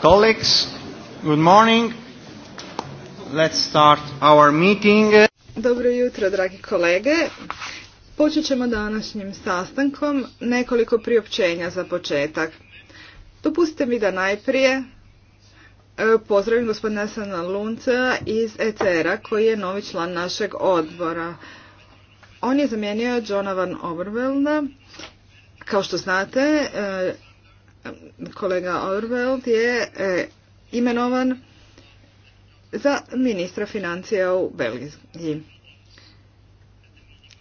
colleagues, good morning. Let's start our meeting. Dobro jutro, dragi kolege. Počet ćemo današnjim sastankom nekoliko priopćenja za početak. Dopustite mi da najprije e, pozdravim gospodina Sana Lunca iz ECR-a koji je novi član našeg odbora. On je zamijenio Johna Van Obervelda. Kao što znate, e, kolega Orwell je e, imenovan za ministra financija u Belgiji.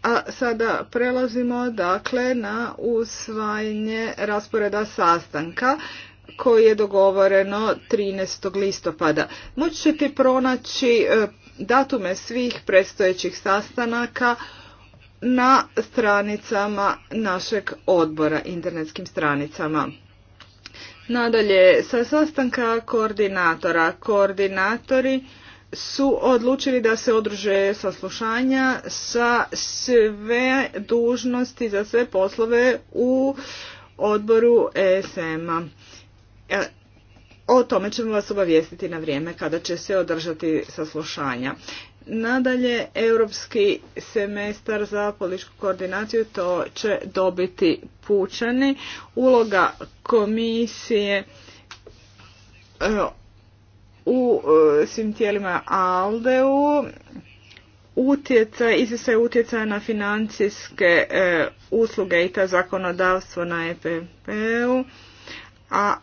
A sada prelazimo dakle na usvajanje rasporeda sastanka koji je dogovoreno 13. listopada. Moći ćete pronaći e, datume svih predstojećih sastanaka na stranicama našeg odbora, internetskim stranicama. Nadalje, sa sastanka koordinatora, koordinatori su odlučili da se odruže saslušanja sa sve dužnosti za sve poslove u odboru ESM-a. E, o tome ćemo vas obavijestiti na vrijeme kada će se održati saslušanja. Nadalje, europski semestar za političku koordinaciju to će dobiti pučani. Uloga komisije e, u e, svim tijelima ALDE-u utjecaj, je utjecaja na financijske e, usluge i ta zakonodavstvo na EPP-u, a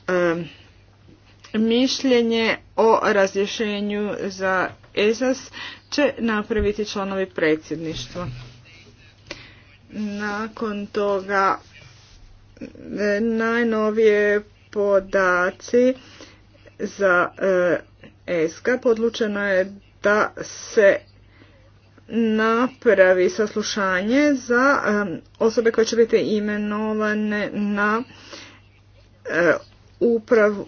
mišljenje o razrješenju za ESAS će napraviti članovi predsjedništva. Nakon toga e, najnovije podaci za e, SK podlučeno je da se napravi saslušanje za e, osobe koje će biti imenovane na upravu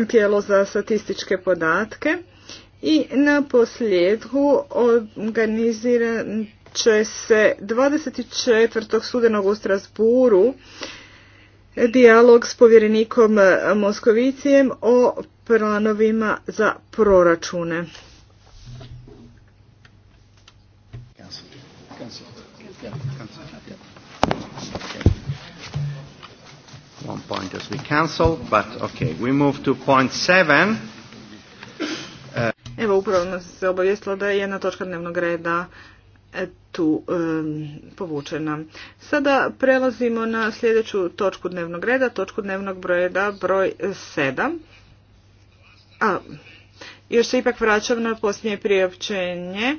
u tijelo za statističke podatke i na posljedku organiziran će se 24. sudenog u Strasburu dijalog s povjerenikom Moskovicijem o planovima za proračune. One point has been cancelled, but okay, we move to point seven. Evo, upravo nas se obavijestilo da je jedna točka dnevnog reda e, tu povučena. Sada prelazimo na sljedeću točku dnevnog reda, točku dnevnog reda broj 7. A, još se ipak vraćam na posljednje priopćenje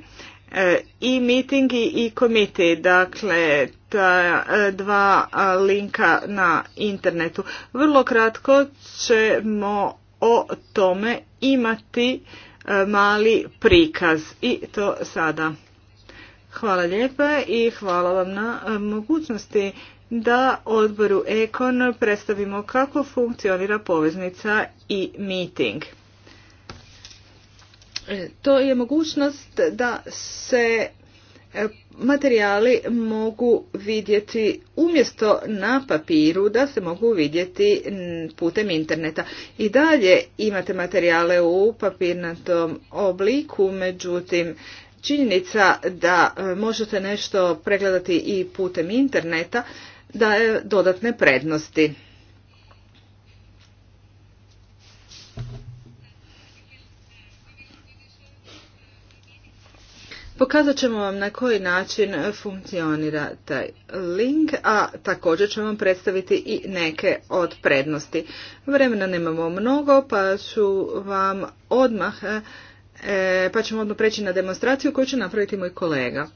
e, i mitingi i komite, dakle ta e, dva linka na internetu. Vrlo kratko ćemo o tome imati E, mali prikaz i to sada. Hvala lijepa i hvala vam na e, mogućnosti da odboru Ekon predstavimo kako funkcionira poveznica i meeting. E, to je mogućnost da se materijali mogu vidjeti umjesto na papiru da se mogu vidjeti putem interneta. I dalje imate materijale u papirnatom obliku, međutim činjenica da e, možete nešto pregledati i putem interneta daje dodatne prednosti. Pokazat ćemo vam na koji način e, funkcionira taj link, a također ćemo vam predstaviti i neke od prednosti. Vremena nemamo mnogo, pa ću vam odmah, e, e, pa ćemo odmah preći na demonstraciju koju će napraviti moj kolega.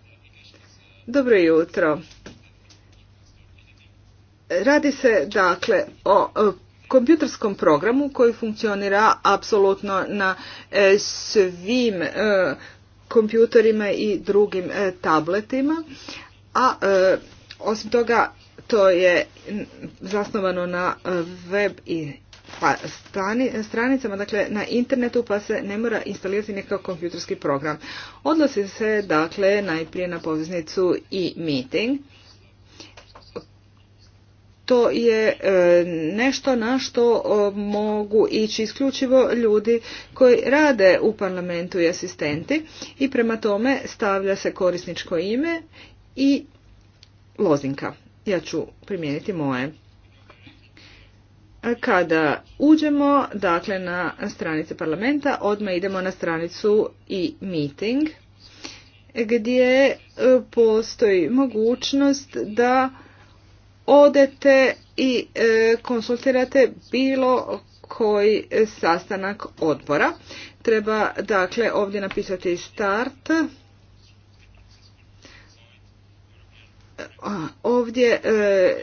Dobro jutro. Radi se dakle o kompjuterskom programu koji funkcionira apsolutno na svim kompjutorima i drugim e, tabletima, a e, osim toga to je zasnovano na e, web i pa, stranicama, dakle na internetu pa se ne mora instalirati nekakav kompjuterski program. Odnosi se dakle najprije na poveznicu i meeting to je e, nešto na što mogu ići isključivo ljudi koji rade u parlamentu i asistenti i prema tome stavlja se korisničko ime i lozinka. Ja ću primijeniti moje. Kada uđemo dakle, na stranice parlamenta, odmah idemo na stranicu i meeting, gdje e, postoji mogućnost da odete i e, konsultirate bilo koji sastanak odbora. Treba dakle ovdje napisati start. Ovdje e,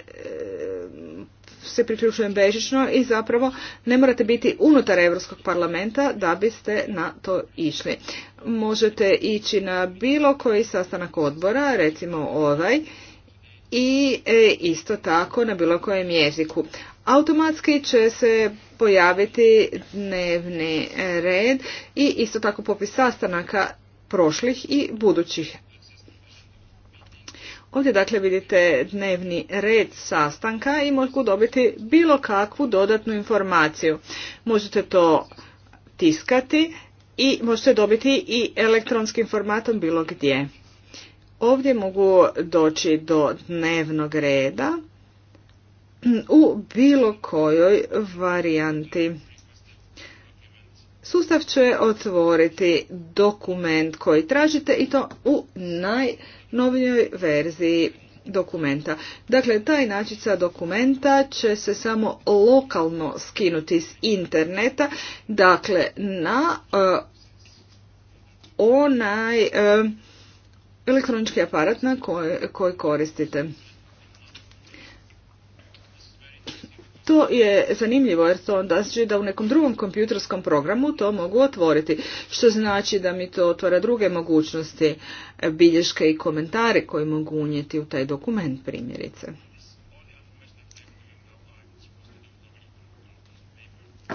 se priključujem bežično i zapravo ne morate biti unutar Europskog parlamenta da biste na to išli. Možete ići na bilo koji sastanak odbora, recimo ovaj, i e, isto tako na bilo kojem jeziku. Automatski će se pojaviti dnevni red i isto tako popis sastanaka prošlih i budućih. Ovdje dakle vidite dnevni red sastanka i mogu dobiti bilo kakvu dodatnu informaciju. Možete to tiskati i možete dobiti i elektronskim formatom bilo gdje. Ovdje mogu doći do dnevnog reda u bilo kojoj varijanti. Sustav će otvoriti dokument koji tražite i to u najnovijoj verziji dokumenta. Dakle, taj sa dokumenta će se samo lokalno skinuti s interneta, dakle na uh, onaj e, elektronički aparat na koji koristite. To je zanimljivo jer to onda znači da u nekom drugom kompjuterskom programu to mogu otvoriti, što znači da mi to otvara druge mogućnosti, e, bilješke i komentare koje mogu unijeti u taj dokument primjerice.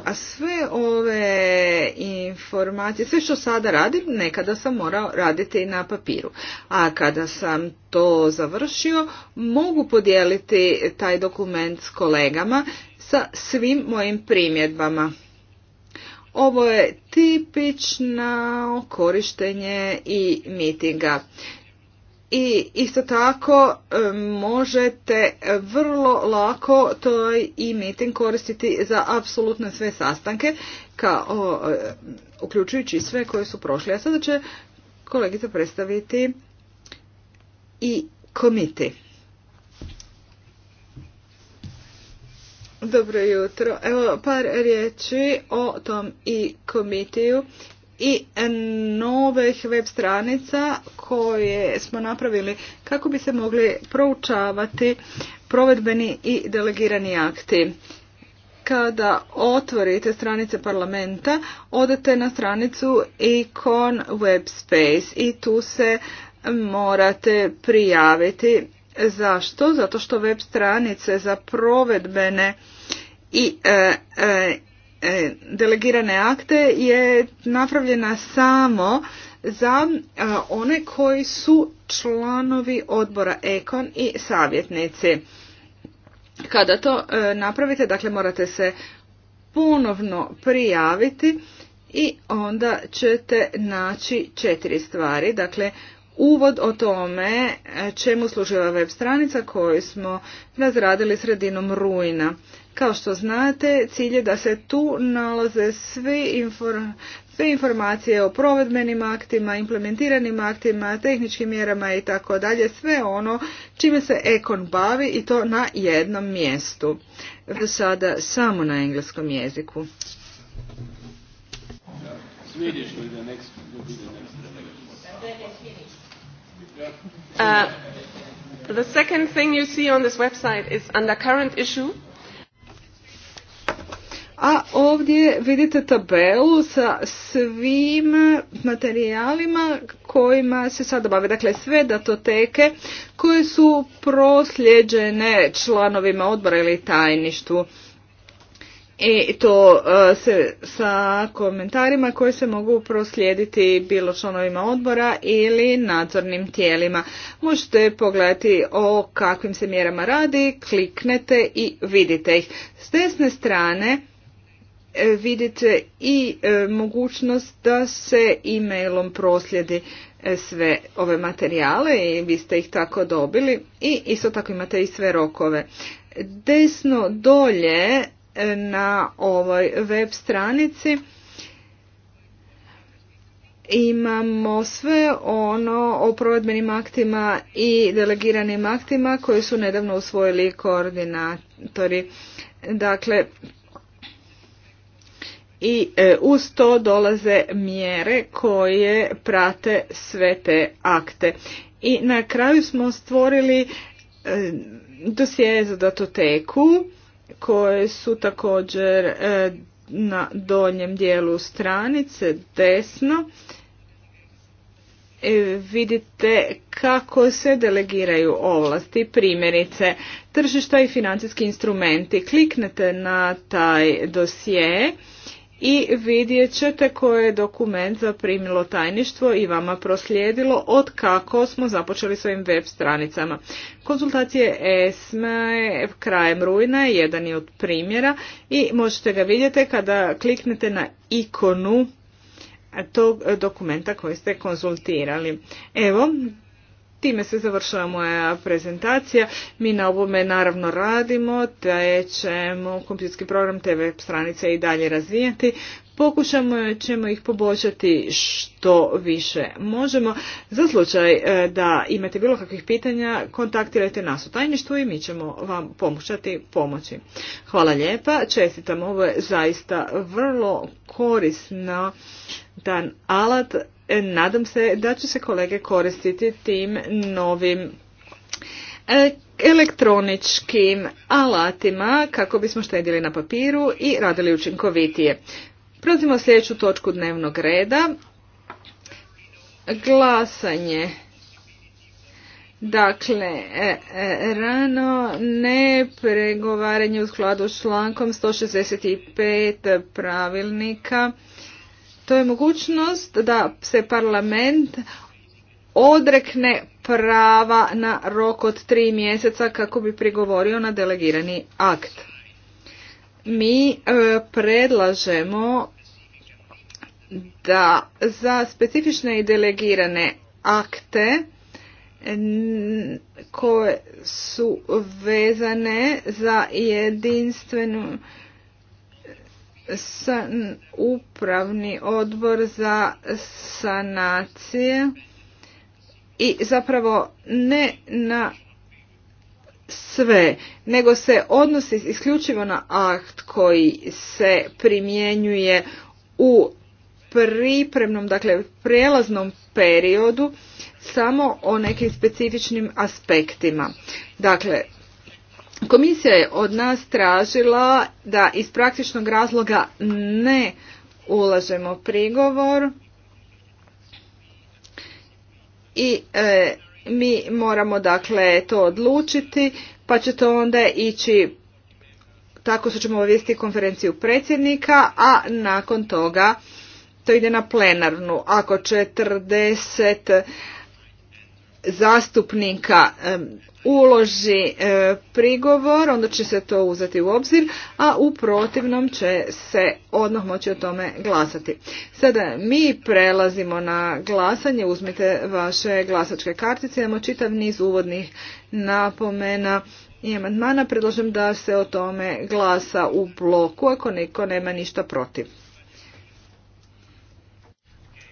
a sve ove informacije, sve što sada radim, nekada sam morao raditi na papiru. A kada sam to završio, mogu podijeliti taj dokument s kolegama sa svim mojim primjedbama. Ovo je tipično korištenje i mitinga i isto tako e, možete vrlo lako taj e-meeting koristiti za apsolutno sve sastanke, kao, e, uključujući sve koje su prošli. A sada će kolegica predstaviti i komiti. Dobro jutro. Evo par riječi o tom i komitiju i novih web stranica koje smo napravili kako bi se mogli proučavati provedbeni i delegirani akti. Kada otvorite stranice parlamenta, odete na stranicu Icon Web Space i tu se morate prijaviti. Zašto? Zato što web stranice za provedbene i e, e, E, delegirane akte je napravljena samo za e, one koji su članovi odbora Ekon i savjetnici. Kada to e, napravite, dakle morate se ponovno prijaviti i onda ćete naći četiri stvari. Dakle, uvod o tome čemu služi web stranica koju smo razradili sredinom rujna. Kao što znate, cilje je da se tu nalaze svi sve informacije o provedbenim aktima, implementiranim aktima, tehničkim mjerama i tako dalje, sve ono čime se Ekon bavi i to na jednom mjestu. Sada samo na engleskom jeziku. Uh, the second thing you see on this website is under current issue a ovdje vidite tabelu sa svim materijalima kojima se sada bave. Dakle, sve datoteke koje su prosljeđene članovima odbora ili tajništvu. I to e, se sa komentarima koje se mogu proslijediti bilo članovima odbora ili nadzornim tijelima. Možete pogledati o kakvim se mjerama radi, kliknete i vidite ih. S desne strane vidite i e, mogućnost da se e-mailom proslijedi e, sve ove materijale i vi ste ih tako dobili i isto tako imate i sve rokove. Desno dolje e, na ovoj web stranici imamo sve ono o provedbenim aktima i delegiranim aktima koje su nedavno usvojili koordinatori. Dakle, i e, uz to dolaze mjere koje prate sve te akte. I na kraju smo stvorili e, dosije za datoteku koje su također e, na donjem dijelu stranice desno vidite kako se delegiraju ovlasti, primjerice tržišta i financijski instrumenti. Kliknete na taj dosije i vidjet ćete koje je dokument zaprimilo tajništvo i vama proslijedilo od kako smo započeli s ovim web stranicama. Konzultacije ESME krajem rujna jedan je od primjera i možete ga vidjeti kada kliknete na ikonu tog dokumenta koji ste konzultirali. Evo, Time se završava moja prezentacija. Mi na ovome naravno radimo, te ćemo kompjuterski program TV stranice i dalje razvijati. Pokušamo ćemo ih poboljšati što više možemo. Za slučaj e, da imate bilo kakvih pitanja, kontaktirajte nas u tajništvu i mi ćemo vam pomoćati pomoći. Hvala lijepa, čestitam, ovo je zaista vrlo korisno dan alat E, nadam se da će se kolege koristiti tim novim e, elektroničkim alatima kako bismo štedili na papiru i radili učinkovitije. Prozimo sljedeću točku dnevnog reda. Glasanje. Dakle, e, rano ne pregovaranje u skladu s člankom 165 pravilnika to je mogućnost da se parlament odrekne prava na rok od tri mjeseca kako bi prigovorio na delegirani akt. Mi e, predlažemo da za specifične i delegirane akte koje su vezane za jedinstvenu upravni odbor za sanacije i zapravo ne na sve, nego se odnosi isključivo na akt koji se primjenjuje u pripremnom, dakle prijelaznom periodu samo o nekim specifičnim aspektima. Dakle, Komisija je od nas tražila da iz praktičnog razloga ne ulažemo prigovor i e, mi moramo dakle to odlučiti pa će to onda ići tako što ćemo obavijestiti konferenciju predsjednika, a nakon toga to ide na plenarnu. Ako 40 zastupnika uloži e, prigovor, onda će se to uzeti u obzir, a u protivnom će se odmah moći o tome glasati. Sada mi prelazimo na glasanje, uzmite vaše glasačke kartice, imamo čitav niz uvodnih napomena i amandmana, predlažem da se o tome glasa u bloku ako niko nema ništa protiv.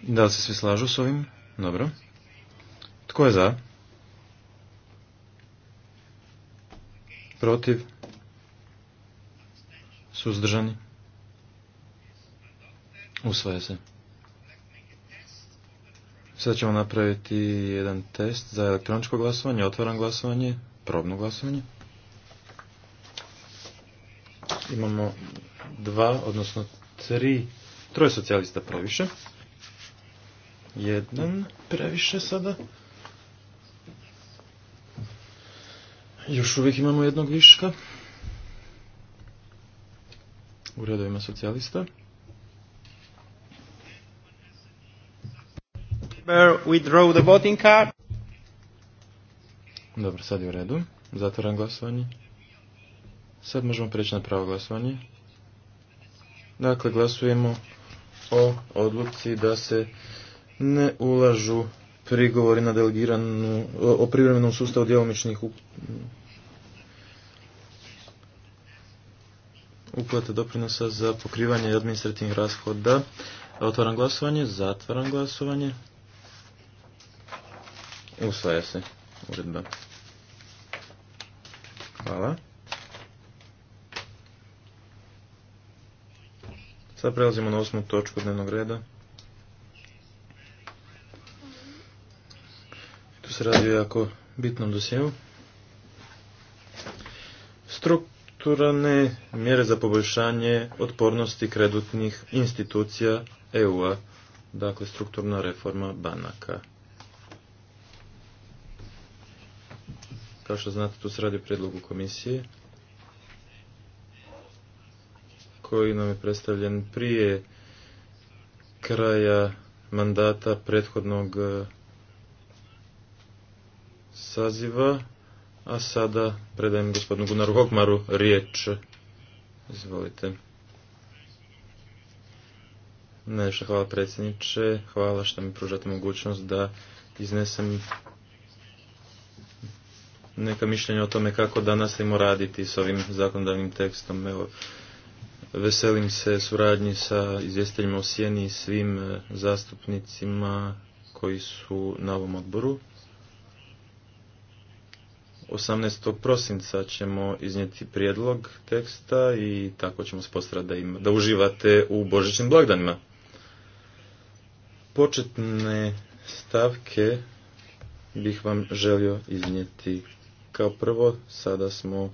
Da li se svi slažu s ovim? Dobro. Tko je za? Protiv? Suzdržani? Usvaja se. Sada ćemo napraviti jedan test za elektroničko glasovanje, otvoran glasovanje, probno glasovanje. Imamo dva, odnosno tri, troje socijalista previše. Jedan previše sada. Još uvijek imamo jednog viška. U redovima socijalista. Dobro, sad je u redu. Zatvaram glasovanje. Sad možemo preći na pravo glasovanje. Dakle, glasujemo o odluci da se ne ulažu prigovori na delegiranu, o privremenom sustavu djelomičnih uplate doprinosa za pokrivanje administrativnih rashoda. Otvaram glasovanje, zatvaram glasovanje. Usvaja se uredba. Hvala. Sad prelazimo na osmu točku dnevnog reda. se radi o jako bitnom dosjeu. Strukturane mjere za poboljšanje otpornosti kreditnih institucija EU-a, dakle strukturna reforma banaka. Kao što znate, tu se radi o predlogu komisije koji nam je predstavljen prije kraja mandata prethodnog saziva. A sada predajem gospodinu Gunaru Hogmaru riječ. Izvolite. Najviše hvala predsjedniče, hvala što mi pružate mogućnost da iznesem neka mišljenja o tome kako danas imamo raditi s ovim zakonodavnim tekstom. Evo, veselim se suradnji sa izvjestiteljima u Sijeni i svim e, zastupnicima koji su na ovom odboru. 18. prosinca ćemo iznijeti prijedlog teksta i tako ćemo spostrati da, da uživate u božićnim blagdanima. Početne stavke bih vam želio iznijeti. Kao prvo, sada smo,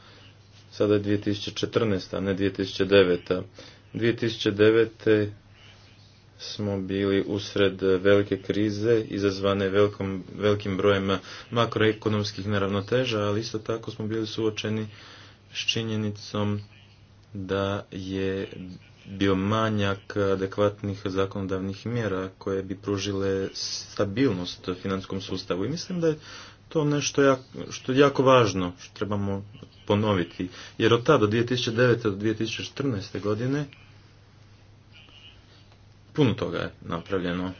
sada je 2014. a ne 2009. 2009 smo bili usred velike krize izazvane velikom, velikim brojem makroekonomskih neravnoteža, ali isto tako smo bili suočeni s činjenicom da je bio manjak adekvatnih zakonodavnih mjera koje bi pružile stabilnost financijskom sustavu. I mislim da je to nešto jako, što je jako važno, što trebamo ponoviti. Jer od tada, od 2009. do 2014. godine, Puno toga je napravljeno.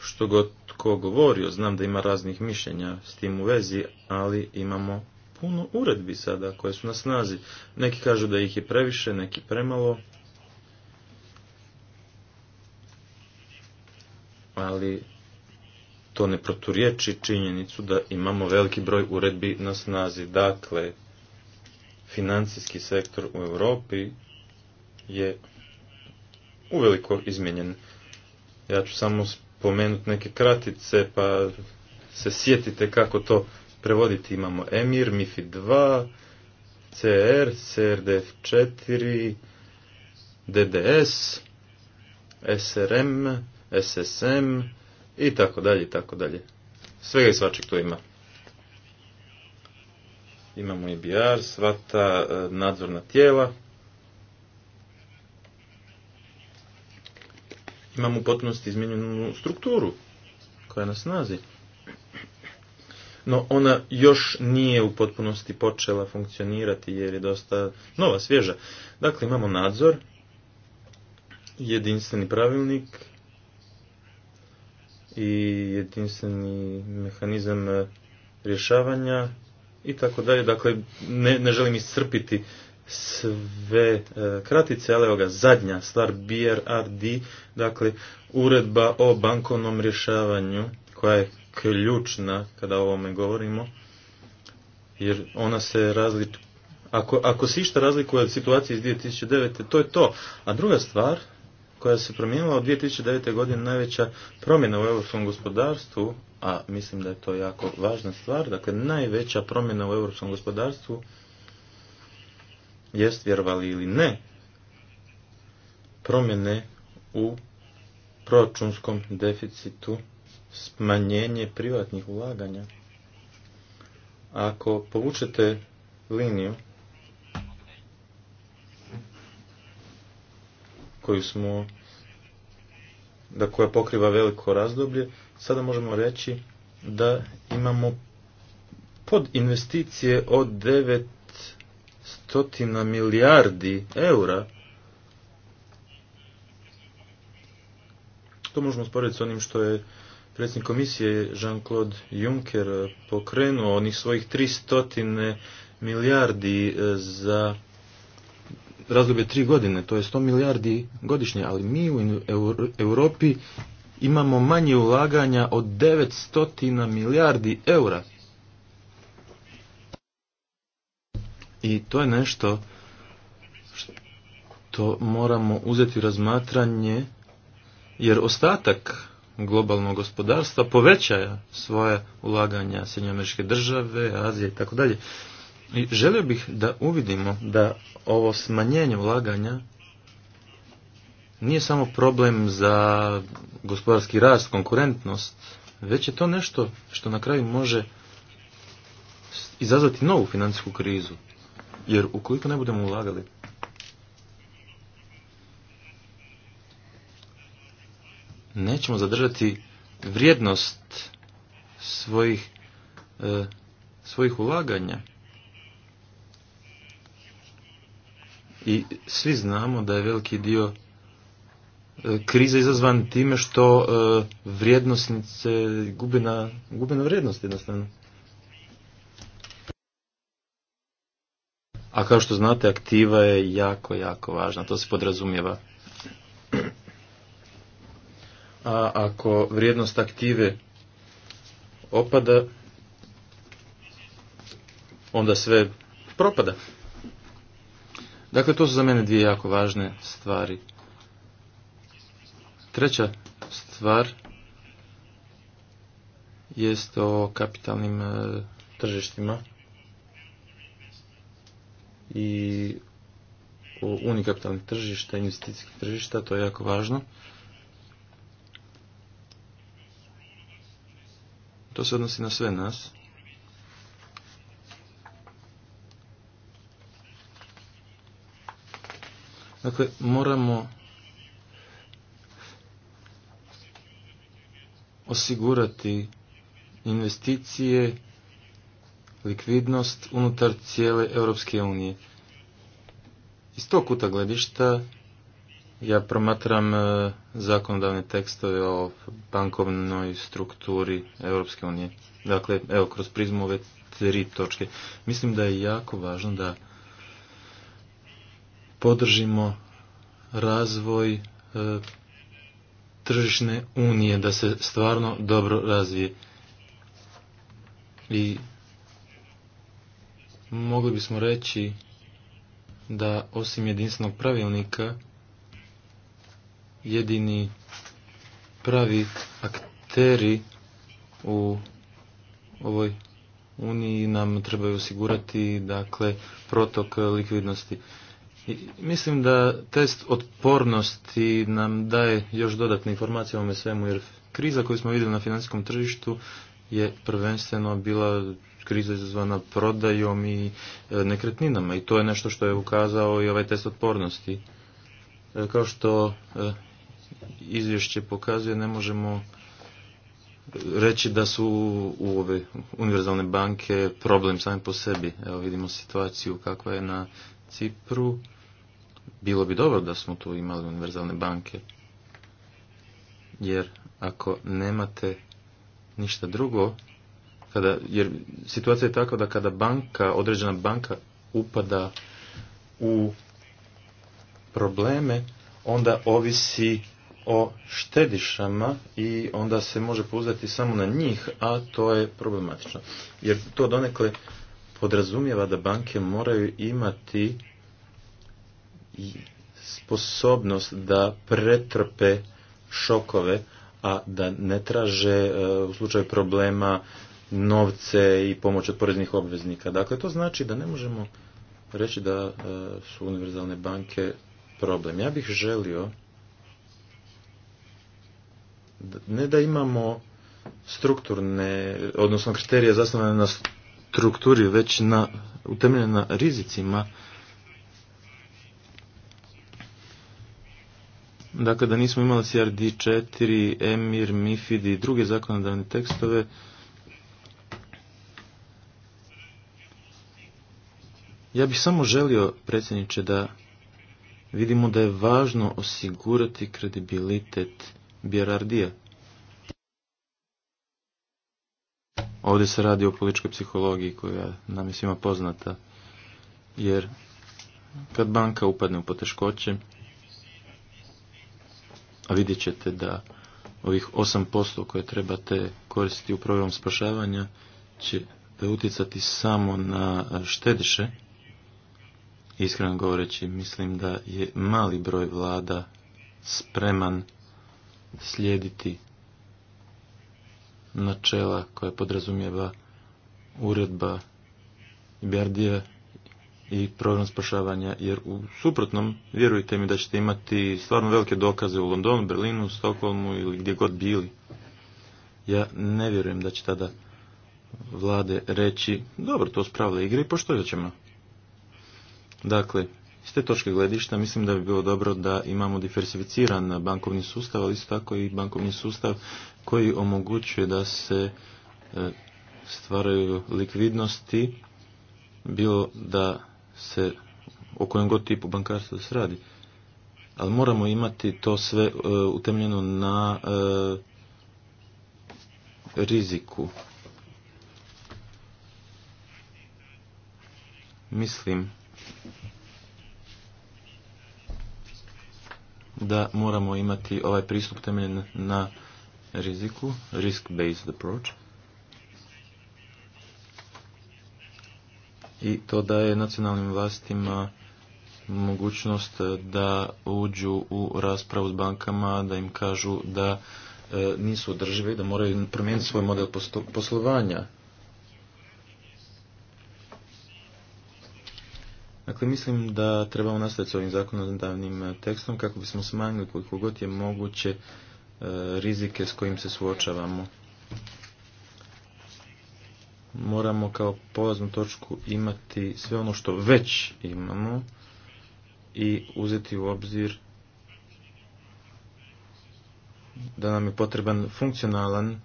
Što god tko govorio, znam da ima raznih mišljenja s tim u vezi, ali imamo puno uredbi sada koje su na snazi. Neki kažu da ih je previše, neki premalo. Ali to ne proturječi činjenicu da imamo veliki broj uredbi na snazi. Dakle, financijski sektor u Europi je uveliko izmijenjen. Ja ću samo spomenuti neke kratice pa se sjetite kako to prevoditi. Imamo Emir, MIFI 2, CR, CRDF 4, DDS, SRM, SSM i tako dalje i tako dalje. Svega i svačeg to ima. Imamo i BR, svata e, nadzorna tijela, imamo u potpunosti izmijenjenu strukturu koja nas snazi. No ona još nije u potpunosti počela funkcionirati jer je dosta nova, svježa. Dakle, imamo nadzor, jedinstveni pravilnik i jedinstveni mehanizam rješavanja i tako dalje. Dakle, ne, ne želim iscrpiti sve e, kratice, ali evo ga, zadnja stvar, BRRD, dakle, uredba o bankovnom rješavanju, koja je ključna kada o ovome govorimo, jer ona se različi ako, ako se išta razlikuje od situacije iz 2009. to je to. A druga stvar koja se promijenila od 2009. godine najveća promjena u europskom gospodarstvu, a mislim da je to jako važna stvar, dakle najveća promjena u europskom gospodarstvu jest vjerovali ili ne promjene u proračunskom deficitu smanjenje privatnih ulaganja. Ako povučete liniju koju smo da koja pokriva veliko razdoblje, sada možemo reći da imamo pod investicije od 9 stotina milijardi eura. To možemo sporediti s onim što je predsjednik komisije Jean-Claude Juncker pokrenuo onih svojih stotine milijardi e, za razdoblje tri godine, to je sto milijardi godišnje, ali mi u Europi imamo manje ulaganja od stotina milijardi eura. I to je nešto što moramo uzeti u razmatranje, jer ostatak globalnog gospodarstva povećaja svoje ulaganja Sjedinje države, Azije i tako dalje. I želio bih da uvidimo da ovo smanjenje ulaganja nije samo problem za gospodarski rast, konkurentnost, već je to nešto što na kraju može izazvati novu financijsku krizu. Jer ukoliko ne budemo ulagali nećemo zadržati vrijednost svojih e, svojih ulaganja. I svi znamo da je veliki dio e, krize izazvan time što e, vrijednosnice gubi na, gube na vrijednost jednostavno. A kao što znate, aktiva je jako, jako važna. To se podrazumijeva. A ako vrijednost aktive opada, onda sve propada. Dakle, to su za mene dvije jako važne stvari. Treća stvar jest o kapitalnim e, tržištima i u unikapitalnih tržišta, investicijskih tržišta, to je jako važno. To se odnosi na sve nas. Dakle, moramo osigurati investicije likvidnost unutar cijele Europske unije. Iz tog kuta gledišta ja promatram e, zakonodavne tekstove o bankovnoj strukturi Europske unije. Dakle, evo, kroz prizmu ove tri točke. Mislim da je jako važno da podržimo razvoj e, tržišne unije, da se stvarno dobro razvije. I mogli bismo reći da osim jedinstvenog pravilnika jedini pravi akteri u ovoj uniji nam trebaju osigurati dakle protok likvidnosti. mislim da test otpornosti nam daje još dodatne informacije o ovome svemu jer kriza koju smo vidjeli na financijskom tržištu je prvenstveno bila kriza izazvana prodajom i e, nekretninama i to je nešto što je ukazao i ovaj test otpornosti. E, kao što e, izvješće pokazuje, ne možemo reći da su u ove univerzalne banke problem sami po sebi. Evo vidimo situaciju kakva je na Cipru. Bilo bi dobro da smo tu imali univerzalne banke. Jer ako nemate ništa drugo, jer situacija je takva da kada banka, određena banka upada u probleme, onda ovisi o štedišama i onda se može pouzdati samo na njih, a to je problematično. Jer to donekle podrazumijeva da banke moraju imati sposobnost da pretrpe šokove, a da ne traže e, u slučaju problema novce i pomoć od poreznih obveznika. Dakle, to znači da ne možemo reći da e, su univerzalne banke problem. Ja bih želio ne da imamo strukturne, odnosno kriterije zasnovane na strukturi, već na, utemeljene na rizicima. Dakle, da nismo imali CRD4, EMIR, MIFID i druge zakonodavne tekstove, Ja bih samo želio, predsjedniče, da vidimo da je važno osigurati kredibilitet Bjerardija. Ovdje se radi o političkoj psihologiji koja nam je svima poznata, jer kad banka upadne u poteškoće, a vidjet ćete da ovih 8% koje trebate koristiti u programu spašavanja će utjecati samo na štediše, Iskreno govoreći, mislim da je mali broj vlada spreman slijediti načela koja podrazumijeva uredba Bjardija i program spašavanja, jer u suprotnom, vjerujte mi da ćete imati stvarno velike dokaze u Londonu, Berlinu, Stokholmu ili gdje god bili. Ja ne vjerujem da će tada vlade reći, dobro, to spravlja igre i pošto ćemo. Dakle, iz te točke gledišta mislim da bi bilo dobro da imamo diversificiran bankovni sustav, ali isto tako i bankovni sustav koji omogućuje da se e, stvaraju likvidnosti, bilo da se o kojem god tipu bankarstva se radi. Ali moramo imati to sve e, utemljeno na e, riziku. Mislim da moramo imati ovaj pristup temeljen na riziku, risk-based approach. I to daje nacionalnim vlastima mogućnost da uđu u raspravu s bankama, da im kažu da e, nisu održive, da moraju promijeniti svoj model poslovanja. Dakle, mislim da trebamo nastaviti s ovim zakonodavnim e, tekstom kako bismo smanjili koliko god je moguće e, rizike s kojim se suočavamo. Moramo kao polaznu točku imati sve ono što već imamo i uzeti u obzir da nam je potreban funkcionalan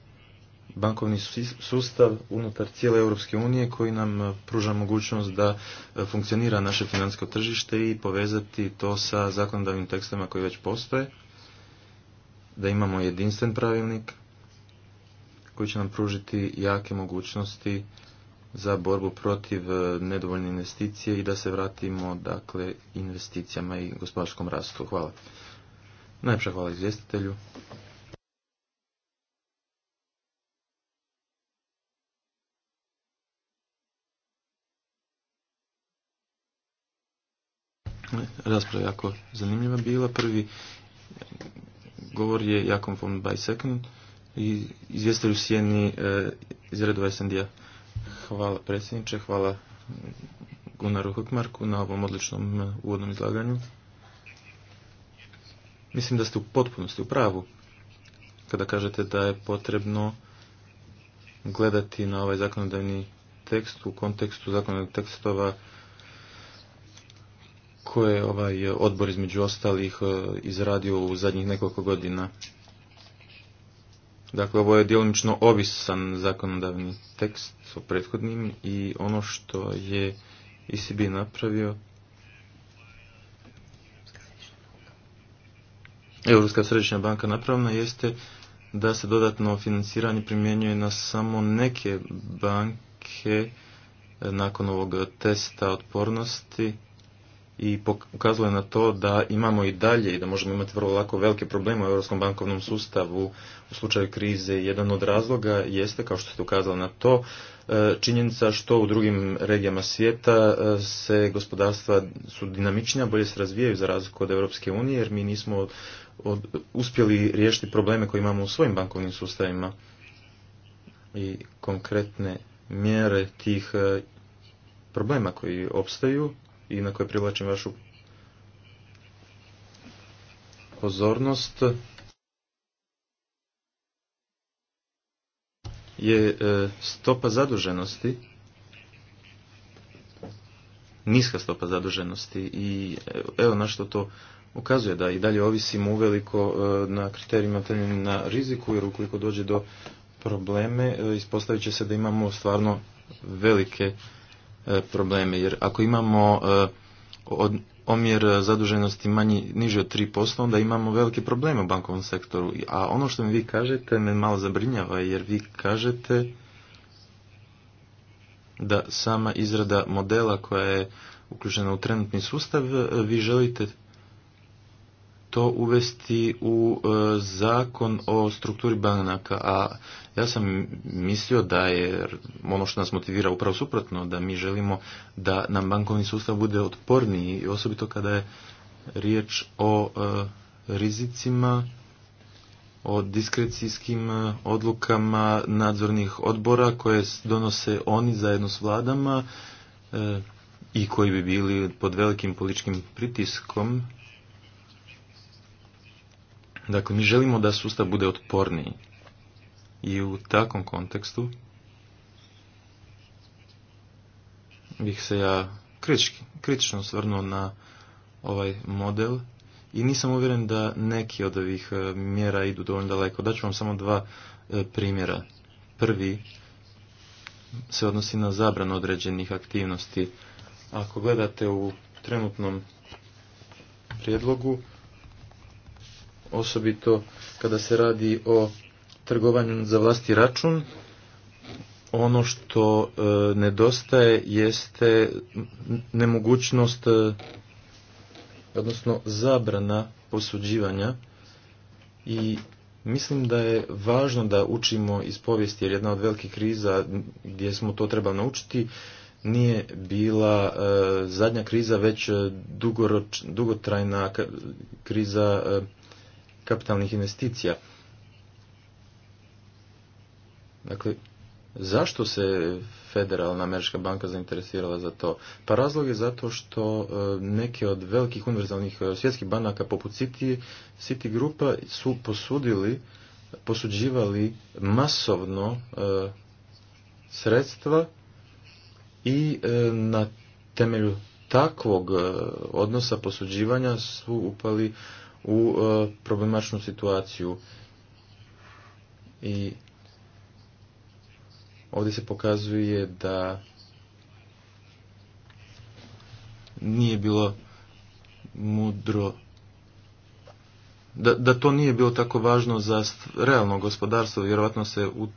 bankovni sustav unutar cijele Europske unije koji nam e, pruža mogućnost da e, funkcionira naše financijsko tržište i povezati to sa zakonodavnim tekstama koji već postoje, da imamo jedinstven pravilnik koji će nam pružiti jake mogućnosti za borbu protiv e, nedovoljne investicije i da se vratimo dakle investicijama i gospodarskom rastu. Hvala. Najpša hvala izvjestitelju. rasprava jako zanimljiva bila. Prvi govor je Jakom von Bajsekon i izvjestelju Sjeni e, iz redova SND-a. Hvala predsjedniče, hvala Gunaru Hukmarku na ovom odličnom eh, uvodnom izlaganju. Mislim da ste u potpunosti u pravu kada kažete da je potrebno gledati na ovaj zakonodavni tekst u kontekstu zakonodavnih tekstova koje je ovaj odbor između ostalih e, izradio u zadnjih nekoliko godina. Dakle, ovo je djelomično ovisan zakonodavni tekst o prethodnim i ono što je ECB napravio Europska središnja banka napravna jeste da se dodatno financiranje primjenjuje na samo neke banke nakon ovog testa otpornosti i pokazalo je na to da imamo i dalje i da možemo imati vrlo lako velike probleme u europskom bankovnom sustavu u slučaju krize. Jedan od razloga jeste, kao što ste ukazali na to, e, činjenica što u drugim regijama svijeta e, se gospodarstva su dinamičnija, bolje se razvijaju za razliku od Europske unije, jer mi nismo uspjeli riješiti probleme koje imamo u svojim bankovnim sustavima i konkretne mjere tih e, problema koji opstaju i na koje privlačim vašu pozornost je e, stopa zaduženosti niska stopa zaduženosti i e, evo na što to ukazuje da i dalje ovisimo uveliko e, na kriterijima temeljenim na riziku jer ukoliko dođe do probleme ispostavit će se da imamo stvarno velike E, probleme. Jer ako imamo e, omjer zaduženosti manji, niži od 3%, onda imamo velike probleme u bankovnom sektoru. A ono što mi vi kažete me malo zabrinjava, jer vi kažete da sama izrada modela koja je uključena u trenutni sustav, e, vi želite to uvesti u e, zakon o strukturi banaka, a ja sam mislio da je ono što nas motivira upravo suprotno, da mi želimo da nam bankovni sustav bude otporniji, osobito kada je riječ o e, rizicima, o diskrecijskim e, odlukama nadzornih odbora koje donose oni zajedno s vladama i koji bi bili pod velikim političkim pritiskom Dakle, mi želimo da sustav bude otporniji. I u takvom kontekstu bih se ja kritično osvrnuo na ovaj model i nisam uvjeren da neki od ovih e, mjera idu dovoljno daleko. Daću vam samo dva e, primjera. Prvi se odnosi na zabranu određenih aktivnosti. Ako gledate u trenutnom prijedlogu, osobito kada se radi o trgovanju za vlasti račun. Ono što e, nedostaje jeste nemogućnost, e, odnosno zabrana posuđivanja i Mislim da je važno da učimo iz povijesti, jer jedna od velikih kriza gdje smo to trebali naučiti nije bila e, zadnja kriza, već dugoroč, dugotrajna kriza kapitalnih investicija. Dakle, zašto se Federalna američka banka zainteresirala za to? Pa razlog je zato što e, neke od velikih univerzalnih e, svjetskih banaka poput City, Grupa su posudili, posuđivali masovno e, sredstva i na temelju takvog odnosa posuđivanja su upali u e, problematičnu situaciju. I ovdje se pokazuje da nije bilo mudro da, da to nije bilo tako važno za realno gospodarstvo, vjerojatno se u,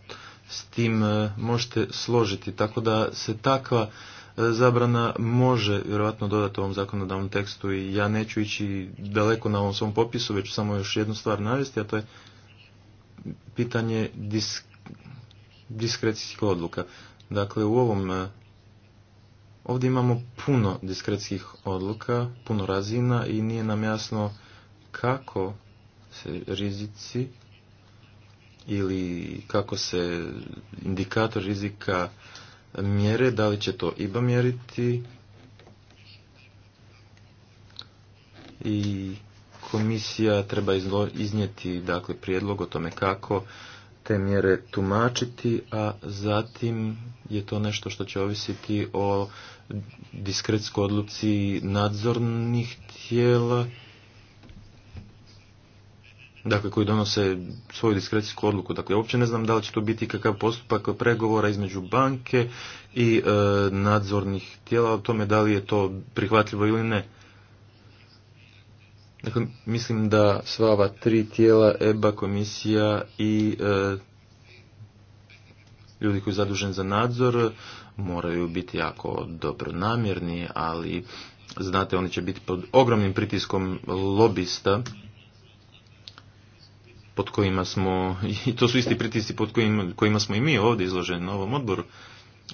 s tim e, možete složiti. Tako da se takva zabrana može vjerojatno dodati ovom zakonodavnom tekstu i ja neću ići daleko na ovom svom popisu, već samo još jednu stvar navesti, a to je pitanje disk, diskrecijskih odluka. Dakle, u ovom e, ovdje imamo puno diskrecijskih odluka, puno razina i nije nam jasno kako se rizici ili kako se indikator rizika mjere, da li će to IBA mjeriti i komisija treba iznijeti dakle, prijedlog o tome kako te mjere tumačiti, a zatim je to nešto što će ovisiti o diskretskoj odluci nadzornih tijela dakle koji donose svoju diskrecijsku odluku. Dakle, uopće ne znam da li će to biti kakav postupak pregovora između banke i e, nadzornih tijela o tome da li je to prihvatljivo ili ne. Dakle, mislim da sva ova tri tijela, EBA, komisija i e, ljudi koji su zadužen za nadzor moraju biti jako dobro ali znate, oni će biti pod ogromnim pritiskom lobista pod kojima smo, i to su isti pritisci pod kojima, kojima smo i mi ovdje izloženi na ovom odboru.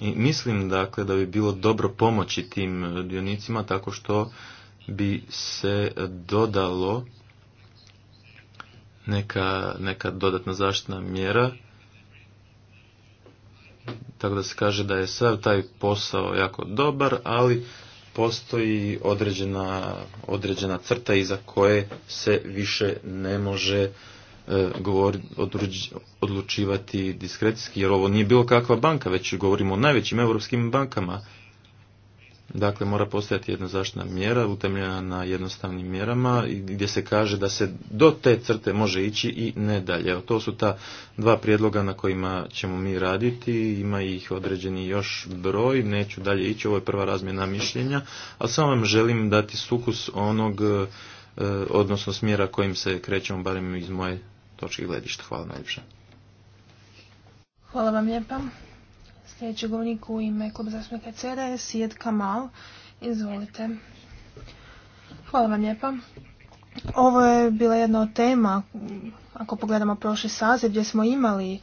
I mislim dakle da bi bilo dobro pomoći tim e, dionicima tako što bi se dodalo neka, neka dodatna zaštitna mjera tako da se kaže da je sav taj posao jako dobar, ali postoji određena, određena crta iza koje se više ne može E, govor, odlučivati diskrecijski, jer ovo nije bilo kakva banka, već govorimo o najvećim europskim bankama. Dakle, mora postojati jedna zaštitna mjera utemljena na jednostavnim mjerama gdje se kaže da se do te crte može ići i ne dalje. to su ta dva prijedloga na kojima ćemo mi raditi. Ima ih određeni još broj, neću dalje ići, ovo je prva razmjena mišljenja, ali samo vam želim dati sukus onog, e, odnosno smjera kojim se krećemo, barem iz moje točki gledišta. Hvala najljepša. Hvala vam lijepa. Sljedeći govornik u ime Kluba zastupnika CERA je Sijed Kamal. Izvolite. Hvala vam lijepa. Ovo je bila jedna od tema, ako pogledamo prošli saziv, gdje smo imali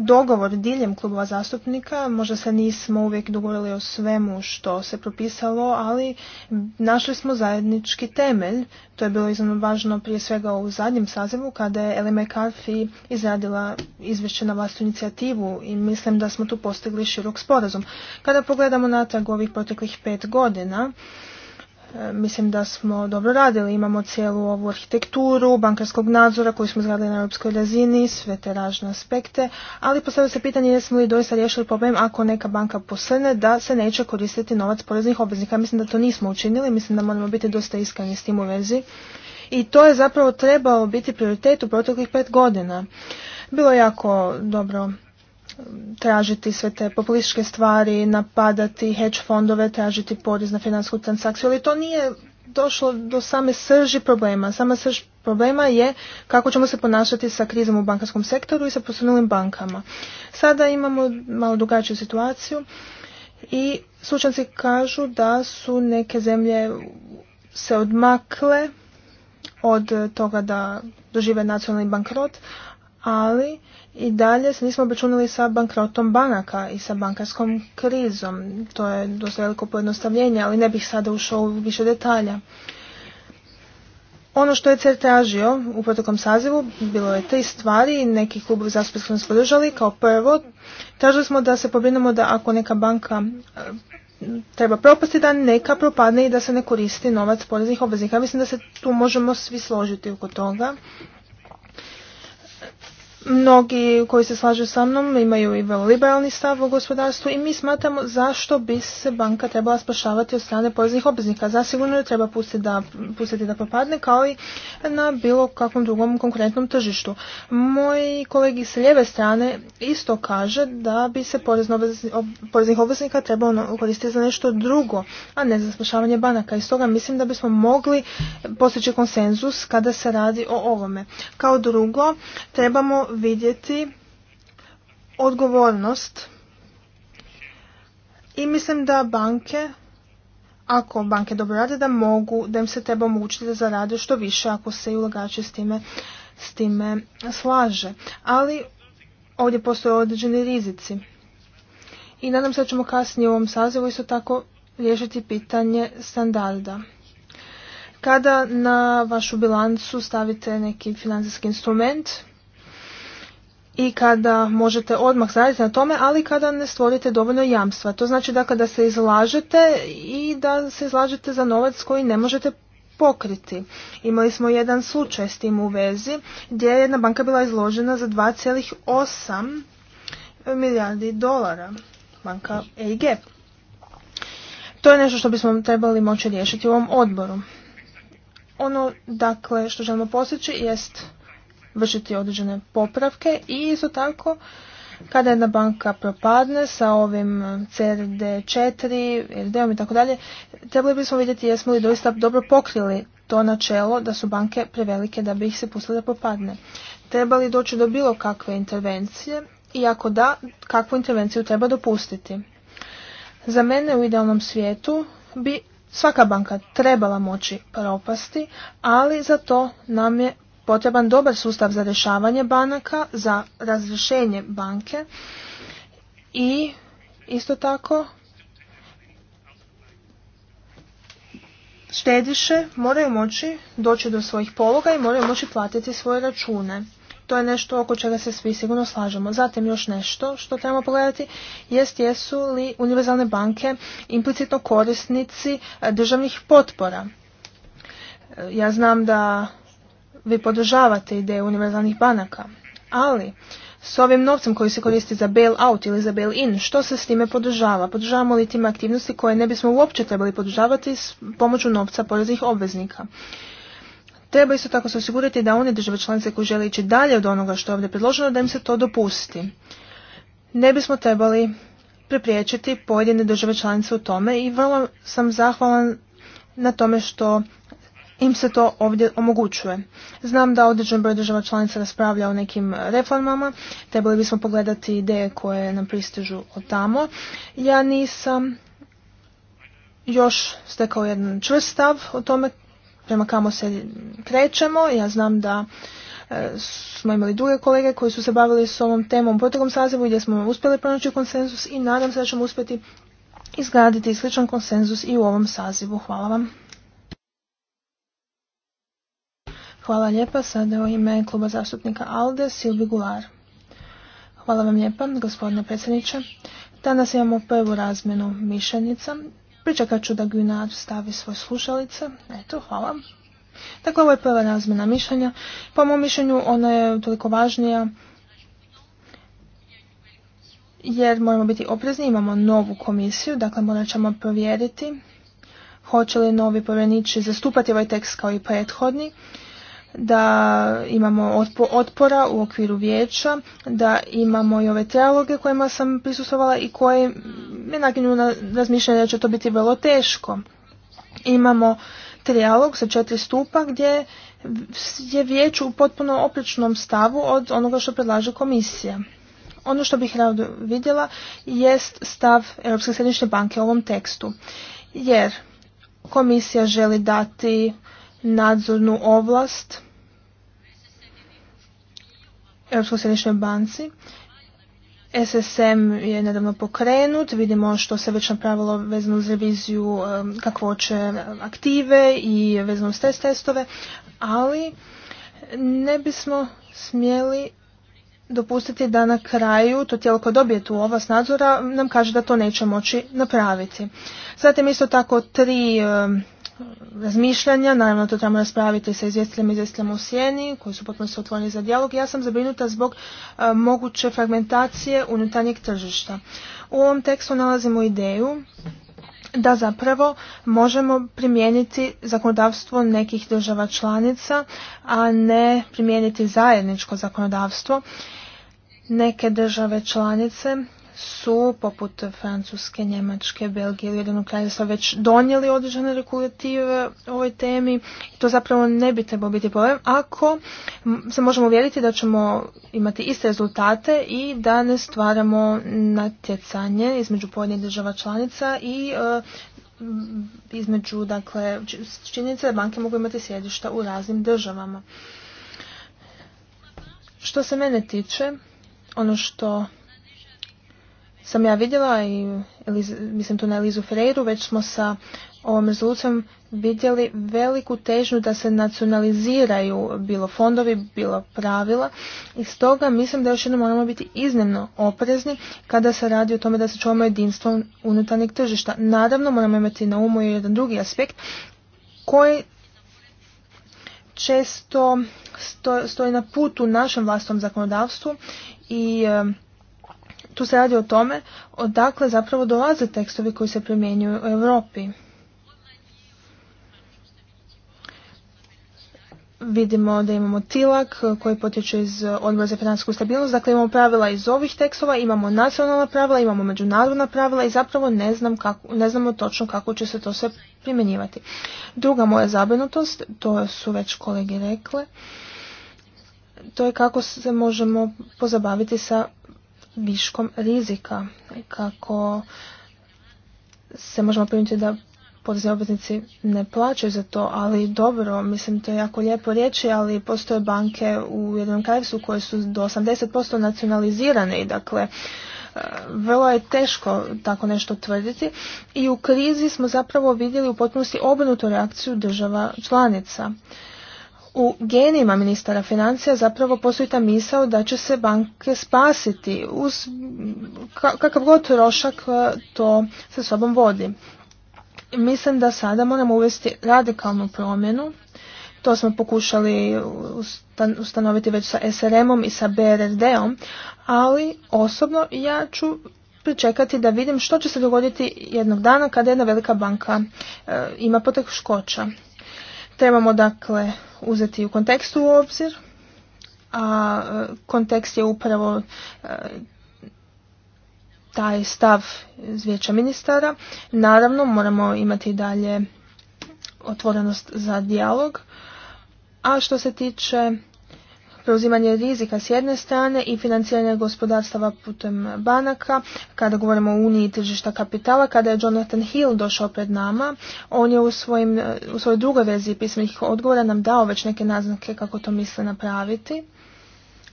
dogovor diljem klubova zastupnika, možda se nismo uvijek dogovorili o svemu što se propisalo, ali našli smo zajednički temelj. To je bilo iznimno važno prije svega u zadnjem sazivu kada je Ellie izradila izvješće na vlastnu inicijativu i mislim da smo tu postigli širok sporazum. Kada pogledamo natrag ovih proteklih pet godina, E, mislim da smo dobro radili. Imamo cijelu ovu arhitekturu bankarskog nadzora koju smo zgradili na europskoj razini, sve te ražne aspekte, ali postavlja se pitanje jesmo li doista riješili problem ako neka banka posrne da se neće koristiti novac poreznih obveznika. Mislim da to nismo učinili, mislim da moramo biti dosta iskreni s tim u vezi. I to je zapravo trebao biti prioritet u proteklih pet godina. Bilo je jako dobro tražiti sve te populističke stvari, napadati hedge fondove, tražiti porez na finansku transakciju, ali to nije došlo do same srži problema. Sama srž problema je kako ćemo se ponašati sa krizom u bankarskom sektoru i sa posunulim bankama. Sada imamo malo drugačiju situaciju i slučanci kažu da su neke zemlje se odmakle od toga da dožive nacionalni bankrot, ali i dalje se nismo obračunali sa bankrotom banaka i sa bankarskom krizom. To je dosta veliko pojednostavljenje, ali ne bih sada ušao u više detalja. Ono što je CER tražio u protokom sazivu bilo je tri stvari, neki klubovi zastupnika smo podržali. Kao prvo, tražili smo da se pobrinemo da ako neka banka e, treba propasti, da neka propadne i da se ne koristi novac poreznih obveznika. Mislim da se tu možemo svi složiti oko toga. Mnogi koji se slažu sa mnom imaju i vrlo liberalni stav u gospodarstvu i mi smatramo zašto bi se banka trebala spašavati od strane poreznih obveznika. Zasigurno je treba pustiti da, pustiti da popadne kao i na bilo kakvom drugom konkurentnom tržištu. Moji kolegi s lijeve strane isto kaže da bi se poreznih obveznika trebalo koristiti za nešto drugo, a ne za spašavanje banaka. I stoga mislim da bismo mogli postići konsenzus kada se radi o ovome. Kao drugo, trebamo vidjeti odgovornost i mislim da banke, ako banke dobro rade, da mogu, da im se treba omogućiti da zarade što više ako se i ulagači s time, s time slaže. Ali ovdje postoje određeni rizici. I nadam se da ćemo kasnije u ovom sazivu isto tako riješiti pitanje standarda. Kada na vašu bilancu stavite neki financijski instrument, i kada možete odmah zaraditi na tome, ali kada ne stvorite dovoljno jamstva. To znači da kada se izlažete i da se izlažete za novac koji ne možete pokriti. Imali smo jedan slučaj s tim u vezi gdje je jedna banka bila izložena za 2,8 milijardi dolara. Banka EIG. To je nešto što bismo trebali moći riješiti u ovom odboru. Ono dakle što želimo postići jest vršiti određene popravke i isto tako kada jedna banka propadne sa ovim CRD4, RD-om i tako dalje, trebali bismo vidjeti jesmo li doista dobro pokrili to načelo da su banke prevelike da bi ih se pustili da propadne. Trebali doći do bilo kakve intervencije i ako da, kakvu intervenciju treba dopustiti. Za mene u idealnom svijetu bi svaka banka trebala moći propasti, ali za to nam je potreban dobar sustav za rješavanje banaka, za razrješenje banke i isto tako štediše moraju moći doći do svojih pologa i moraju moći platiti svoje račune. To je nešto oko čega se svi sigurno slažemo. Zatim još nešto što trebamo pogledati jest jesu li univerzalne banke implicitno korisnici e, državnih potpora. E, ja znam da vi podržavate ideju univerzalnih banaka, ali s ovim novcem koji se koristi za bail-out ili za bail-in, što se s time podržava? Podržavamo li time aktivnosti koje ne bismo uopće trebali podržavati s pomoću novca poreznih obveznika? Treba isto tako se osigurati da one države članice koji žele ići dalje od onoga što je ovdje predloženo, da im se to dopusti. Ne bismo trebali prepriječiti pojedine države članice u tome i vrlo sam zahvalan na tome što im se to ovdje omogućuje. Znam da određen broj država članica raspravlja o nekim reformama, trebali bismo pogledati ideje koje nam pristižu od tamo. Ja nisam još stekao jedan čvrst stav o tome prema kamo se krećemo. Ja znam da e, smo imali druge kolege koji su se bavili s ovom temom u proteklom sazivu gdje smo uspjeli pronaći konsenzus i nadam se da ćemo uspjeti izgraditi sličan konsenzus i u ovom sazivu. Hvala vam. Hvala lijepa. Sada u ime kluba zastupnika ALDE Silvi Gular. Hvala vam lijepa, gospodine predsjedniče. Danas imamo prvu razmjenu mišljenica. Pričekat ću da Gunar stavi svoje slušalice. Eto, hvala. Dakle, ovo je prva razmjena mišljenja. Po mom mišljenju ona je toliko važnija jer moramo biti oprezni, imamo novu komisiju, dakle morat ćemo provjeriti hoće li novi povjereniči zastupati ovaj tekst kao i prethodni da imamo otpora u okviru vijeća, da imamo i ove trialoge kojima sam prisustvovala i koje me naginju na razmišljanje da će to biti vrlo teško. Imamo trijalog sa četiri stupa gdje je vijeću u potpuno opričnom stavu od onoga što predlaže komisija. Ono što bih rado vidjela jest stav Europske središnje banke u ovom tekstu. Jer komisija želi dati nadzornu ovlast Europskoj središnjoj banci. SSM je nedavno pokrenut, vidimo što se već napravilo vezano uz reviziju kakvoće aktive i vezano uz test testove, ali ne bismo smjeli dopustiti da na kraju to tijelo koje dobije tu ovlast nadzora nam kaže da to neće moći napraviti. Zatim isto tako tri razmišljanja, naravno to trebamo raspraviti sa izvjestiteljem i izvjestljama u Sjeni, koji su potpuno se za dijalog. Ja sam zabrinuta zbog e, moguće fragmentacije unutarnjeg tržišta. U ovom tekstu nalazimo ideju da zapravo možemo primijeniti zakonodavstvo nekih država članica, a ne primijeniti zajedničko zakonodavstvo. Neke države članice su poput Francuske, Njemačke, Belgije ili da su već donijeli određene regulative o ovoj temi i to zapravo ne bi trebalo biti problem ako se možemo uvjeriti da ćemo imati iste rezultate i da ne stvaramo natjecanje između pojedinih država članica i e, između dakle činjenice da banke mogu imati sjedišta u raznim državama. Što se mene tiče, ono što sam ja vidjela i mislim tu na Elizu Freiru, već smo sa ovom rezolucijom vidjeli veliku težnju da se nacionaliziraju bilo fondovi, bilo pravila i stoga mislim da još jednom moramo biti iznimno oprezni kada se radi o tome da se čuvamo jedinstvo unutarnjeg tržišta. Naravno moramo imati na umu i jedan drugi aspekt koji često stoji na putu našem vlastnom zakonodavstvu i eh, tu se radi o tome odakle zapravo dolaze tekstovi koji se primjenjuju u Europi. Vidimo da imamo tilak koji potječe iz odbora za financijsku stabilnost. Dakle, imamo pravila iz ovih tekstova, imamo nacionalna pravila, imamo međunarodna pravila i zapravo ne, znam kako, ne znamo točno kako će se to sve primjenjivati. Druga moja zabrinutost, to su već kolege rekle, to je kako se možemo pozabaviti sa viškom rizika kako se možemo primiti da porezni obveznici ne plaćaju za to, ali dobro, mislim to je jako lijepo reći, ali postoje banke u jednom krajevstvu koje su do 80% nacionalizirane i dakle e, vrlo je teško tako nešto tvrditi i u krizi smo zapravo vidjeli u potpunosti obrnutu reakciju država članica u genima ministara financija zapravo postoji ta misao da će se banke spasiti uz kakav god rošak e, to sa sobom vodi. Mislim da sada moramo uvesti radikalnu promjenu. To smo pokušali ustanoviti već sa SRM-om i sa BRD-om, ali osobno ja ću pričekati da vidim što će se dogoditi jednog dana kada jedna velika banka e, ima poteškoća. Trebamo dakle uzeti u kontekstu u obzir, a e, kontekst je upravo e, taj stav zvijeća ministara. Naravno, moramo imati dalje otvorenost za dijalog. A što se tiče preuzimanje rizika s jedne strane i financiranje gospodarstava putem banaka, kada govorimo o Uniji tržišta kapitala, kada je Jonathan Hill došao pred nama, on je u, u svojoj drugoj verziji pismenih odgovora nam dao već neke naznake kako to misle napraviti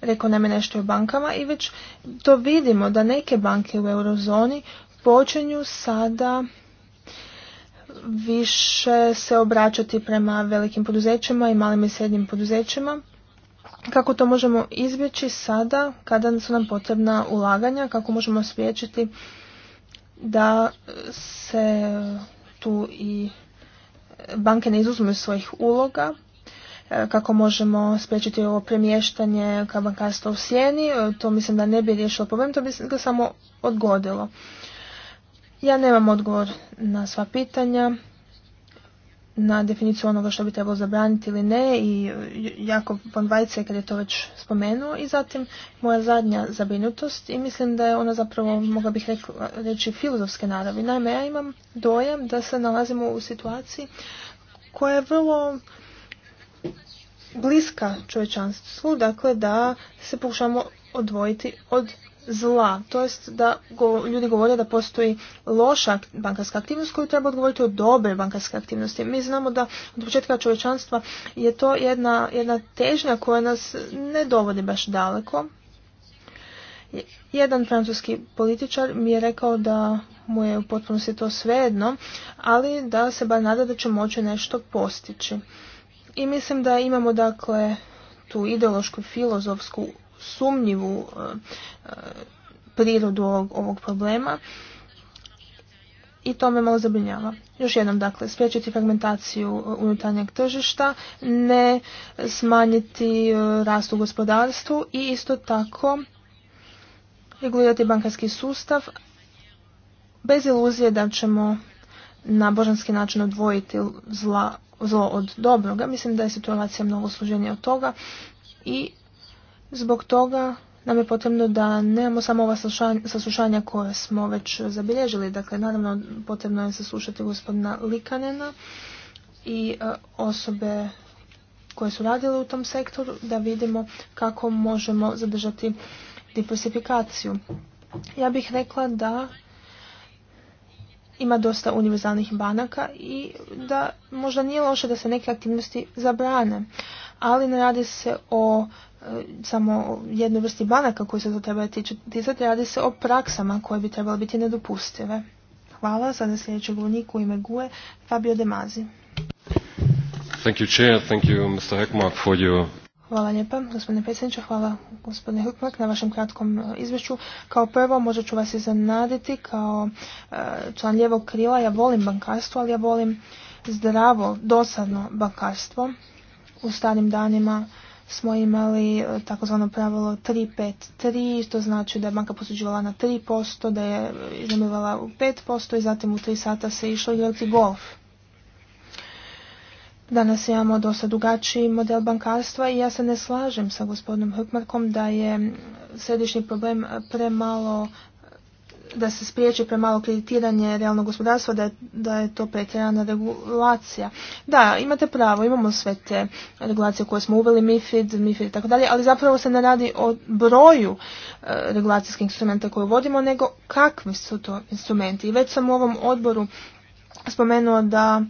rekao nam je nešto o bankama i već to vidimo da neke banke u eurozoni počinju sada više se obraćati prema velikim poduzećima i malim i srednjim poduzećima kako to možemo izbjeći sada kada su nam potrebna ulaganja, kako možemo spriječiti da se tu i banke ne izuzmu iz svojih uloga, e, kako možemo spriječiti ovo premještanje ka bankarstva u sjeni, e, to mislim da ne bi riješilo problem, to bi ga samo odgodilo. Ja nemam odgovor na sva pitanja na definiciju onoga što bi trebalo zabraniti ili ne i e, Jakob von kad je to već spomenuo i zatim moja zadnja zabrinutost i mislim da je ona zapravo mogla bih reći filozofske naravi. Naime, ja imam dojam da se nalazimo u situaciji koja je vrlo bliska čovječanstvu, dakle da se pokušamo odvojiti od zla, to jest da go, ljudi govore da postoji loša bankarska aktivnost koju treba odgovoriti o dobre bankarske aktivnosti. Mi znamo da od početka čovečanstva je to jedna, jedna težnja koja nas ne dovodi baš daleko. Jedan francuski političar mi je rekao da mu je u potpunosti to svejedno, ali da se bar nada da će moći nešto postići. I mislim da imamo dakle tu ideološku filozofsku sumnjivu e, e, prirodu ovog, problema i to me malo zabrinjava. Još jednom, dakle, spriječiti fragmentaciju e, unutarnjeg tržišta, ne smanjiti rast u gospodarstvu i isto tako regulirati bankarski sustav bez iluzije da ćemo na božanski način odvojiti zlo od dobroga. Mislim da je situacija mnogo služenija od toga i Zbog toga nam je potrebno da nemamo samo ova saslušanja koje smo već zabilježili. Dakle, naravno potrebno je saslušati gospodina Likanena i e, osobe koje su radile u tom sektoru da vidimo kako možemo zadržati diversifikaciju. Ja bih rekla da ima dosta univerzalnih banaka i da možda nije loše da se neke aktivnosti zabrane ali ne radi se o e, samo jednoj vrsti banaka koji se to treba ticati, radi se o praksama koje bi trebale biti nedopustive. Hvala. Sada sljedeći govornik u ime GUE, Fabio De Mazi. Thank Hvala lijepa, gospodine predsjedniče, hvala gospodine Hrkmak na vašem kratkom e, izvješću. Kao prvo, možda ću vas iznenaditi, kao e, član ljevog krila, ja volim bankarstvo, ali ja volim zdravo, dosadno bankarstvo u starim danima smo imali e, takozvano pravilo 3-5-3, to znači da je banka posuđivala na 3%, da je iznamivala u 5% i zatim u 3 sata se išlo igrati golf. Danas imamo dosta drugačiji model bankarstva i ja se ne slažem sa gospodinom Hrkmarkom da je središnji problem premalo da se spriječi premalo kreditiranje realnog gospodarstva, da je, da je to pretjerana regulacija. Da, imate pravo, imamo sve te regulacije koje smo uveli, MIFID, MIFID i tako dalje, ali zapravo se ne radi o broju e, regulacijskih instrumenta koje vodimo, nego kakvi su to instrumenti. I već sam u ovom odboru spomenuo da,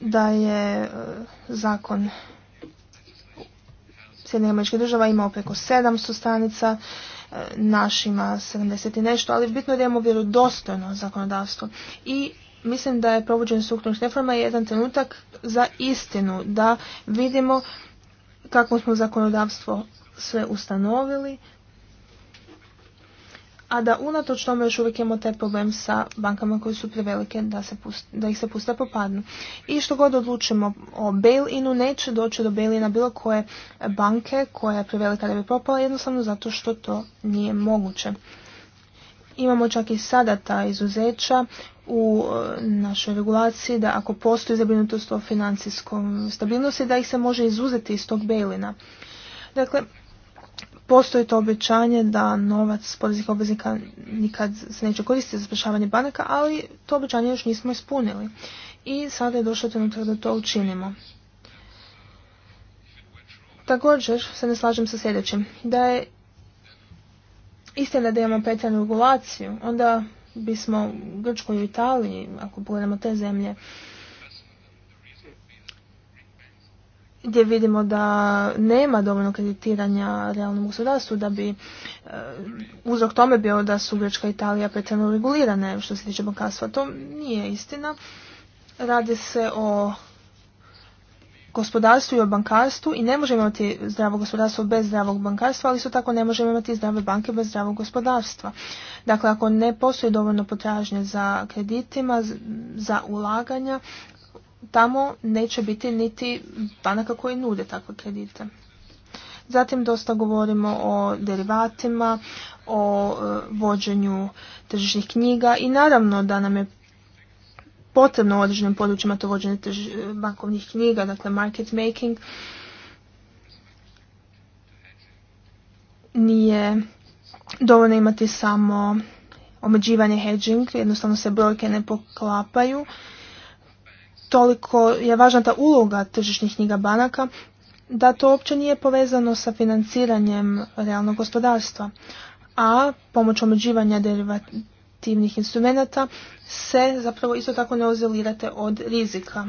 da je e, zakon Sjedinjama država imao preko 700 stranica, našima 70 i nešto, ali bitno je da imamo vjerodostojno zakonodavstvo. I mislim da je provođenje strukturnih reforma jedan trenutak za istinu, da vidimo kako smo zakonodavstvo sve ustanovili, a da unatoč tome još uvijek imamo taj problem sa bankama koje su prevelike da, se da ih se puste popadnu. I što god odlučimo o bail-inu, neće doći do bail bilo koje banke koja je prevelika da bi propala jednostavno zato što to nije moguće. Imamo čak i sada ta izuzeća u e, našoj regulaciji da ako postoji zabrinutost o financijskom stabilnosti da ih se može izuzeti iz tog bailina. Dakle, postoji to obećanje da novac poreznih obveznika nikad se neće koristiti za spašavanje banaka, ali to obećanje još nismo ispunili. I sada je došlo trenutak da to učinimo. Također se ne slažem sa sljedećim. Da je istina da imamo petljanu regulaciju, onda bismo u Grčkoj i Italiji, ako pogledamo te zemlje, gdje vidimo da nema dovoljno kreditiranja realnom gospodarstvu, da bi e, uzrok tome bio da su Grčka i Italija pretjerano regulirane što se tiče bankarstva. To nije istina. Radi se o gospodarstvu i o bankarstvu i ne možemo imati zdravo gospodarstvo bez zdravog bankarstva, ali isto tako ne možemo imati zdrave banke bez zdravog gospodarstva. Dakle, ako ne postoji dovoljno potražnje za kreditima, za ulaganja, tamo neće biti niti banaka koji nude takve kredite. Zatim dosta govorimo o derivatima, o e, vođenju tržišnih knjiga i naravno da nam je potrebno u određenim područjima to vođenje e, bankovnih knjiga, dakle market making, nije dovoljno imati samo omeđivanje hedging, jednostavno se brojke ne poklapaju toliko je važna ta uloga tržišnih knjiga banaka da to uopće nije povezano sa financiranjem realnog gospodarstva. A pomoć omeđivanja derivativnih instrumenata se zapravo isto tako ne ozilirate od rizika.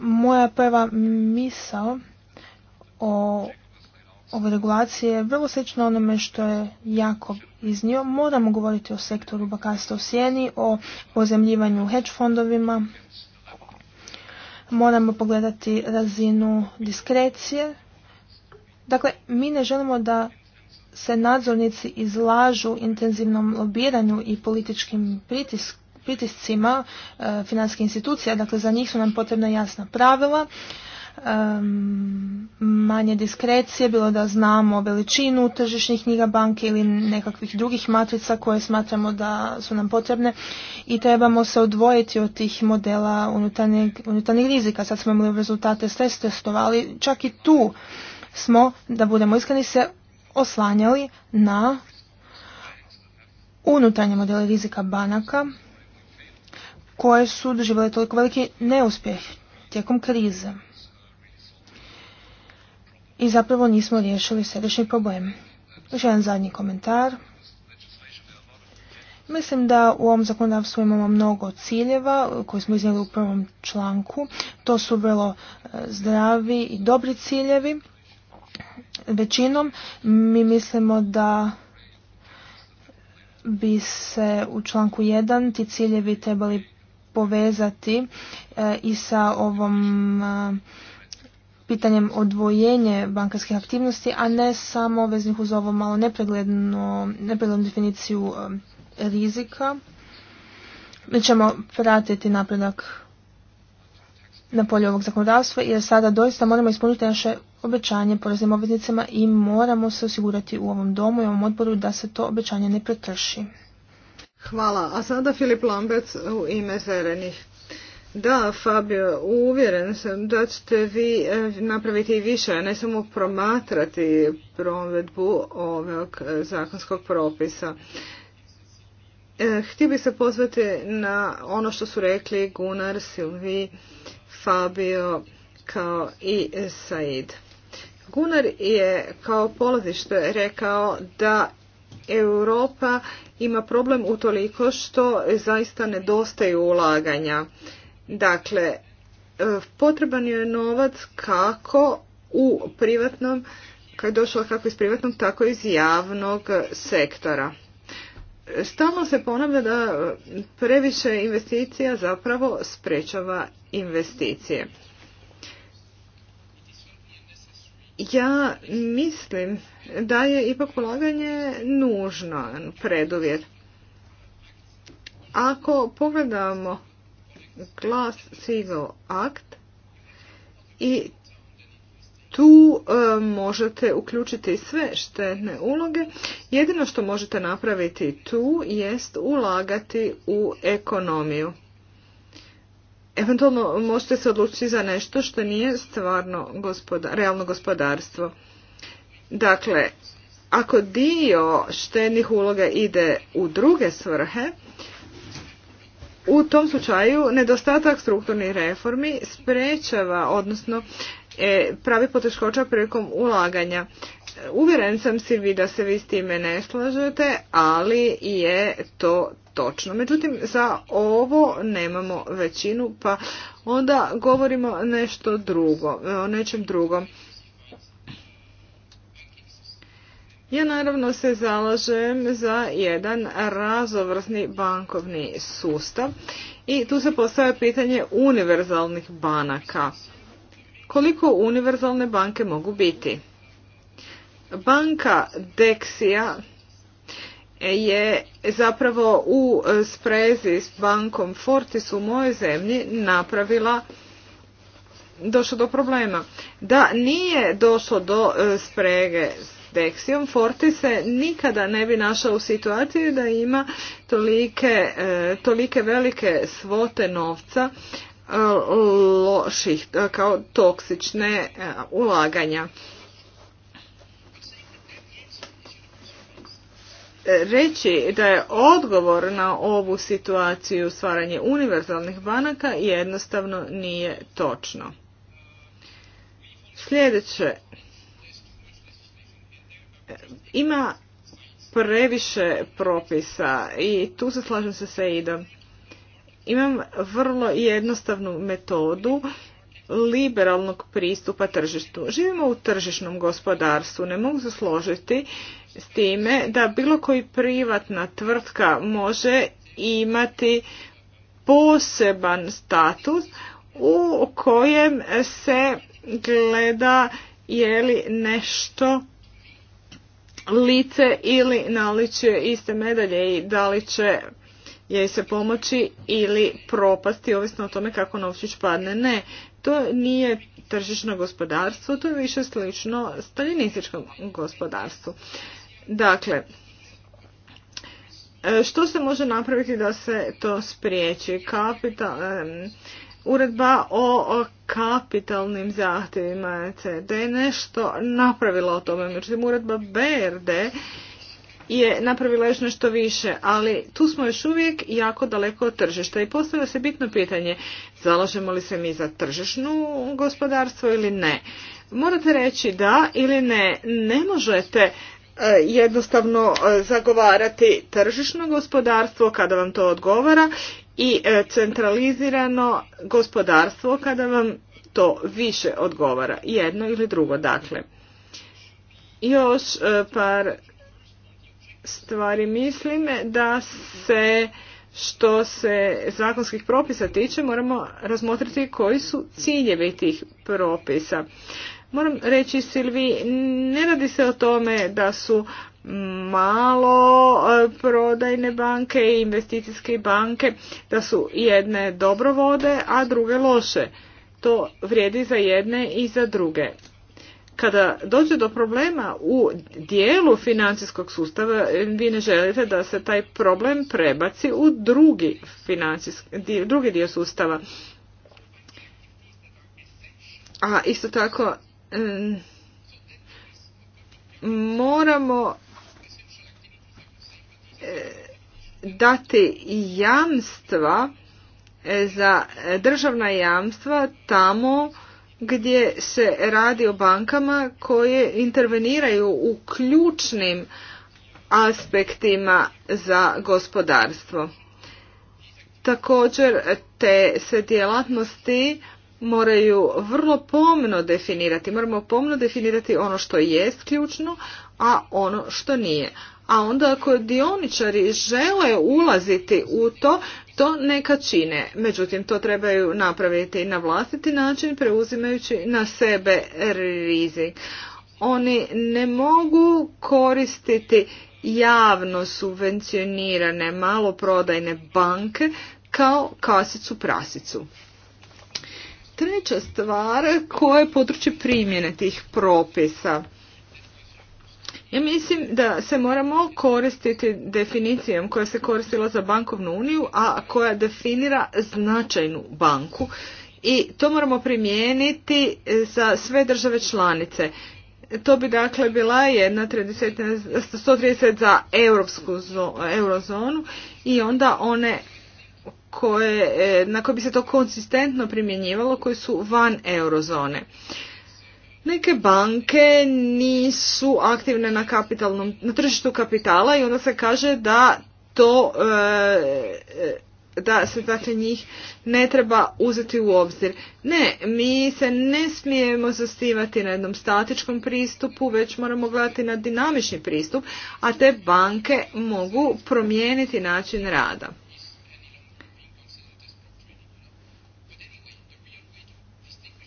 Moja prva misao o ove regulacije je vrlo slično onome što je jako iznio. Moramo govoriti o sektoru bakarstva u sjeni, o pozemljivanju hedge fondovima. Moramo pogledati razinu diskrecije. Dakle, mi ne želimo da se nadzornici izlažu intenzivnom lobiranju i političkim pritiscima e, financijskih institucija, dakle za njih su nam potrebna jasna pravila manje diskrecije, bilo da znamo veličinu tržišnih knjiga banke ili nekakvih drugih matrica koje smatramo da su nam potrebne i trebamo se odvojiti od tih modela unutarnjeg, rizika. Sad smo imali rezultate stres testovali, čak i tu smo, da budemo iskreni, se oslanjali na unutarnje modele rizika banaka koje su doživjele toliko veliki neuspjeh tijekom krize i zapravo nismo riješili središnji problem. Još jedan zadnji komentar. Mislim da u ovom zakonodavstvu imamo mnogo ciljeva koje smo iznijeli u prvom članku. To su vrlo e, zdravi i dobri ciljevi. Većinom mi mislimo da bi se u članku 1 ti ciljevi trebali povezati e, i sa ovom e, pitanjem odvojenje bankarskih aktivnosti, a ne samo veznih uz ovo malo nepreglednu, nepreglednu definiciju rizika. Mi ćemo pratiti napredak na polju ovog zakonodavstva jer sada doista moramo ispuniti naše obećanje poreznim obveznicima i moramo se osigurati u ovom domu i ovom odboru da se to obećanje ne prekrši. Hvala. A sada Filip Lambec u ime Zelenih. Da, Fabio, uvjeren sam da ćete vi eh, napraviti više, a ne samo promatrati provedbu ovog eh, zakonskog propisa. Eh, htio bih se pozvati na ono što su rekli Gunnar, Silvi, Fabio kao i Said. Gunnar je kao polazište rekao da Europa ima problem utoliko što zaista nedostaju ulaganja. Dakle, e, potreban je novac kako u privatnom, kad je došlo kako iz privatnog, tako iz javnog sektora. Stalno se ponavlja da previše investicija zapravo sprečava investicije. Ja mislim da je ipak ulaganje nužno preduvjet. Ako pogledamo Class Civil Act i tu e, možete uključiti sve štetne uloge. Jedino što možete napraviti tu jest ulagati u ekonomiju. Eventualno možete se odlučiti za nešto što nije stvarno realno gospodarstvo. Dakle, ako dio štenih uloga ide u druge svrhe, u tom slučaju nedostatak strukturnih reformi sprečava, odnosno e, pravi poteškoća prilikom ulaganja. Uvjeren sam si vi da se vi s time ne slažete, ali je to točno. Međutim, za ovo nemamo većinu, pa onda govorimo nešto drugo, o nečem drugom. Ja naravno se zalažem za jedan razovrsni bankovni sustav i tu se postavlja pitanje univerzalnih banaka. Koliko univerzalne banke mogu biti? Banka Dexia je zapravo u sprezi s bankom Fortis u mojoj zemlji napravila došlo do problema. Da nije došlo do e, sprege s Forti se nikada ne bi našao u situaciji da ima tolike, e, tolike velike svote novca e, loših, e, kao toksične ulaganja. reći da je odgovor na ovu situaciju stvaranje univerzalnih banaka jednostavno nije točno. Sljedeće ima previše propisa i tu se slažem sa Seidom. Imam vrlo jednostavnu metodu liberalnog pristupa tržištu. Živimo u tržišnom gospodarstvu, ne mogu se složiti s time da bilo koji privatna tvrtka može imati poseban status u kojem se gleda je li nešto lice ili naličje iste medalje i da li će jej se pomoći ili propasti, ovisno o tome kako novčić padne. Ne, to nije tržišno gospodarstvo, to je više slično stalinističkom gospodarstvu. Dakle, e, što se može napraviti da se to spriječi? Kapital, Uredba o kapitalnim zahtjevima CD je nešto napravila o tome, međutim uredba BRD je napravila još nešto više, ali tu smo još uvijek jako daleko od tržišta i postavlja se bitno pitanje zalažemo li se mi za tržišnu gospodarstvo ili ne. Morate reći da ili ne, ne možete e, jednostavno e, zagovarati tržišno gospodarstvo kada vam to odgovara i e, centralizirano gospodarstvo kada vam to više odgovara, jedno ili drugo dakle. Još e, par stvari mislim da se što se zakonskih propisa tiče moramo razmotriti koji su ciljevi tih propisa. Moram reći Silvi, ne radi se o tome da su malo e, prodajne banke i investicijske banke da su jedne dobro vode, a druge loše. To vrijedi za jedne i za druge. Kada dođe do problema u dijelu financijskog sustava, vi ne želite da se taj problem prebaci u drugi, drugi dio sustava. A isto tako moramo dati jamstva e, za državna jamstva tamo gdje se radi o bankama koje interveniraju u ključnim aspektima za gospodarstvo. Također te se djelatnosti moraju vrlo pomno definirati. Moramo pomno definirati ono što jest ključno, a ono što nije a onda ako dioničari žele ulaziti u to, to neka čine. Međutim, to trebaju napraviti na vlastiti način, preuzimajući na sebe rizik. Oni ne mogu koristiti javno subvencionirane maloprodajne banke kao kasicu prasicu. Treća stvar, koje je područje primjene tih propisa? Ja mislim da se moramo koristiti definicijom koja se koristila za bankovnu uniju, a koja definira značajnu banku i to moramo primijeniti e, za sve države članice. To bi dakle bila jedna 30, 130 za europsku eurozonu i onda one koje, e, na koje bi se to konsistentno primjenjivalo koje su van eurozone. Neke banke nisu aktivne na, kapitalnom, na tržištu kapitala i onda se kaže da to e, e, da se dakle njih ne treba uzeti u obzir. Ne, mi se ne smijemo zastivati na jednom statičkom pristupu, već moramo gledati na dinamični pristup, a te banke mogu promijeniti način rada.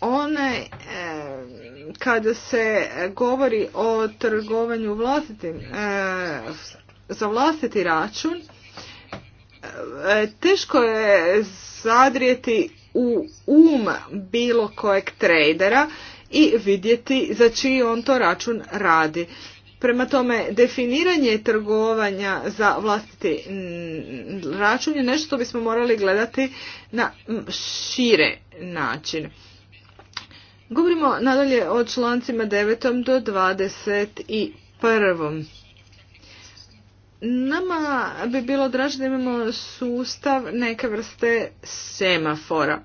One, e, kada se govori o trgovanju vlastitim, e, za vlastiti račun, e, teško je zadrijeti u um bilo kojeg tradera i vidjeti za čiji on to račun radi. Prema tome, definiranje trgovanja za vlastiti račun je nešto što bismo morali gledati na šire način. Govorimo nadalje o člancima 9. do 21. Nama bi bilo draže da imamo sustav neke vrste semafora.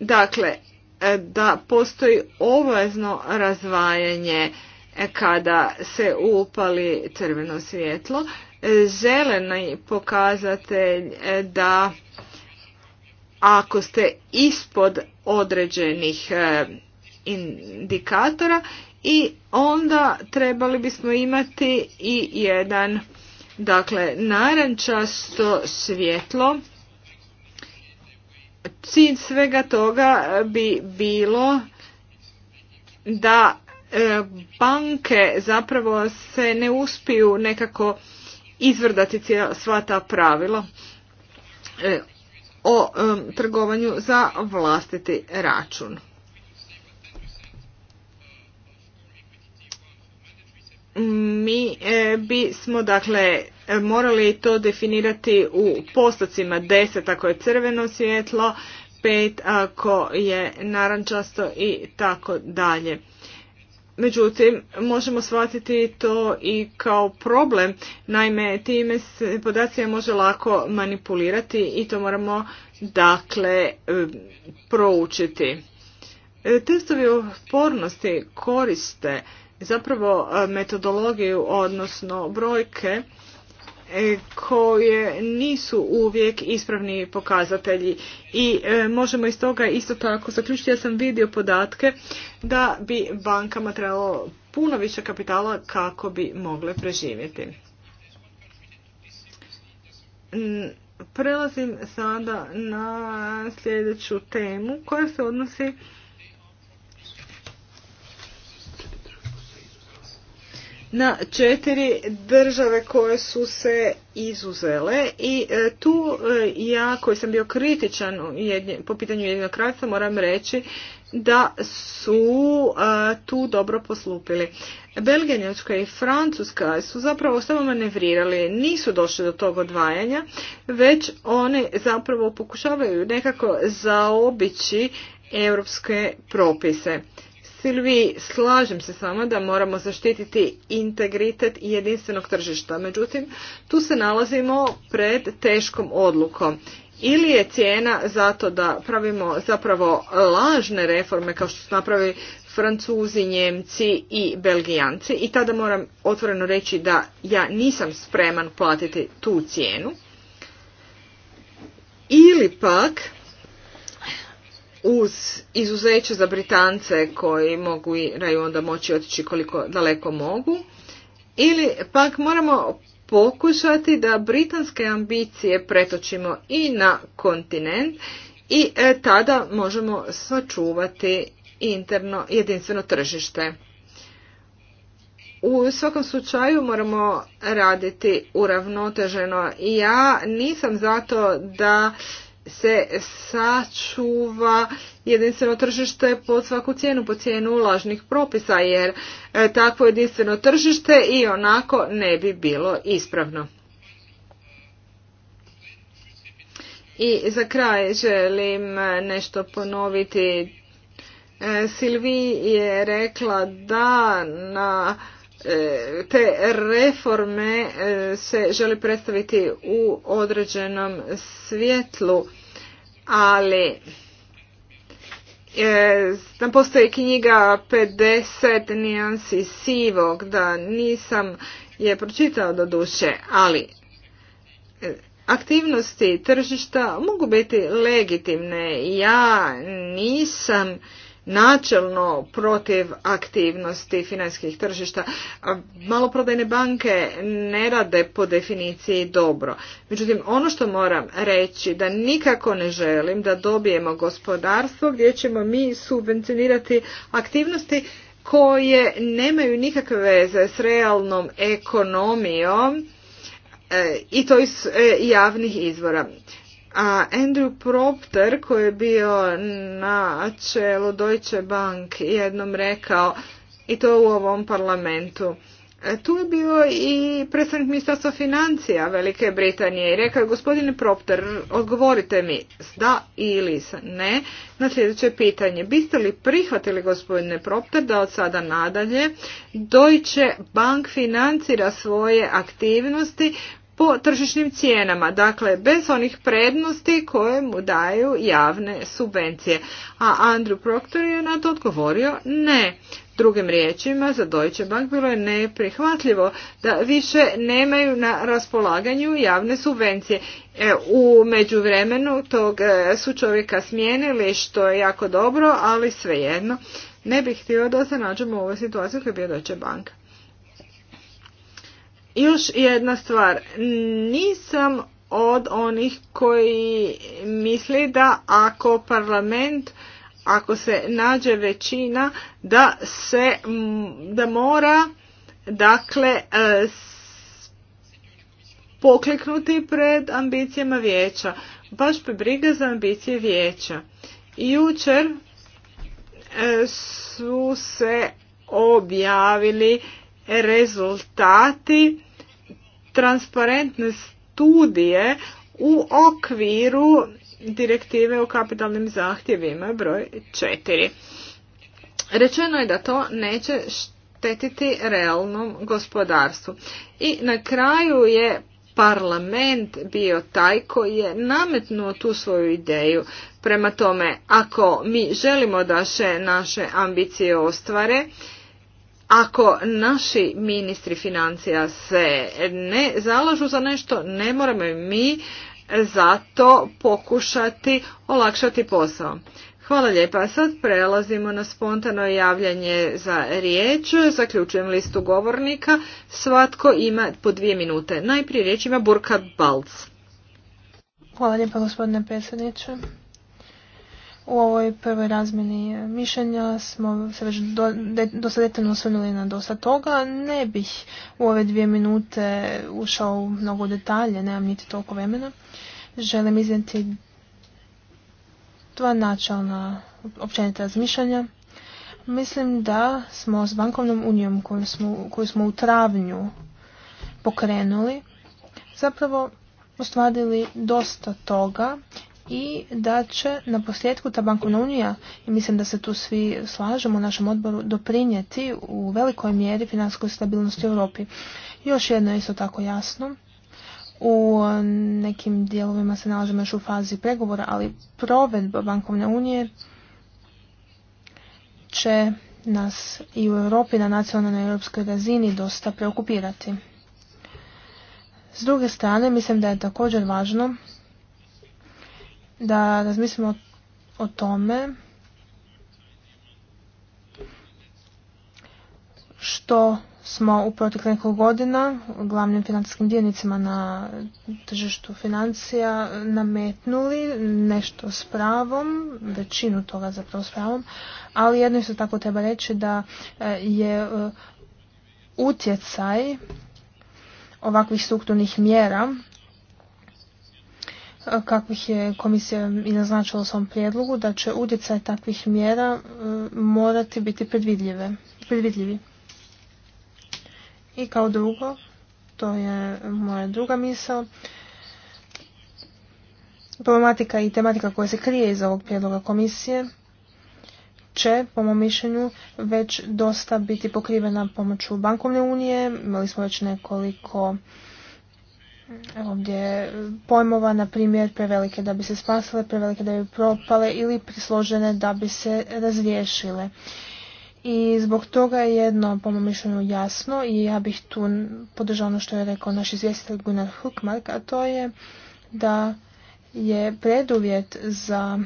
Dakle, e, da postoji obavezno razvajanje e, kada se upali crveno svjetlo. Zeleni pokazatelj e, da ako ste ispod određenih e, indikatora i onda trebali bismo imati i jedan dakle narančasto svjetlo cilj svega toga bi bilo da e, banke zapravo se ne uspiju nekako izvrdati sva ta pravila e, o trgovanju za vlastiti račun. Mi e, bismo dakle morali to definirati u postocima 10 ako je crveno svjetlo, 5 ako je narančasto i tako dalje. Međutim, možemo shvatiti to i kao problem. Naime, time se podacija može lako manipulirati i to moramo dakle e, proučiti. E, testovi otpornosti koriste zapravo e, metodologiju, odnosno brojke E, koje nisu uvijek ispravni pokazatelji i e, možemo iz toga isto tako zaključiti ja sam vidio podatke da bi bankama trebalo puno više kapitala kako bi mogle preživjeti. Prelazim sada na sljedeću temu koja se odnosi na četiri države koje su se izuzele i e, tu e, ja koji sam bio kritičan po pitanju jednog kraljevstva moram reći da su e, tu dobro poslupili. Belgija, i Francuska su zapravo samo manevrirali, nisu došli do tog odvajanja, već one zapravo pokušavaju nekako zaobići europske propise. Silvi, slažem se s vama da moramo zaštititi integritet jedinstvenog tržišta. Međutim, tu se nalazimo pred teškom odlukom. Ili je cijena zato da pravimo zapravo lažne reforme kao što su napravili Francuzi, Njemci i Belgijanci i tada moram otvoreno reći da ja nisam spreman platiti tu cijenu. Ili pak uz izuzeće za Britance koji mogu onda moći otići koliko daleko mogu ili pak moramo pokušati da britanske ambicije pretočimo i na kontinent i e, tada možemo sačuvati interno jedinstveno tržište. U svakom slučaju moramo raditi uravnoteženo i ja nisam zato da se sačuva jedinstveno tržište po svaku cijenu, po cijenu lažnih propisa, jer e, takvo jedinstveno tržište i onako ne bi bilo ispravno. I za kraj želim e, nešto ponoviti. E, Silvi je rekla da na E, te reforme e, se želi predstaviti u određenom svjetlu, ali e, tam postoji knjiga 50 nijansi sivog, da nisam je pročitao do duše, ali aktivnosti tržišta mogu biti legitimne. Ja nisam načelno protiv aktivnosti financijskih tržišta. Maloprodajne banke ne rade po definiciji dobro. Međutim, ono što moram reći da nikako ne želim da dobijemo gospodarstvo gdje ćemo mi subvencionirati aktivnosti koje nemaju nikakve veze s realnom ekonomijom e, i to iz e, javnih izvora. A Andrew Propter koji je bio na čelu Deutsche Bank jednom rekao i to u ovom parlamentu. E, tu je bio i predstavnik ministarstva financija Velike Britanije i rekao je gospodine Propter, odgovorite mi s da ili s ne na sljedeće pitanje. Biste li prihvatili gospodine Propter da od sada nadalje Deutsche Bank financira svoje aktivnosti po tržišnim cijenama, dakle bez onih prednosti koje mu daju javne subvencije. A Andrew Proctor je na to odgovorio ne. Drugim riječima, za Deutsche Bank bilo je neprihvatljivo da više nemaju na raspolaganju javne subvencije. E, u međuvremenu tog e, su čovjeka smijenili, što je jako dobro, ali svejedno. Ne bih htio da se nađemo u ovoj situaciji koji je bio Deutsche Banka. Još jedna stvar, nisam od onih koji misli da ako parlament ako se nađe većina da se da mora dakle e, pokliknuti pred ambicijama vijeća baš bi briga za ambicije vijeća jučer e, su se objavili rezultati transparentne studije u okviru direktive o kapitalnim zahtjevima broj 4. Rečeno je da to neće štetiti realnom gospodarstvu. I na kraju je parlament bio taj koji je nametnuo tu svoju ideju. Prema tome, ako mi želimo da se naše ambicije ostvare, ako naši ministri financija se ne zalažu za nešto, ne moramo mi zato pokušati olakšati posao. Hvala lijepa. Sad prelazimo na spontano javljanje za riječ. Zaključujem listu govornika. Svatko ima po dvije minute. Najprije riječ ima Burkhard Balc. Hvala lijepa gospodine predsjedniče. U ovoj prvoj razmjeni mišljenja smo se već dosta detaljno osvrnuli na dosta toga. Ne bih u ove dvije minute ušao u mnogo detalje, nemam niti toliko vremena. Želim iznijeti dva načalna općenita razmišljanja. Mislim da smo s bankovnom unijom koju smo, koju smo u travnju pokrenuli zapravo ostvarili dosta toga i da će na posljedku ta bankovna unija, i mislim da se tu svi slažemo u našem odboru, doprinijeti u velikoj mjeri finanskoj stabilnosti u Europi. Još jedno je isto tako jasno, u nekim dijelovima se nalazimo još u fazi pregovora, ali provedba bankovne unije će nas i u Europi na nacionalnoj europskoj razini dosta preokupirati. S druge strane, mislim da je također važno da razmislimo o tome što smo u proteklih nekoliko godina glavnim financijskim dionicima na tržištu financija nametnuli nešto s pravom, većinu toga zapravo s pravom, ali jedno isto tako treba reći da e, je e, utjecaj ovakvih strukturnih mjera kakvih je komisija i naznačila u svom prijedlogu, da će utjecaj takvih mjera e, morati biti predvidljivi. I kao drugo, to je moja druga misao, problematika i tematika koja se krije iz ovog prijedloga komisije će, po mom mišljenju, već dosta biti pokrivena pomoću bankovne unije. Imali smo već nekoliko ovdje pojmova, na primjer, prevelike da bi se spasile, prevelike da bi propale ili prisložene da bi se razriješile. I zbog toga je jedno, po mom mišljenju, jasno i ja bih tu podržao ono što je rekao naš izvjestitelj Gunnar Hukmark, a to je da je preduvjet za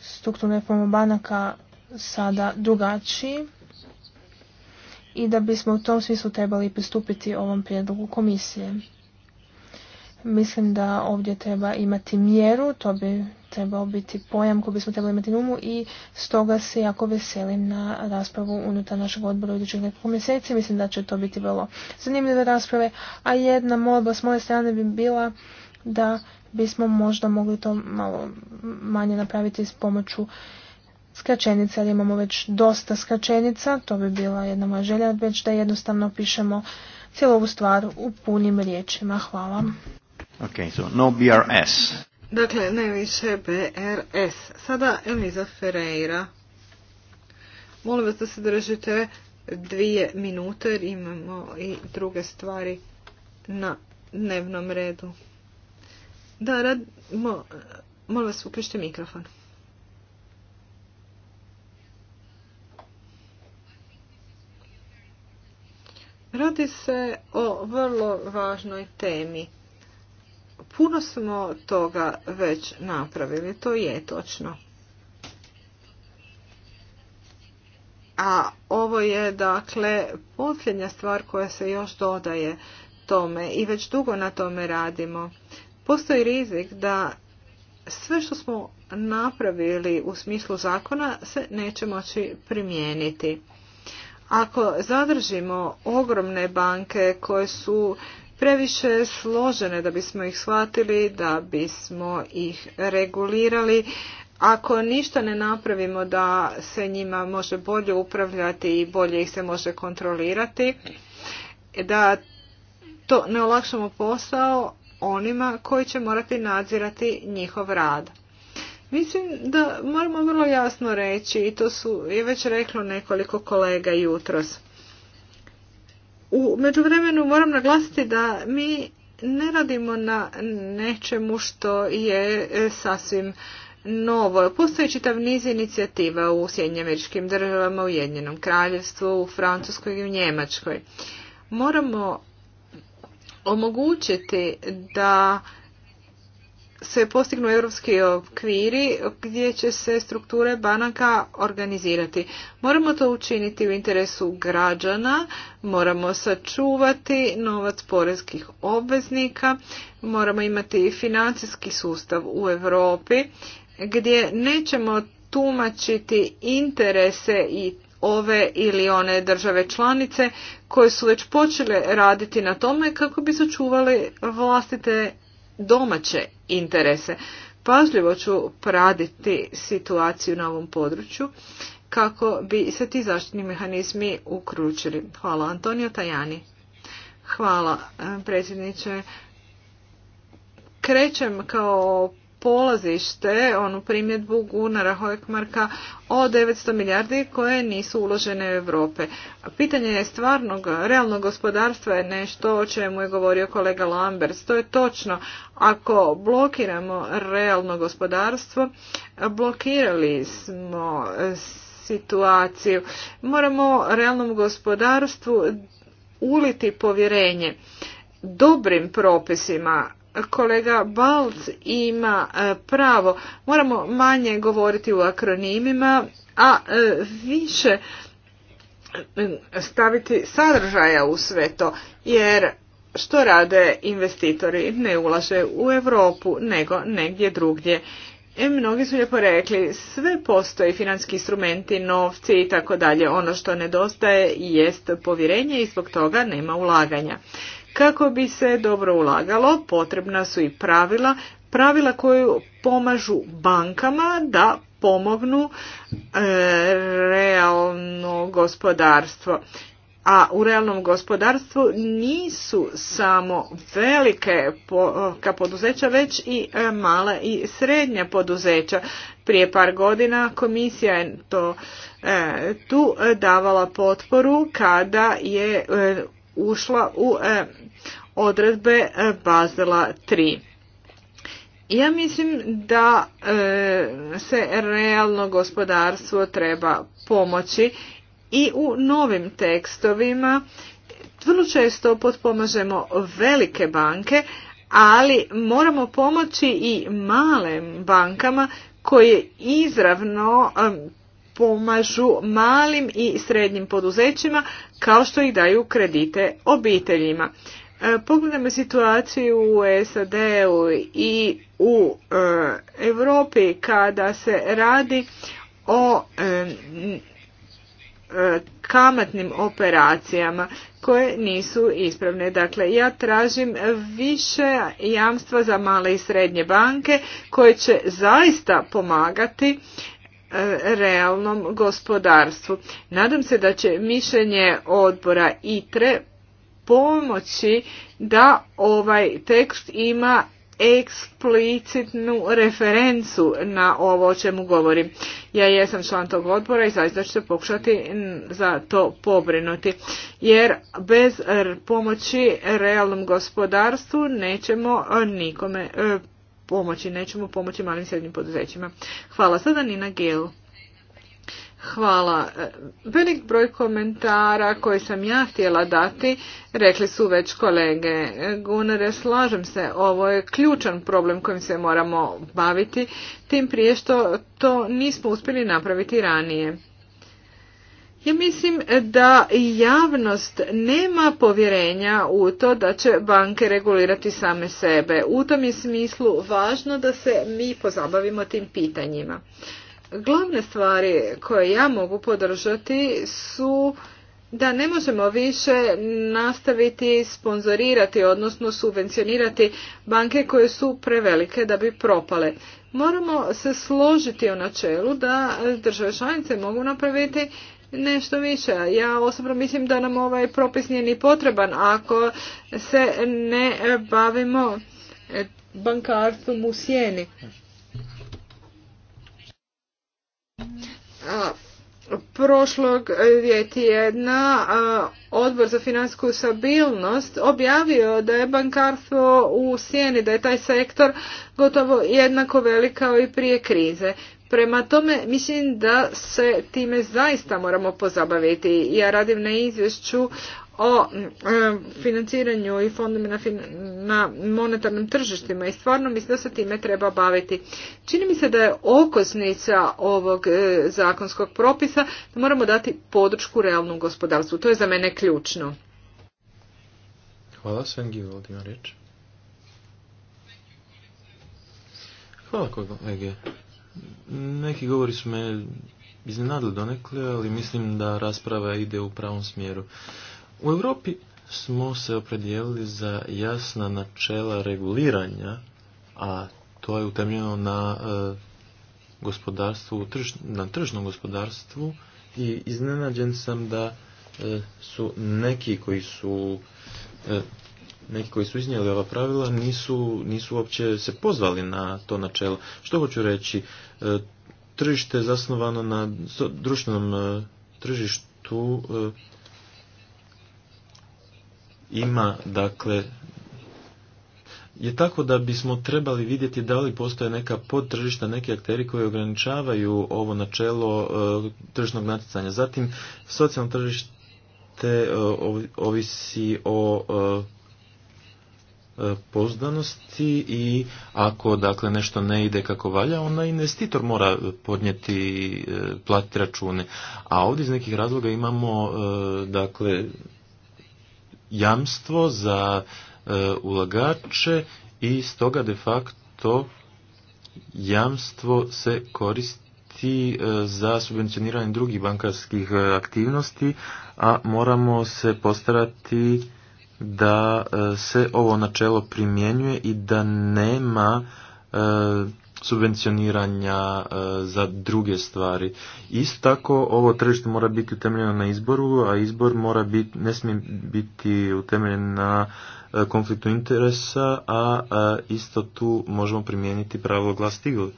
strukturnu reformu banaka sada drugačiji i da bismo u tom smislu trebali pristupiti ovom prijedlogu komisije. Mislim da ovdje treba imati mjeru, to bi trebao biti pojam koji bismo trebali imati na umu i stoga se jako veselim na raspravu unutar našeg odbora u idućih nekoliko mjeseci. Mislim da će to biti vrlo zanimljive rasprave, a jedna molba s moje strane bi bila da bismo možda mogli to malo manje napraviti s pomoću skraćenica, jer imamo već dosta skraćenica, to bi bila jedna moja želja, već da jednostavno pišemo cijelu ovu stvar u punim riječima. Hvala. Okay, so no BRS. Dakle, ne više BRS. Sada Eliza Ferreira. Molim vas da se držite dvije minute jer imamo i druge stvari na dnevnom redu. Da, rad, mo, molim vas uključite mikrofon. Radi se o vrlo važnoj temi puno smo toga već napravili, to je točno. A ovo je dakle posljednja stvar koja se još dodaje tome i već dugo na tome radimo. Postoji rizik da sve što smo napravili u smislu zakona se neće moći primijeniti. Ako zadržimo ogromne banke koje su previše složene da bismo ih shvatili, da bismo ih regulirali. Ako ništa ne napravimo da se njima može bolje upravljati i bolje ih se može kontrolirati, da to ne olakšamo posao onima koji će morati nadzirati njihov rad. Mislim da moramo vrlo jasno reći i to su i već reklo nekoliko kolega jutros. U međuvremenu moram naglasiti da mi ne radimo na nečemu što je e, sasvim novo. Postoji čitav niz inicijativa u Sjedinjim američkim državama, u Jedinjenom kraljevstvu, u Francuskoj i u Njemačkoj. Moramo omogućiti da se postignu europski okviri gdje će se strukture banaka organizirati. Moramo to učiniti u interesu građana, moramo sačuvati novac porezkih obveznika, moramo imati financijski sustav u Europi gdje nećemo tumačiti interese i ove ili one države članice koje su već počele raditi na tome kako bi sačuvali vlastite domaće interese. Pažljivo ću praditi situaciju na ovom području kako bi se ti zaštitni mehanizmi ukručili. Hvala Antonio Tajani. Hvala eh, predsjedniče. Krećem kao polazište, onu primjedbu Gunara Hojkmarka o 900 milijardi koje nisu uložene u Europe. Pitanje je stvarnog, realnog gospodarstva je nešto o čemu je govorio kolega Lambert. To je točno. Ako blokiramo realno gospodarstvo, blokirali smo situaciju. Moramo realnom gospodarstvu uliti povjerenje dobrim propisima, kolega Balc ima e, pravo. Moramo manje govoriti u akronimima, a e, više e, staviti sadržaja u sve to, jer što rade investitori? Ne ulaže u Europu, nego negdje drugdje. E, mnogi su lijepo rekli, sve postoji, financijski instrumenti, novci i tako dalje. Ono što nedostaje jest povjerenje i zbog toga nema ulaganja. Kako bi se dobro ulagalo, potrebna su i pravila, pravila koju pomažu bankama da pomognu e, realno gospodarstvo. A u realnom gospodarstvu nisu samo velike ka poduzeća, već i e, mala i srednja poduzeća. Prije par godina komisija je to e, tu davala potporu kada je ušla u e, odredbe e, Bazela 3. Ja mislim da e, se realno gospodarstvo treba pomoći i u novim tekstovima vrlo često potpomažemo velike banke, ali moramo pomoći i malim bankama koje izravno pomažu malim i srednjim poduzećima kao što ih daju kredite obiteljima. E, pogledajmo situaciju u SAD-u i u e, Europi kada se radi o e, kamatnim operacijama koje nisu ispravne. Dakle, ja tražim više jamstva za male i srednje banke koje će zaista pomagati realnom gospodarstvu. Nadam se da će mišljenje odbora ITRE pomoći da ovaj tekst ima eksplicitnu referencu na ovo o čemu govorim. Ja jesam član tog odbora i zaista ću se pokušati za to pobrinuti. Jer bez pomoći realnom gospodarstvu nećemo nikome e, pomoći, nećemo pomoći malim srednjim poduzećima. Hvala sada Nina Gelu. Hvala. Velik broj komentara koji sam ja htjela dati, rekli su već kolege. Gunare, slažem se, ovo je ključan problem kojim se moramo baviti, tim prije što to nismo uspjeli napraviti ranije. Ja mislim da javnost nema povjerenja u to da će banke regulirati same sebe. U tom je smislu važno da se mi pozabavimo tim pitanjima. Glavne stvari koje ja mogu podržati su da ne možemo više nastaviti sponzorirati, odnosno subvencionirati banke koje su prevelike da bi propale. Moramo se složiti u načelu da države članice mogu napraviti nešto više. Ja osobno mislim da nam ovaj propis nije ni potreban ako se ne bavimo e, bankarstvom u sjeni. Prošlog prošlog tjedna odbor za financijsku stabilnost objavio da je bankarstvo u sjeni, da je taj sektor gotovo jednako velik kao i prije krize. Prema tome, mislim da se time zaista moramo pozabaviti. Ja radim na izvješću o mm, e, financiranju i fondovima na, monetarnim tržištima i stvarno mislim da se time treba baviti. Čini mi se da je okosnica ovog e, zakonskog propisa da moramo dati podršku realnom gospodarstvu. To je za mene ključno. Hvala, Sven Hvala neki govori su me iznenadili donekle, ali mislim da rasprava ide u pravom smjeru. U Europi smo se opredijelili za jasna načela reguliranja, a to je utemljeno na eh, gospodarstvu, na tržnom gospodarstvu i iznenađen sam da eh, su neki koji su eh, neki koji su iznijeli ova pravila nisu, nisu uopće se pozvali na to načelo. Što hoću reći? E, tržište zasnovano na društvenom e, tržištu e, ima dakle je tako da bismo trebali vidjeti da li postoje neka podtržišta, neki akteri koji ograničavaju ovo načelo tržišnog natjecanja. Zatim, socijalno tržište ovisi o E, pozdanosti i ako dakle nešto ne ide kako valja, onda investitor mora podnijeti e, platiti račune. A ovdje iz nekih razloga imamo e, dakle jamstvo za ulagače i stoga de facto jamstvo se koristi za subvencioniranje drugih bankarskih aktivnosti, a moramo se postarati da e, se ovo načelo primjenjuje i da nema e, subvencioniranja e, za druge stvari. Isto tako ovo tržište mora biti utemeljeno na izboru, a izbor mora biti, ne smije biti utemeljen na konfliktu interesa, a isto tu možemo primijeniti pravilo glas tigli.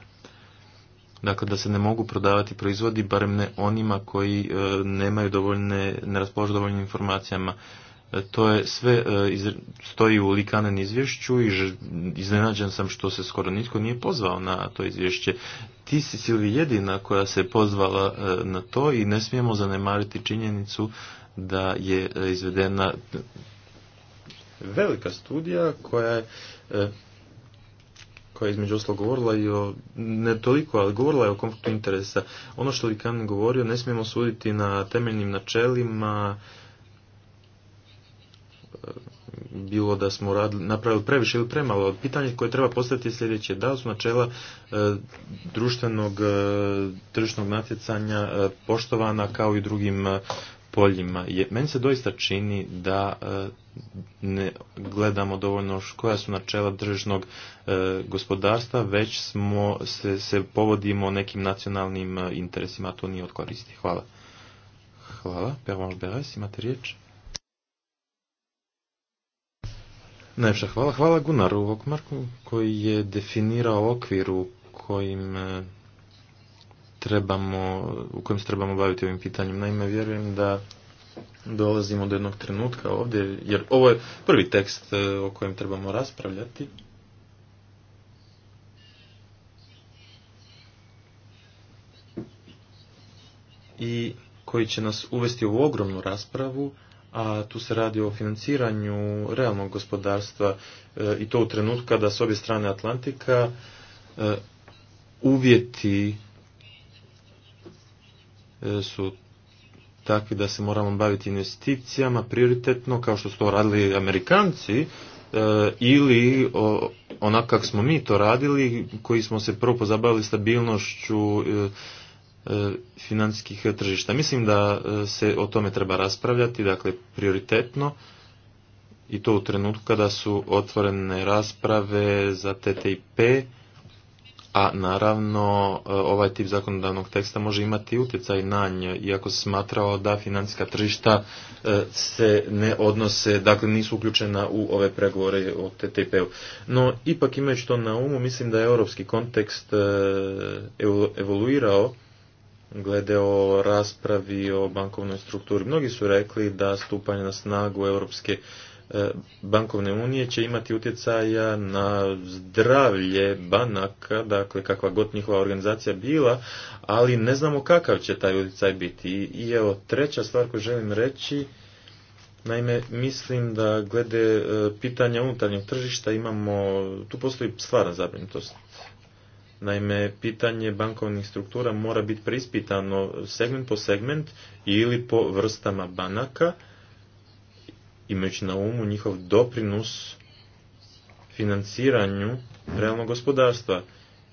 Dakle, da se ne mogu prodavati proizvodi, barem ne onima koji nemaju dovoljne, ne raspolažu dovoljnim informacijama. E, to je sve e, stoji u likanen izvješću i iznenađen sam što se skoro nitko nije pozvao na to izvješće. Ti si Silvi jedina koja se pozvala e, na to i ne smijemo zanemariti činjenicu da je izvedena velika studija koja je koja je između oslo govorila i o, ne toliko, ali govorila je o konfliktu interesa. Ono što Likan govorio, ne smijemo suditi na temeljnim načelima, bilo da smo radili, napravili previše ili premalo. Pitanje koje treba postaviti je sljedeće. Da li su načela e, društvenog e, tržišnog natjecanja e, poštovana kao i drugim poljima? meni se doista čini da ne gledamo dovoljno koja su načela tržišnog gospodarstva, već smo se, se povodimo nekim nacionalnim interesima, a to nije od koristi. Hvala. Hvala. Pervanš Beres, imate riječ? Najpša hvala. Hvala Gunaru Okmarku koji je definirao okvir u kojim e, trebamo, u kojem se trebamo baviti ovim pitanjem. Naime, vjerujem da dolazimo do jednog trenutka ovdje, jer ovo je prvi tekst e, o kojem trebamo raspravljati. I koji će nas uvesti u ogromnu raspravu a tu se radi o financiranju realnog gospodarstva e, i to u trenutku kada s obje strane Atlantika e, uvjeti e, su takvi da se moramo baviti investicijama prioritetno kao što su to radili Amerikanci ili onako kako smo mi to radili koji smo se prvo pozabavili stabilnošću E, financijskih tržišta. Mislim da e, se o tome treba raspravljati, dakle prioritetno i to u trenutku kada su otvorene rasprave za TTIP, a naravno e, ovaj tip zakonodavnog teksta može imati utjecaj na nje, iako se smatrao da financijska tržišta se ne odnose, dakle nisu uključena u ove pregovore o TTIP-u. No, ipak imajući to na umu, mislim da je europski kontekst evoluirao glede o raspravi o bankovnoj strukturi. Mnogi su rekli da stupanje na snagu Europske e, bankovne unije će imati utjecaja na zdravlje banaka, dakle kakva god njihova organizacija bila, ali ne znamo kakav će taj utjecaj biti. I, evo, treća stvar koju želim reći, naime, mislim da glede e, pitanja unutarnjeg tržišta imamo, tu postoji stvarna zabrinutost. Naime, pitanje bankovnih struktura mora biti prispitano segment po segment ili po vrstama banaka, imajući na umu njihov doprinos financiranju realnog gospodarstva.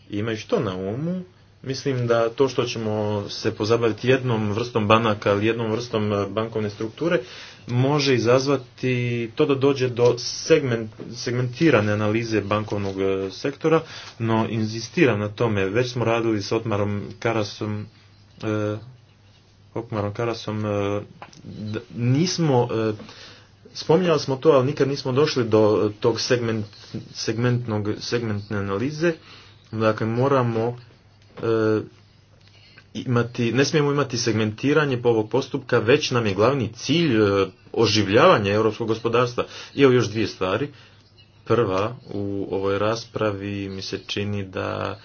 imajući to na umu, mislim da to što ćemo se pozabaviti jednom vrstom banaka ili jednom vrstom e, bankovne strukture može izazvati to da dođe do segment, segmentirane analize bankovnog e, sektora, no inzistira na tome. Već smo radili s Otmarom Karasom e, Otmarom Karasom e, nismo spominjali smo to, ali nikad nismo došli do tog segment, segmentnog, segmentne analize. Dakle, moramo imati, ne smijemo imati segmentiranje po ovog postupka, već nam je glavni cilj e, oživljavanja europskog gospodarstva. I evo još dvije stvari. Prva, u ovoj raspravi mi se čini da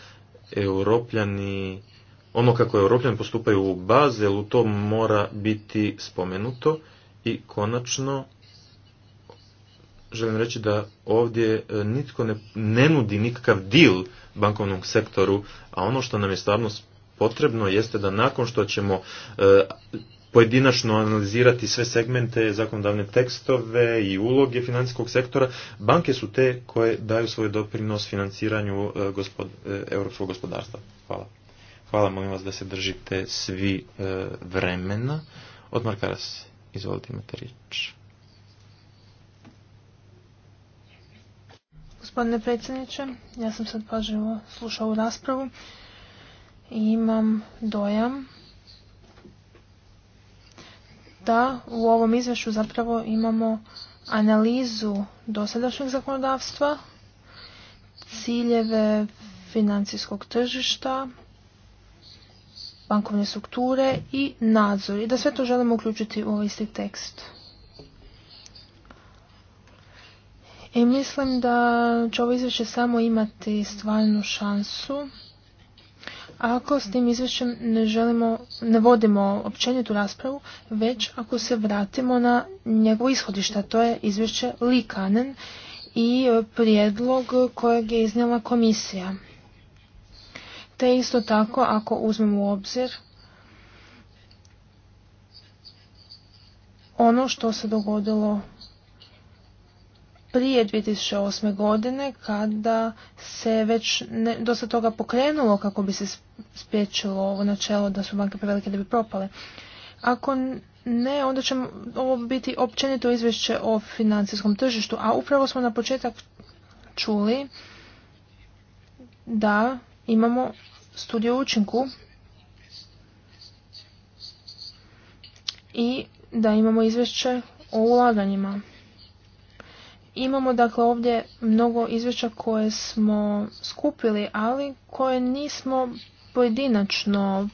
europljani, ono kako europljani postupaju u Bazelu, to mora biti spomenuto. I konačno, želim reći da ovdje e, nitko ne, nudi nikakav dil bankovnom sektoru, a ono što nam je stvarno potrebno jeste da nakon što ćemo e, pojedinačno analizirati sve segmente, zakonodavne tekstove i uloge financijskog sektora, banke su te koje daju svoj doprinos financiranju e, e, europskog gospodarstva. Hvala. Hvala, molim vas da se držite svi vremena. Od Markaras, izvolite imate Gospodine predsjedniče, ja sam sad pažljivo slušao ovu raspravu imam dojam da u ovom izvješću zapravo imamo analizu dosadašnjeg zakonodavstva, ciljeve financijskog tržišta, bankovne strukture i nadzor. I da sve to želimo uključiti u ovaj isti tekst. I mislim da će ovo izvješće samo imati stvarnu šansu ako s tim izvješćem ne želimo, ne vodimo općenitu raspravu, već ako se vratimo na njegovo ishodište, to je izvješće Likanen i e, prijedlog kojeg je iznijela komisija. Te isto tako ako uzmemo u obzir ono što se dogodilo prije 2008. godine kada se već ne, dosta toga pokrenulo kako bi se spriječilo ovo načelo da su banke prevelike da bi propale. Ako ne, onda će ovo biti općenito izvješće o financijskom tržištu, a upravo smo na početak čuli da imamo studiju učinku i da imamo izvješće o ulaganjima. Imamo dakle ovdje mnogo izvješća koje smo skupili, ali koje nismo pojedinačno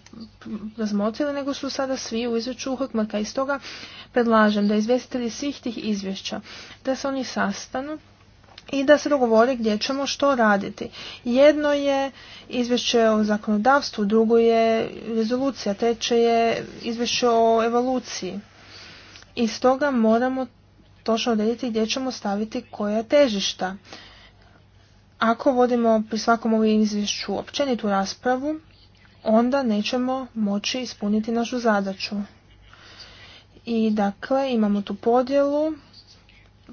razmotrili, nego su sada svi u izvješću Hokmarka. I stoga predlažem da izvjestitelji svih tih izvješća, da se oni sastanu i da se dogovore gdje ćemo što raditi. Jedno je izvješće o zakonodavstvu, drugo je rezolucija, treće je izvješće o evoluciji. I stoga moramo točno odrediti gdje ćemo staviti koja težišta. Ako vodimo pri svakom ovom izvješću općenitu raspravu, onda nećemo moći ispuniti našu zadaću. I dakle, imamo tu podjelu,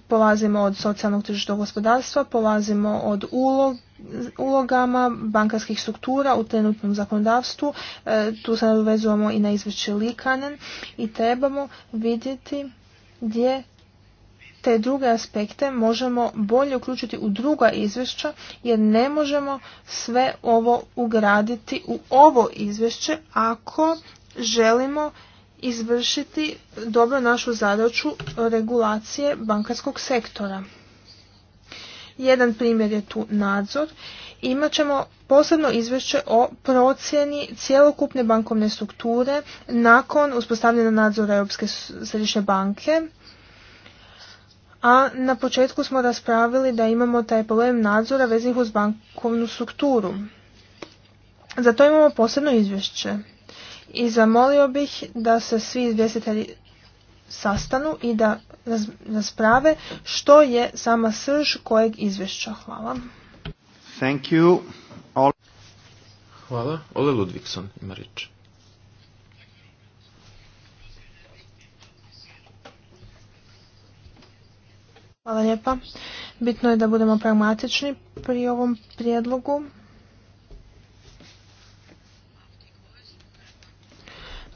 polazimo od socijalnog tržišta gospodarstva, polazimo od ulog, ulogama bankarskih struktura u trenutnom zakonodavstvu, e, tu se nadovezujemo i na izvješće Likanen i trebamo vidjeti gdje te druge aspekte možemo bolje uključiti u druga izvješća jer ne možemo sve ovo ugraditi u ovo izvješće ako želimo izvršiti dobro našu zadaću regulacije bankarskog sektora. Jedan primjer je tu nadzor. Imat ćemo posebno izvješće o procjeni cjelokupne bankovne strukture nakon uspostavljena nadzora Europske središnje banke a na početku smo raspravili da imamo taj problem nadzora veznih uz bankovnu strukturu. Za to imamo posebno izvješće i zamolio bih da se svi izvjestitelji sastanu i da rasprave što je sama srž kojeg izvješća. Hvala. Thank you. All... Hvala. Ole ima riječ. Hvala lijepa. Bitno je da budemo pragmatični pri ovom prijedlogu.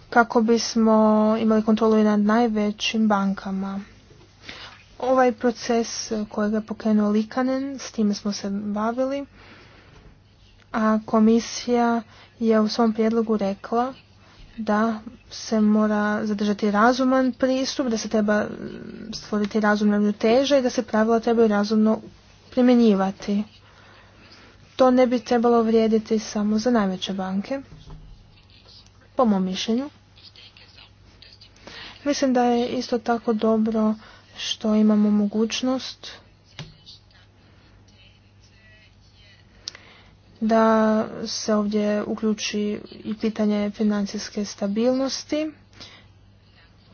kako bismo imali kontrolu i nad najvećim bankama. Ovaj proces kojeg je pokrenuo Likanen, s time smo se bavili, a komisija je u svom prijedlogu rekla da se mora zadržati razuman pristup, da se treba stvoriti razumna ravnoteža i da se pravila trebaju razumno primjenjivati. To ne bi trebalo vrijediti samo za najveće banke, po mom mišljenju. Mislim da je isto tako dobro što imamo mogućnost da se ovdje uključi i pitanje financijske stabilnosti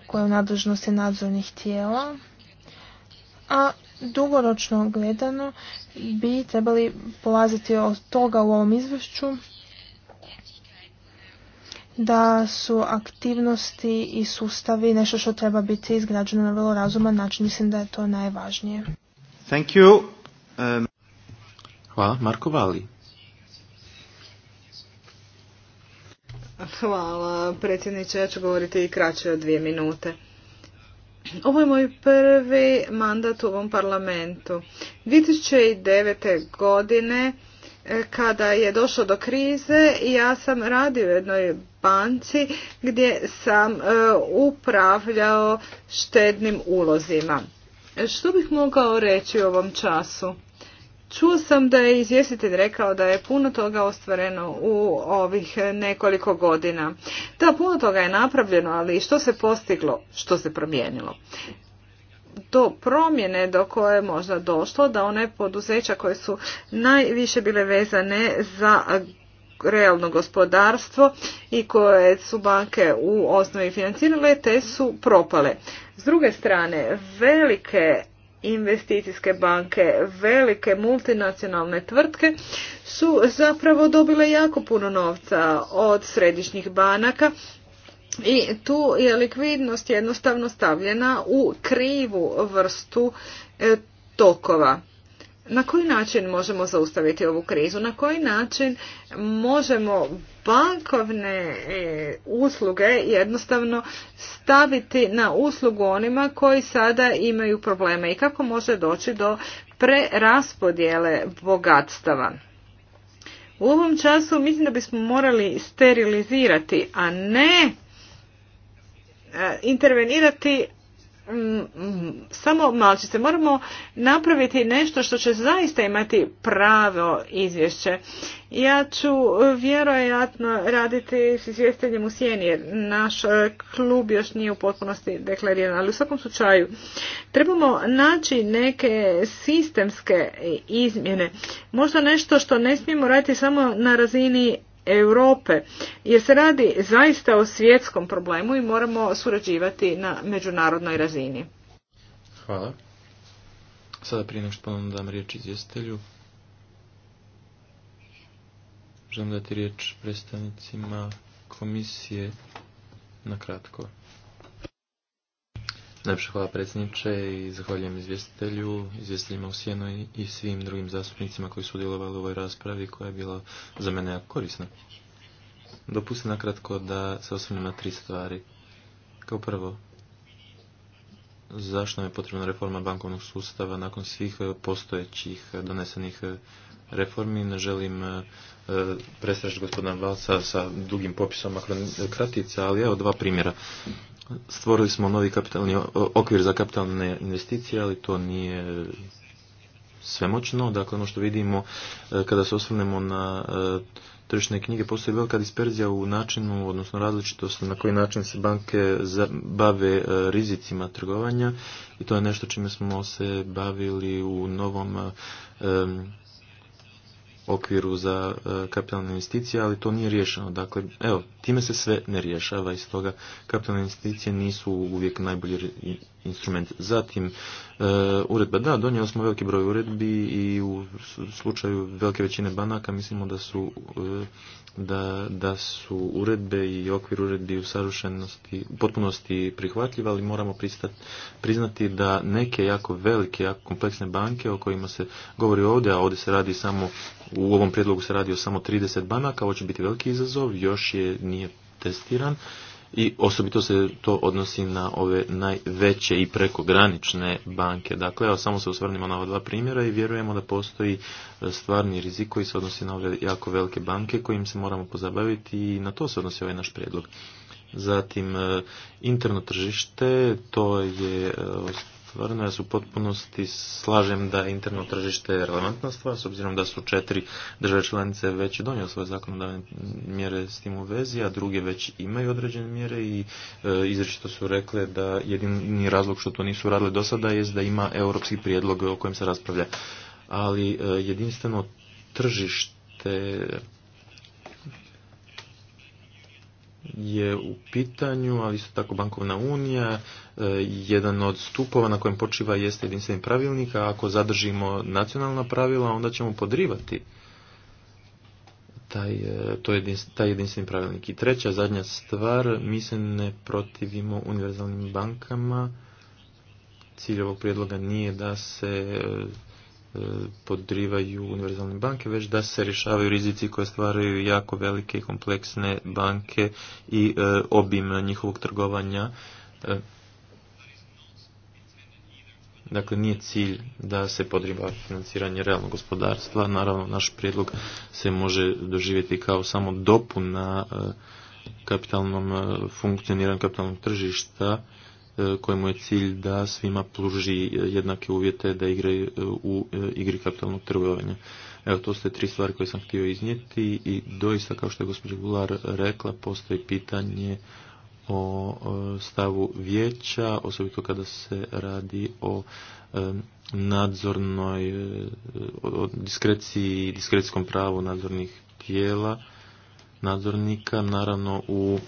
koje je u nadležnosti nadzornih tijela, a dugoročno gledano bi trebali polaziti od toga u ovom izvješću da su aktivnosti i sustavi nešto što treba biti izgrađeno na vrlo razuman način. Mislim da je to najvažnije. Thank you. Um, Hvala. Marko Vali. Hvala predsjedniče, ja ću govoriti i kraće od dvije minute. Ovo je moj prvi mandat u ovom parlamentu. 2009. godine e, kada je došlo do krize ja sam radio u jednoj banci gdje sam e, upravljao štednim ulozima. Što bih mogao reći u ovom času? Čuo sam da je izvjestitelj rekao da je puno toga ostvareno u ovih nekoliko godina. Da, puno toga je napravljeno, ali što se postiglo, što se promijenilo? do promjene do koje je možda došlo, da one poduzeća koje su najviše bile vezane za realno gospodarstvo i koje su banke u osnovi financirale, te su propale. S druge strane, velike investicijske banke, velike multinacionalne tvrtke su zapravo dobile jako puno novca od središnjih banaka i tu je likvidnost jednostavno stavljena u krivu vrstu e, tokova. Na koji način možemo zaustaviti ovu krizu? Na koji način možemo bankovne e, usluge jednostavno staviti na uslugu onima koji sada imaju probleme i kako može doći do preraspodjele bogatstava. U ovom času mislim da bismo morali sterilizirati, a ne e, intervenirati Mm, mm, samo malčice. Moramo napraviti nešto što će zaista imati pravo izvješće. Ja ću vjerojatno raditi s izvjestiteljem u sjeni jer naš e, klub još nije u potpunosti deklariran, ali u svakom slučaju trebamo naći neke sistemske izmjene. Možda nešto što ne smijemo raditi samo na razini Europe. Jer se radi zaista o svjetskom problemu i moramo surađivati na međunarodnoj razini. Hvala. Sada prije nego što ponovno dam riječ izvjestitelju, želim dati riječ predstavnicima komisije na kratko. Najpša hvala predsjedniče i zahvaljujem izvjestitelju, izvjestiteljima u Sjenu i svim drugim zastupnicima koji su udjelovali u ovoj raspravi koja je bila za mene jako korisna. Dopustite nakratko da se osvrnem na tri stvari. Kao prvo, zašto je potrebna reforma bankovnog sustava nakon svih postojećih donesenih reformi. Ne želim e, prestrašiti gospodina Valca sa dugim popisom kratica, ali evo dva primjera stvorili smo novi kapitalni okvir za kapitalne investicije, ali to nije svemoćno. Dakle, ono što vidimo e, kada se osvrnemo na e, tržišne knjige, postoji velika disperzija u načinu, odnosno različitost na koji način se banke bave e, rizicima trgovanja i to je nešto čime smo se bavili u novom okviru za e, kapitalne investicije, ali to nije riješeno. Dakle, evo, time se sve ne rješava i stoga kapitalne investicije nisu uvijek najbolji instrument. Zatim, e, uredba, da, donijeli smo veliki broj uredbi i u slučaju velike većine banaka mislimo da su e, da, da su uredbe i okvir uredbi u savršenosti, u potpunosti prihvatljiva, ali moramo priznati da neke jako velike, jako kompleksne banke o kojima se govori ovdje, a ovdje se radi samo, u ovom prijedlogu se radi o samo 30 banaka, ovo će biti veliki izazov, još je nije testiran i osobito se to odnosi na ove najveće i prekogranične banke. Dakle, evo samo se usvrnimo na ova dva primjera i vjerujemo da postoji e, stvarni rizik koji se odnosi na ove jako velike banke kojim se moramo pozabaviti i na to se odnosi ovaj naš prijedlog. Zatim, e, interno tržište, to je e, stvarno, ja se u potpunosti slažem da interno tržište je relevantna stvar, s obzirom da su četiri države članice već donijele svoje zakonodavne mjere s tim u vezi, a druge već imaju određene mjere i e, izričito su rekle da jedini razlog što to nisu radile do sada je da ima europski prijedlog o kojem se raspravlja. Ali e, jedinstveno tržište je u pitanju, ali isto tako bankovna unija, e, jedan od stupova na kojem počiva jeste jedinstveni pravilnik, a ako zadržimo nacionalna pravila, onda ćemo podrivati taj, e, to taj jedinstveni pravilnik. I treća, zadnja stvar, mi se ne protivimo univerzalnim bankama. Cilj ovog prijedloga nije da se E, podrivaju univerzalne banke, već da se rješavaju rizici koje stvaraju jako velike i kompleksne banke i e, obim njihovog trgovanja. E, dakle, nije cilj da se podriva financiranje realnog gospodarstva. Naravno, naš prijedlog se može doživjeti kao samo dopuna kapitalnom funkcioniranju kapitalnog tržišta E, kojemu je cilj da svima pruži e, jednake uvjete da igraju e, u igri kapitalnog trgovanja. Evo, to su tri stvari koje sam htio iznijeti i doista, kao što je gospođa Gular rekla, postoji pitanje o stavu vijeća, osobito kada se radi o nadzornoj, diskreciji i diskrecijskom pravu nadzornih tijela, nadzornika, naravno u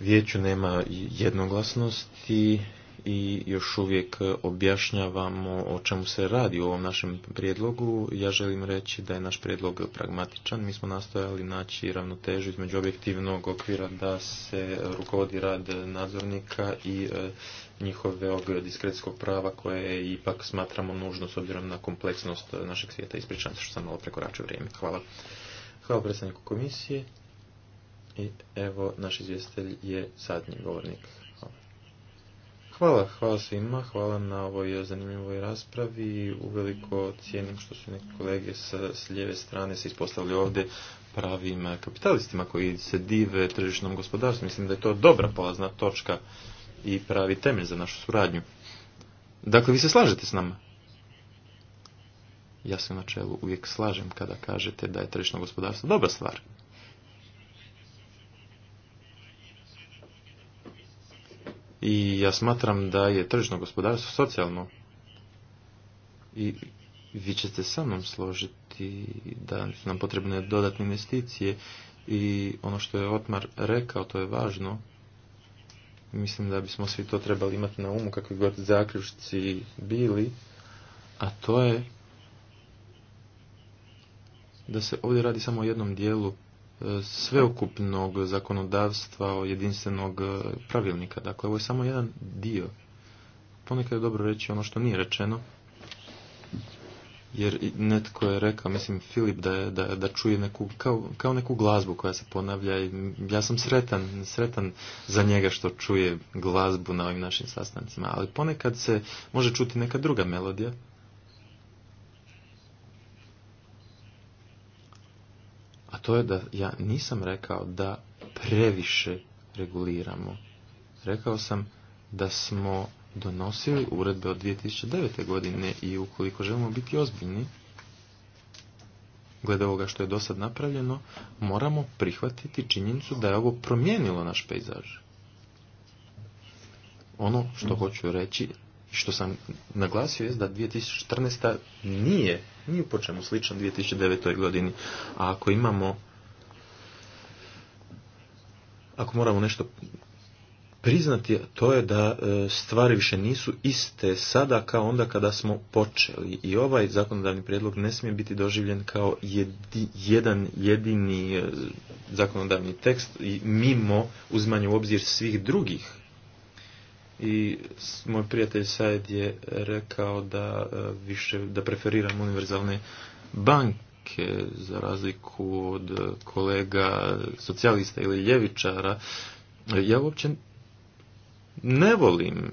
vijeću nema jednoglasnosti i još uvijek objašnjavamo o čemu se radi u ovom našem prijedlogu. Ja želim reći da je naš prijedlog pragmatičan. Mi smo nastojali naći ravnotežu između objektivnog okvira da se rukovodi rad nadzornika i e, njihove diskretskog prava koje ipak smatramo nužno s obzirom na kompleksnost našeg svijeta. Ispričavam se što sam malo prekoračio vrijeme. Hvala. Hvala predstavniku komisije. I evo, naš izvjestitelj je zadnji govornik. Hvala. Hvala, svima, hvala na ovoj zanimljivoj raspravi. Uveliko cijenim što su neki kolege s lijeve strane se ispostavili ovdje pravim kapitalistima koji se dive tržišnom gospodarstvu. Mislim da je to dobra polazna točka i pravi temelj za našu suradnju. Dakle, vi se slažete s nama? Ja se u načelu uvijek slažem kada kažete da je tržišno gospodarstvo dobra stvar. i ja smatram da je tržno gospodarstvo socijalno. I vi ćete sa mnom složiti da su nam potrebne dodatne investicije i ono što je Otmar rekao, to je važno. Mislim da bismo svi to trebali imati na umu kakvi god zaključci bili, a to je da se ovdje radi samo o jednom dijelu sveukupnog zakonodavstva, jedinstvenog e, pravilnika. Dakle, ovo je samo jedan dio. Ponekad je dobro reći ono što nije rečeno, jer netko je rekao, mislim, Filip, da, da, da čuje neku, kao, kao neku glazbu koja se ponavlja i ja sam sretan, sretan za njega što čuje glazbu na ovim našim sastancima, ali ponekad se može čuti neka druga melodija to je da ja nisam rekao da previše reguliramo. Rekao sam da smo donosili uredbe od 2009. godine i ukoliko želimo biti ozbiljni, glede ovoga što je do sad napravljeno, moramo prihvatiti činjenicu da je ovo promijenilo naš pejzaž. Ono što hoću reći što sam naglasio je da 2014. nije ni u počemu tisuće 2009. godini. A ako imamo ako moramo nešto priznati, to je da e, stvari više nisu iste sada kao onda kada smo počeli. I ovaj zakonodavni prijedlog ne smije biti doživljen kao jedi, jedan jedini e, zakonodavni tekst i mimo uzmanju u obzir svih drugih i moj prijatelj Said je rekao da e, više da preferiram univerzalne banke za razliku od e, kolega socijalista ili ljevičara e, ja uopće ne volim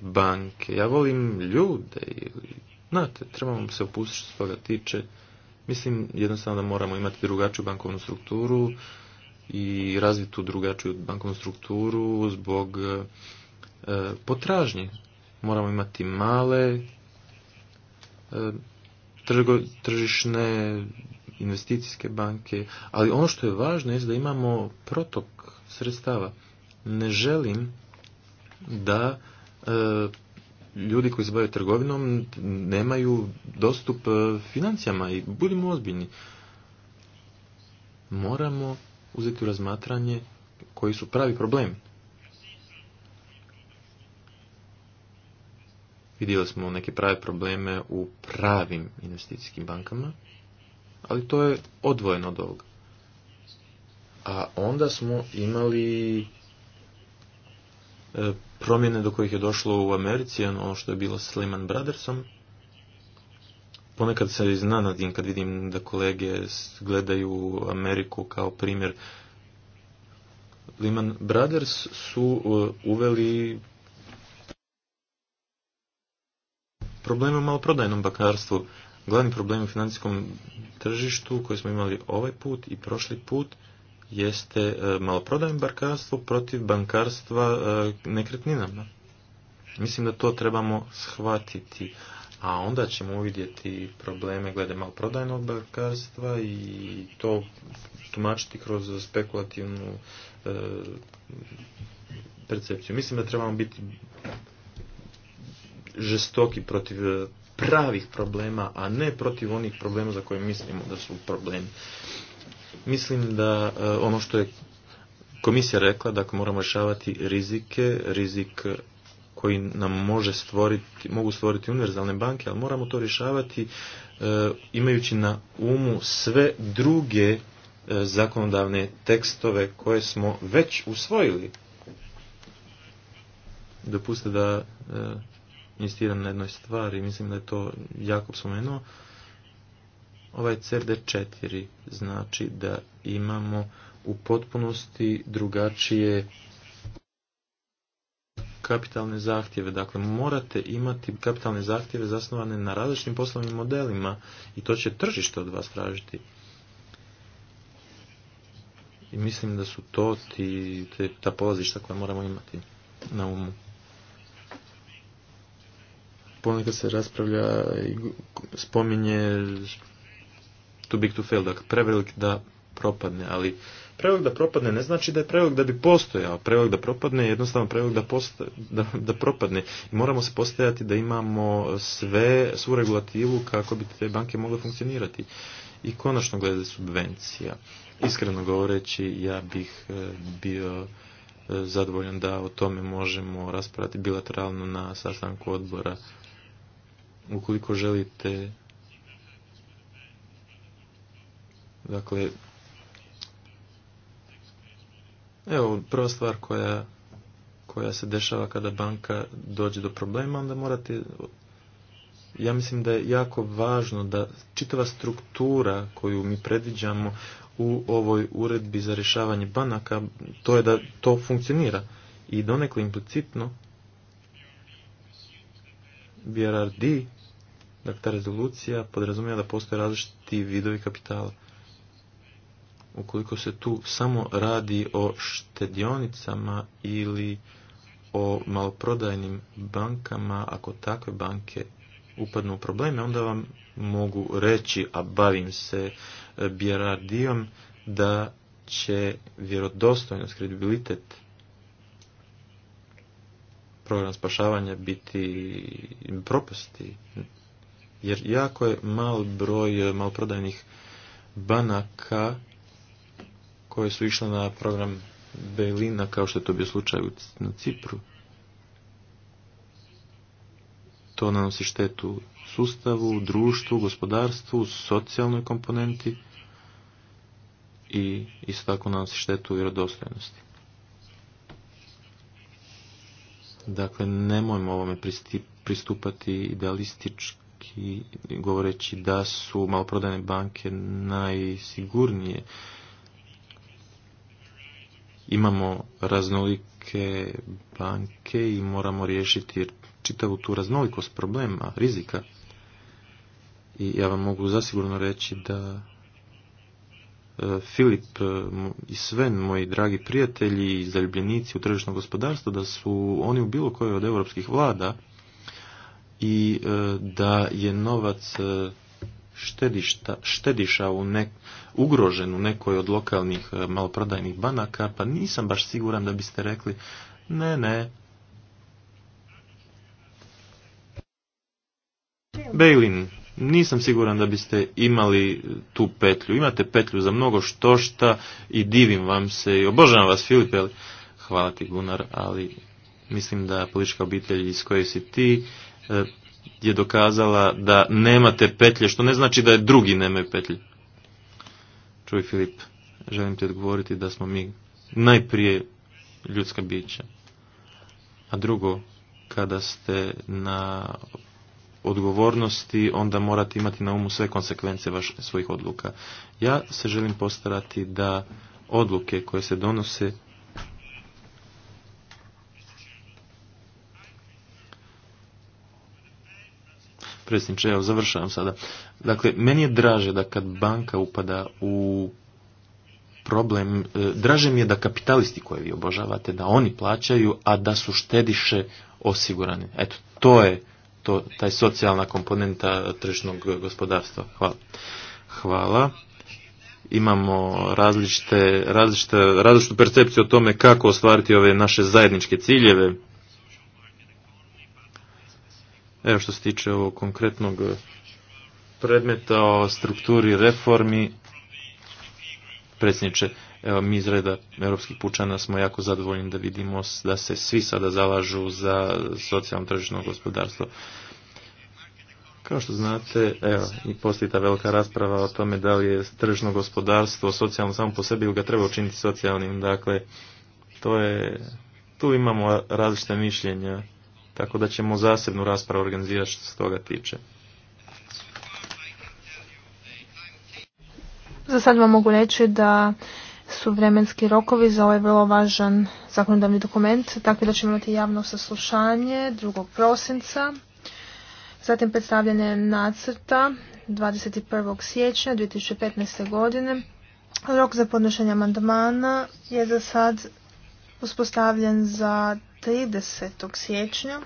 banke ja volim ljude ili znate trebamo se opustiti što se toga tiče mislim jednostavno da moramo imati drugačiju bankovnu strukturu i razvitu drugačiju bankovnu strukturu zbog e, potražnje. Moramo imati male e, tržišne investicijske banke, ali ono što je važno je da imamo protok sredstava. Ne želim da e, ljudi koji se bave trgovinom nemaju dostup financijama i budimo ozbiljni. Moramo uzeti u razmatranje koji su pravi problemi. Vidjeli smo neke prave probleme u pravim investicijskim bankama, ali to je odvojeno od ovoga. A onda smo imali e, promjene do kojih je došlo u Americi, ono što je bilo s Lehman Brothersom, ponekad se iznenadim kad vidim da kolege gledaju Ameriku kao primjer. Lehman Brothers su e, uveli probleme u maloprodajnom bakarstvu. Glavni problem u financijskom tržištu koji smo imali ovaj put i prošli put jeste e, maloprodajno bankarstvo protiv bankarstva e, nekretninama. Mislim da to trebamo shvatiti a onda ćemo uvidjeti probleme glede maloprodajnog bankarstva i to tumačiti kroz spekulativnu e, percepciju. Mislim da trebamo biti žestoki protiv pravih problema, a ne protiv onih problema za koje mislimo da su problemi. Mislim da e, ono što je komisija rekla da moramo rješavati rizike, rizik koji nam može stvoriti, mogu stvoriti univerzalne banke, ali moramo to rješavati e, imajući na umu sve druge e, zakonodavne tekstove koje smo već usvojili. Dopustite da e, insistiram na jednoj stvari, mislim da je to jako spomenuo. Ovaj CRD4 znači da imamo u potpunosti drugačije kapitalne zahtjeve. Dakle, morate imati kapitalne zahtjeve zasnovane na različitim poslovnim modelima i to će tržište od vas tražiti. I mislim da su to ti, te, ta polazišta koja moramo imati na umu. Ponekad se raspravlja i spominje to big to fail, dakle prevelik da propadne, ali Prelog da propadne ne znači da je prelog da bi postojao. Prelog da propadne je jednostavno prelog da, da, da propadne. I moramo se postojati da imamo sve, svu regulativu kako bi te banke mogle funkcionirati. I konačno glede subvencija. Iskreno govoreći, ja bih eh, bio eh, zadovoljan da o tome možemo raspraviti bilateralno na sastanku odbora. Ukoliko želite Dakle, Evo, prva stvar koja, koja se dešava kada banka dođe do problema, onda morate... Ja mislim da je jako važno da čitava struktura koju mi predviđamo u ovoj uredbi za rješavanje banaka, to je da to funkcionira. I donekle implicitno BRRD, dakle ta rezolucija, podrazumijeva da postoje različiti vidovi kapitala ukoliko se tu samo radi o štedionicama ili o maloprodajnim bankama, ako takve banke upadnu u probleme, onda vam mogu reći, a bavim se e, bjeradijom, da će vjerodostojnost, kredibilitet program spašavanja biti propasti. Jer jako je mal broj maloprodajnih banaka koje su išle na program Berlina, kao što je to bio slučaj na Cipru. To nanosi štetu sustavu, društvu, gospodarstvu, socijalnoj komponenti i isto tako nanosi štetu vjerodostojnosti. Dakle, nemojmo ovome pristupati idealistički govoreći da su maloprodajne banke najsigurnije imamo raznolike banke i moramo riješiti čitavu tu raznolikost problema, rizika. I ja vam mogu zasigurno reći da e, Filip e, i Sven, moji dragi prijatelji i zaljubljenici u tržišno gospodarstvo, da su oni u bilo kojoj od europskih vlada i e, da je novac štedišta, štediša u ugrožen u nekoj od lokalnih e, maloprodajnih banaka, pa nisam baš siguran da biste rekli ne, ne. Bejlin, nisam siguran da biste imali tu petlju. Imate petlju za mnogo što šta i divim vam se i obožavam vas Filipe. Hvala ti Gunar, ali mislim da politička obitelj iz koje si ti e, je dokazala da nemate petlje, što ne znači da je drugi nemaju petlje. Čuj Filip, želim ti odgovoriti da smo mi najprije ljudska bića. A drugo, kada ste na odgovornosti, onda morate imati na umu sve konsekvence svojih odluka. Ja se želim postarati da odluke koje se donose predsjedniče, evo završavam sada. Dakle, meni je draže da kad banka upada u problem, e, draže mi je da kapitalisti koje vi obožavate, da oni plaćaju, a da su štediše osigurani. Eto, to je to, taj socijalna komponenta tržišnog gospodarstva. Hvala. Hvala. Imamo različite, različite, različitu percepciju o tome kako ostvariti ove naše zajedničke ciljeve. Evo što se tiče ovog konkretnog e, predmeta o strukturi reformi, predsjedniče, evo, mi iz reda Europskih pučana smo jako zadovoljni da vidimo da se svi sada zalažu za socijalno tržišno gospodarstvo. Kao što znate, evo, i postoji ta velika rasprava o tome da li je tržno gospodarstvo socijalno samo po sebi ili ga treba učiniti socijalnim. Dakle, to je, tu imamo različite mišljenja tako da ćemo zasebnu raspravu organizirati što se toga tiče. Za sad vam mogu reći da su vremenski rokovi za ovaj vrlo važan zakonodavni dokument, tako da ćemo imati javno saslušanje 2. prosinca, zatim predstavljanje nacrta 21. siječnja 2015. godine. Rok za podnošenje amandmana je za sad uspostavljen za 30. siječnja,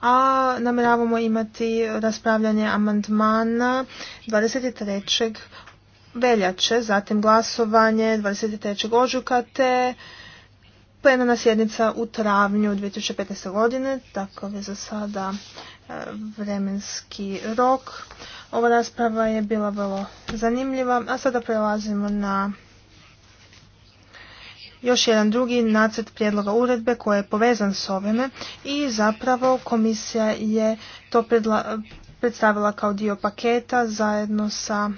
a namjeravamo imati raspravljanje amandmana 23. veljače, zatim glasovanje 23. ožujka te plenarna sjednica u travnju 2015. godine, tako je za sada e, vremenski rok. Ova rasprava je bila vrlo zanimljiva, a sada prelazimo na još jedan drugi nacrt prijedloga uredbe koji je povezan s ovime i zapravo komisija je to predstavila kao dio paketa zajedno sa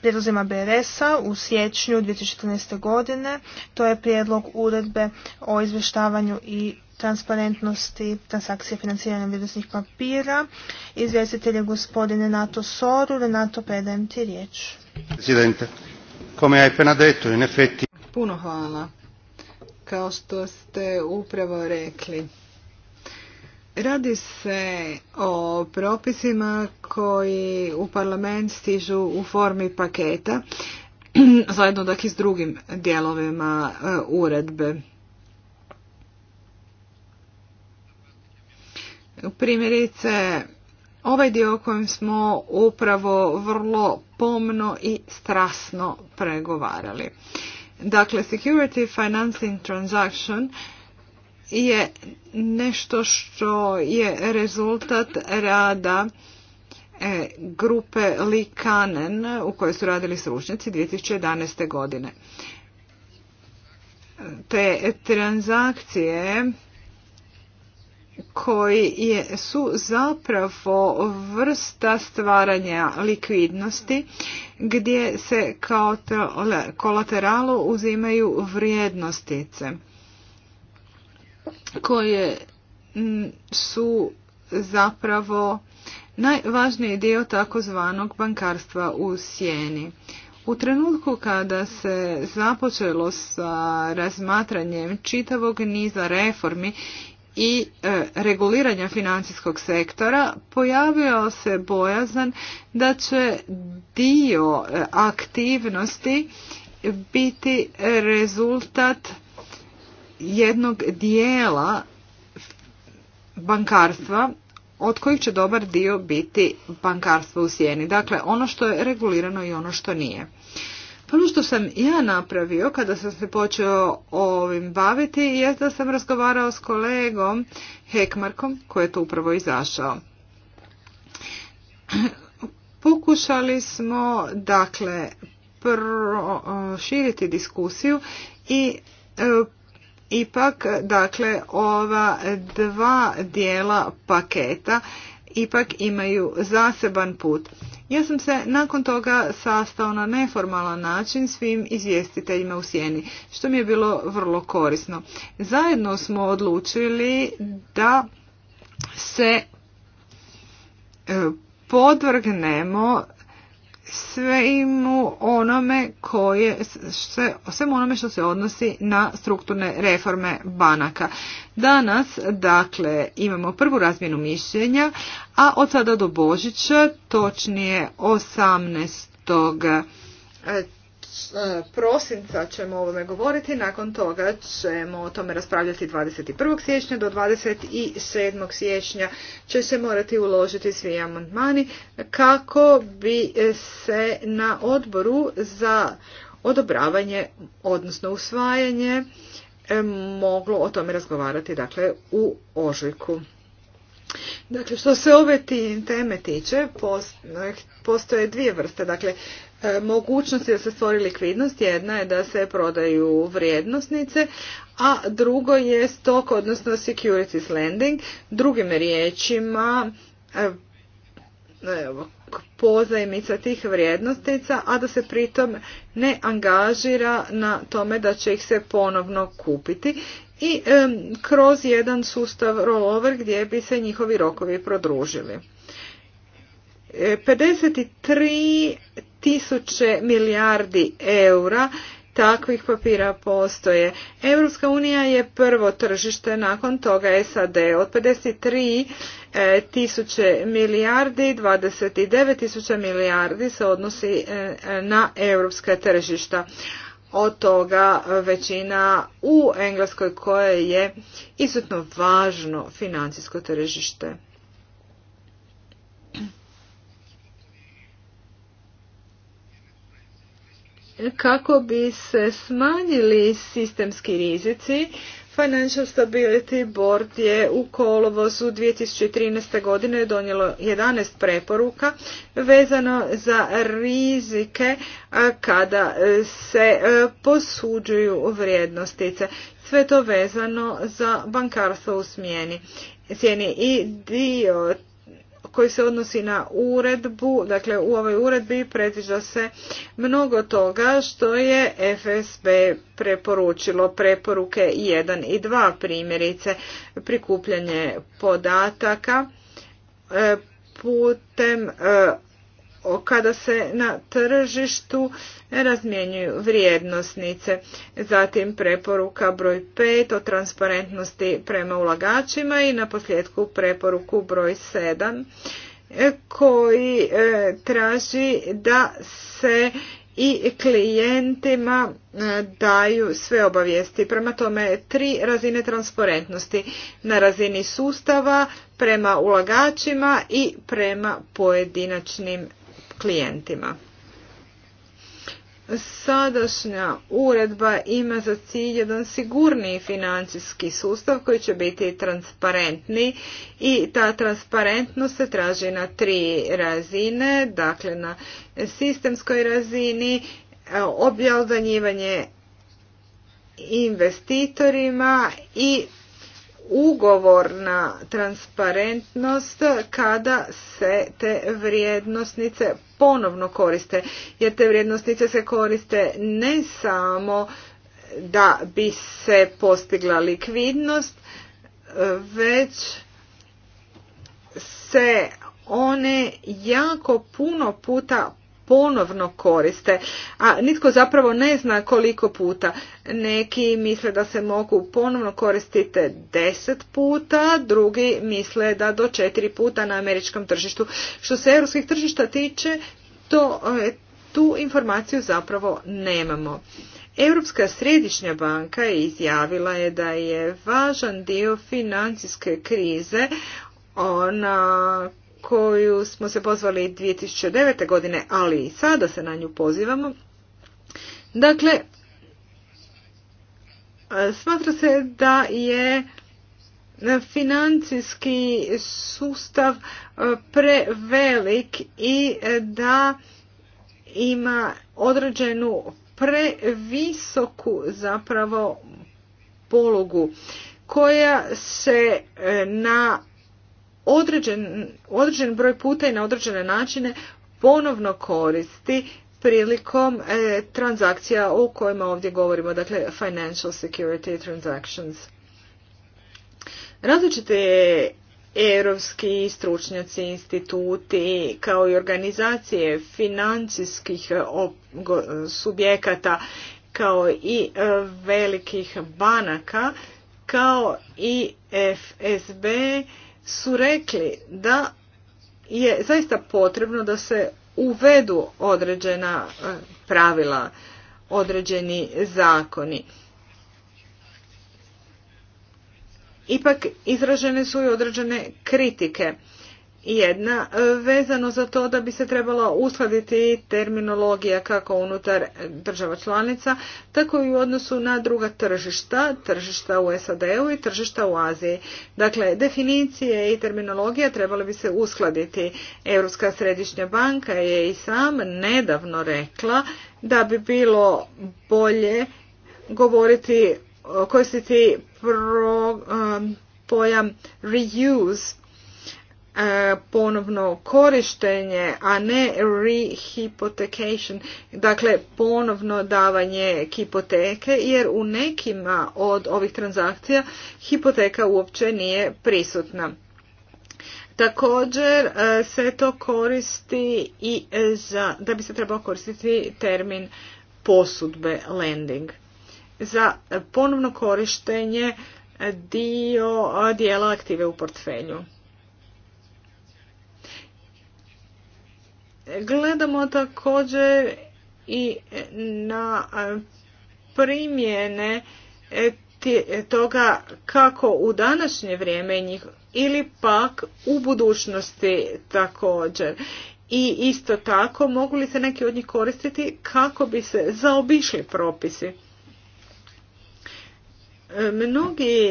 prijedlozima BRS-a u siječnju 2014. godine. To je prijedlog uredbe o izvještavanju i transparentnosti transakcije financiranja vrijednosnih papira. Izvjestitelj je gospodine Nato Soru. Renato, predajem ti riječ. Presidente come hai appena detto, in effetti... Puno hvala. Kao što ste upravo rekli. Radi se o propisima koji u parlament stižu u formi paketa, zajedno i s drugim dijelovima e, uredbe. Primjerice, ovaj dio o kojem smo upravo vrlo pomno i strasno pregovarali. Dakle, Security Financing Transaction je nešto što je rezultat rada e, grupe Lee Kanen u kojoj su radili stručnjaci 2011. godine. Te transakcije koji je, su zapravo vrsta stvaranja likvidnosti gdje se kao kolateralu uzimaju vrijednostice koje su zapravo najvažniji dio takozvanog bankarstva u sjeni. U trenutku kada se započelo sa razmatranjem čitavog niza reformi i e, reguliranja financijskog sektora pojavio se bojazan da će dio e, aktivnosti biti rezultat jednog dijela bankarstva od kojih će dobar dio biti bankarstvo u sjeni. Dakle, ono što je regulirano i ono što nije. Pa ono što sam ja napravio kada sam se počeo ovim baviti je da sam razgovarao s kolegom Hekmarkom koji je tu upravo izašao. Pokušali smo dakle širiti diskusiju i e, ipak dakle ova dva dijela paketa ipak imaju zaseban put. Ja sam se nakon toga sastao na neformalan način svim izvjestiteljima u sjeni, što mi je bilo vrlo korisno. Zajedno smo odlučili da se e, podvrgnemo svemu onome koje, svemu onome što se odnosi na strukturne reforme banaka. Danas, dakle, imamo prvu razmjenu mišljenja, a od sada do Božića, točnije 18. E, prosinca ćemo o ovome govoriti, nakon toga ćemo o tome raspravljati 21. siječnja do 27. siječnja će se morati uložiti svi amandmani kako bi se na odboru za odobravanje, odnosno usvajanje e, moglo o tome razgovarati dakle, u ožujku. Dakle, što se ove teme tiče, postoje dvije vrste. Dakle, E, mogućnosti da se stvori likvidnost. Jedna je da se prodaju vrijednosnice, a drugo je stok, odnosno securities lending. Drugim riječima, e, e, pozajmica tih vrijednosnica, a da se pritom ne angažira na tome da će ih se ponovno kupiti i kroz jedan sustav rollover gdje bi se njihovi rokovi prodružili. 53 tisuće milijardi eura takvih papira postoje. Europska unija je prvo tržište, nakon toga SAD. Od 53 e, tisuće milijardi, 29 tisuća milijardi se odnosi e, na europska tržišta. Od toga većina u Engleskoj koje je izuzetno važno financijsko tržište. kako bi se smanjili sistemski rizici. Financial Stability Board je u kolovozu 2013. godine donijelo 11 preporuka vezano za rizike kada e, se e, posuđuju vrijednostice. Sve to vezano za bankarstvo u smjeni. Cijeni i dio koji se odnosi na uredbu, dakle u ovoj uredbi predviđa se mnogo toga što je FSB preporučilo preporuke 1 i 2 primjerice prikupljanje podataka e, putem e, kada se na tržištu razmjenjuju vrijednosnice. Zatim preporuka broj 5 o transparentnosti prema ulagačima i na posljedku preporuku broj 7 e, koji e, traži da se i klijentima e, daju sve obavijesti. Prema tome, tri razine transparentnosti na razini sustava, prema ulagačima i prema pojedinačnim klijentima. Sadašnja uredba ima za cilj jedan sigurniji financijski sustav koji će biti transparentni i ta transparentnost se traži na tri razine, dakle na sistemskoj razini, objavljivanje investitorima i ugovorna transparentnost kada se te vrijednosnice ponovno koriste. Jer te vrijednosnice se koriste ne samo da bi se postigla likvidnost, već se one jako puno puta ponovno koriste, a nitko zapravo ne zna koliko puta. Neki misle da se mogu ponovno koristiti deset puta, drugi misle da do četiri puta na američkom tržištu. Što se europskih tržišta tiče, to, e, tu informaciju zapravo nemamo. Europska središnja banka izjavila je da je važan dio financijske krize ona koju smo se pozvali 2009. godine, ali i sada se na nju pozivamo. Dakle, smatra se da je financijski sustav e, prevelik i e, da ima određenu previsoku zapravo polugu koja se e, na određen, određen broj puta i na određene načine ponovno koristi prilikom e, transakcija o kojima ovdje govorimo, dakle financial security transactions. Različite europski stručnjaci, instituti kao i organizacije financijskih e, subjekata kao i e, velikih banaka kao i FSB su rekli da je zaista potrebno da se uvedu određena e, pravila, određeni zakoni. Ipak izražene su i određene kritike jedna e, vezano za to da bi se trebala uskladiti terminologija kako unutar država članica, tako i u odnosu na druga tržišta, tržišta u SAD-u i tržišta u Aziji. Dakle, definicije i terminologija trebale bi se uskladiti. Europska središnja banka je i sam nedavno rekla da bi bilo bolje govoriti e, koristiti pro, um, pojam reuse E, ponovno korištenje, a ne rehypothecation, dakle ponovno davanje hipoteke, jer u nekima od ovih transakcija hipoteka uopće nije prisutna. Također e, se to koristi i za, da bi se trebao koristiti termin posudbe lending. Za ponovno korištenje dio dijela aktive u portfelju. Gledamo također i na e, primjene e, e, toga kako u današnje vrijeme njih ili pak u budućnosti također. I isto tako mogu li se neki od njih koristiti kako bi se zaobišli propisi. Mnogi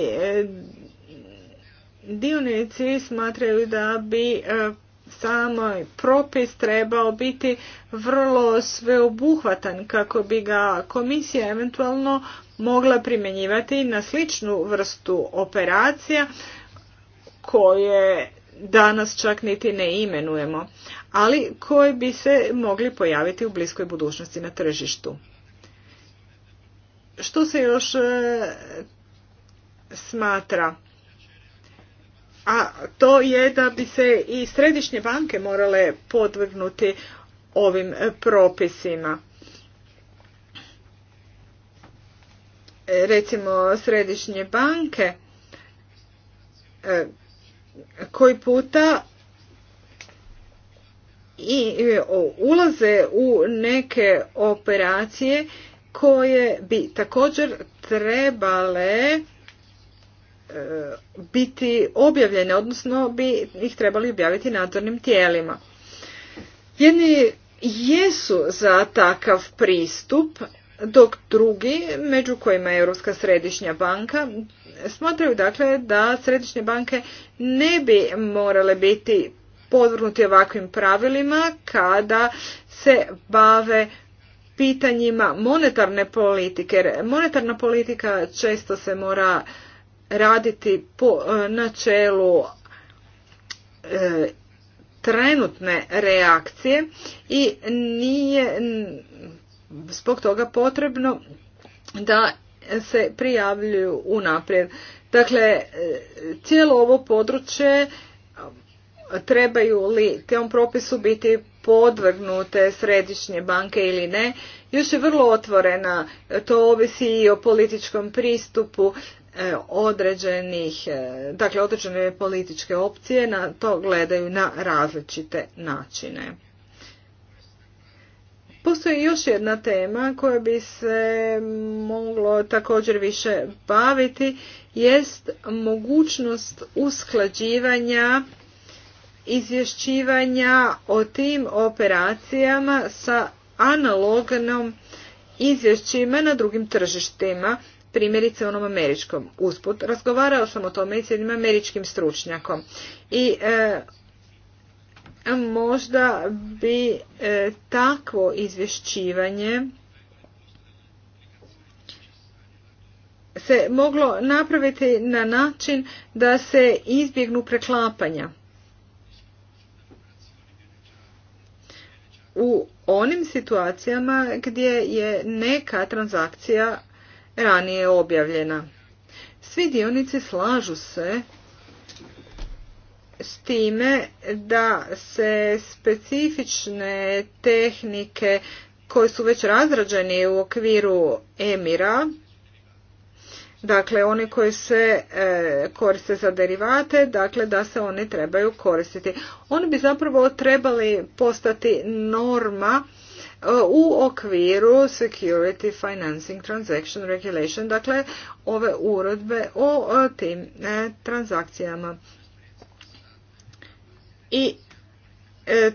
dionici smatraju da bi samoj propis trebao biti vrlo sveobuhvatan kako bi ga komisija eventualno mogla primjenjivati na sličnu vrstu operacija koje danas čak niti ne imenujemo, ali koji bi se mogli pojaviti u bliskoj budućnosti na tržištu. Što se još e, smatra a to je da bi se i središnje banke morale podvrgnuti ovim e, propisima. E, recimo središnje banke e, koji puta i ulaze u neke operacije koje bi također trebale biti objavljene, odnosno bi ih trebali objaviti nadzornim tijelima. Jedni jesu za takav pristup, dok drugi, među kojima je Europska središnja banka, smatraju dakle da središnje banke ne bi morale biti podvrnuti ovakvim pravilima kada se bave pitanjima monetarne politike. Monetarna politika često se mora raditi po e, načelu e, trenutne reakcije i nije zbog toga potrebno da se prijavljuju unaprijed. Dakle, e, cijelo ovo područje trebaju li tom propisu biti podvrgnute središnje banke ili ne, još je vrlo otvorena. To ovisi i o političkom pristupu E, određenih, e, dakle određene političke opcije na to gledaju na različite načine. Postoji još jedna tema koja bi se moglo također više baviti jest mogućnost usklađivanja izvješćivanja o tim operacijama sa analognom izvješćima na drugim tržištima primjerice onom američkom. Usput razgovarao sam o tome s jednim američkim stručnjakom. I e, možda bi e, takvo izvješćivanje se moglo napraviti na način da se izbjegnu preklapanja. U onim situacijama gdje je neka transakcija ranije objavljena. Svi dionici slažu se s time da se specifične tehnike koje su već razrađene u okviru emira, dakle one koje se e, koriste za derivate, dakle da se one trebaju koristiti. Oni bi zapravo trebali postati norma u okviru Security Financing Transaction Regulation, dakle ove uredbe o tim e, transakcijama. I e,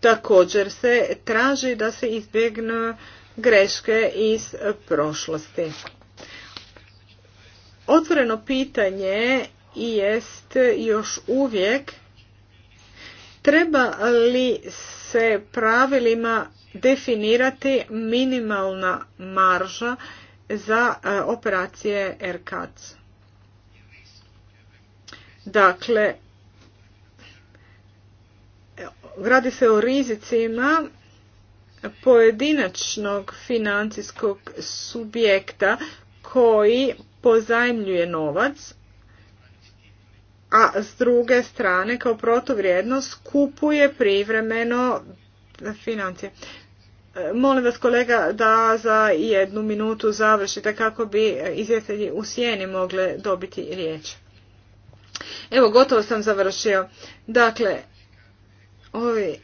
također se traži da se izbjegnu greške iz prošlosti. Otvoreno pitanje jest još uvijek treba li se pravilima definirati minimalna marža za e, operacije RKAC. Dakle, radi se o rizicima pojedinačnog financijskog subjekta koji pozajmljuje novac, a s druge strane kao protuvrijednost kupuje privremeno financije. E, molim vas kolega da za jednu minutu završite kako bi izvjetelji u sjeni mogle dobiti riječ. Evo, gotovo sam završio. Dakle, ovi,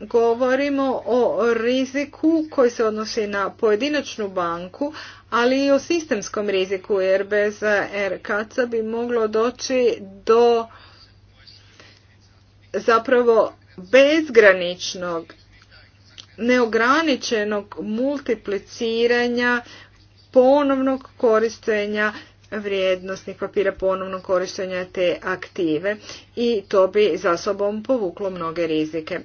govorimo o riziku koji se odnosi na pojedinačnu banku, ali i o sistemskom riziku, jer bez RKC bi moglo doći do zapravo bezgraničnog, neograničenog multipliciranja, ponovnog korištenja vrijednostnih papira, ponovnog korištenja te aktive i to bi za sobom povuklo mnoge rizike. E,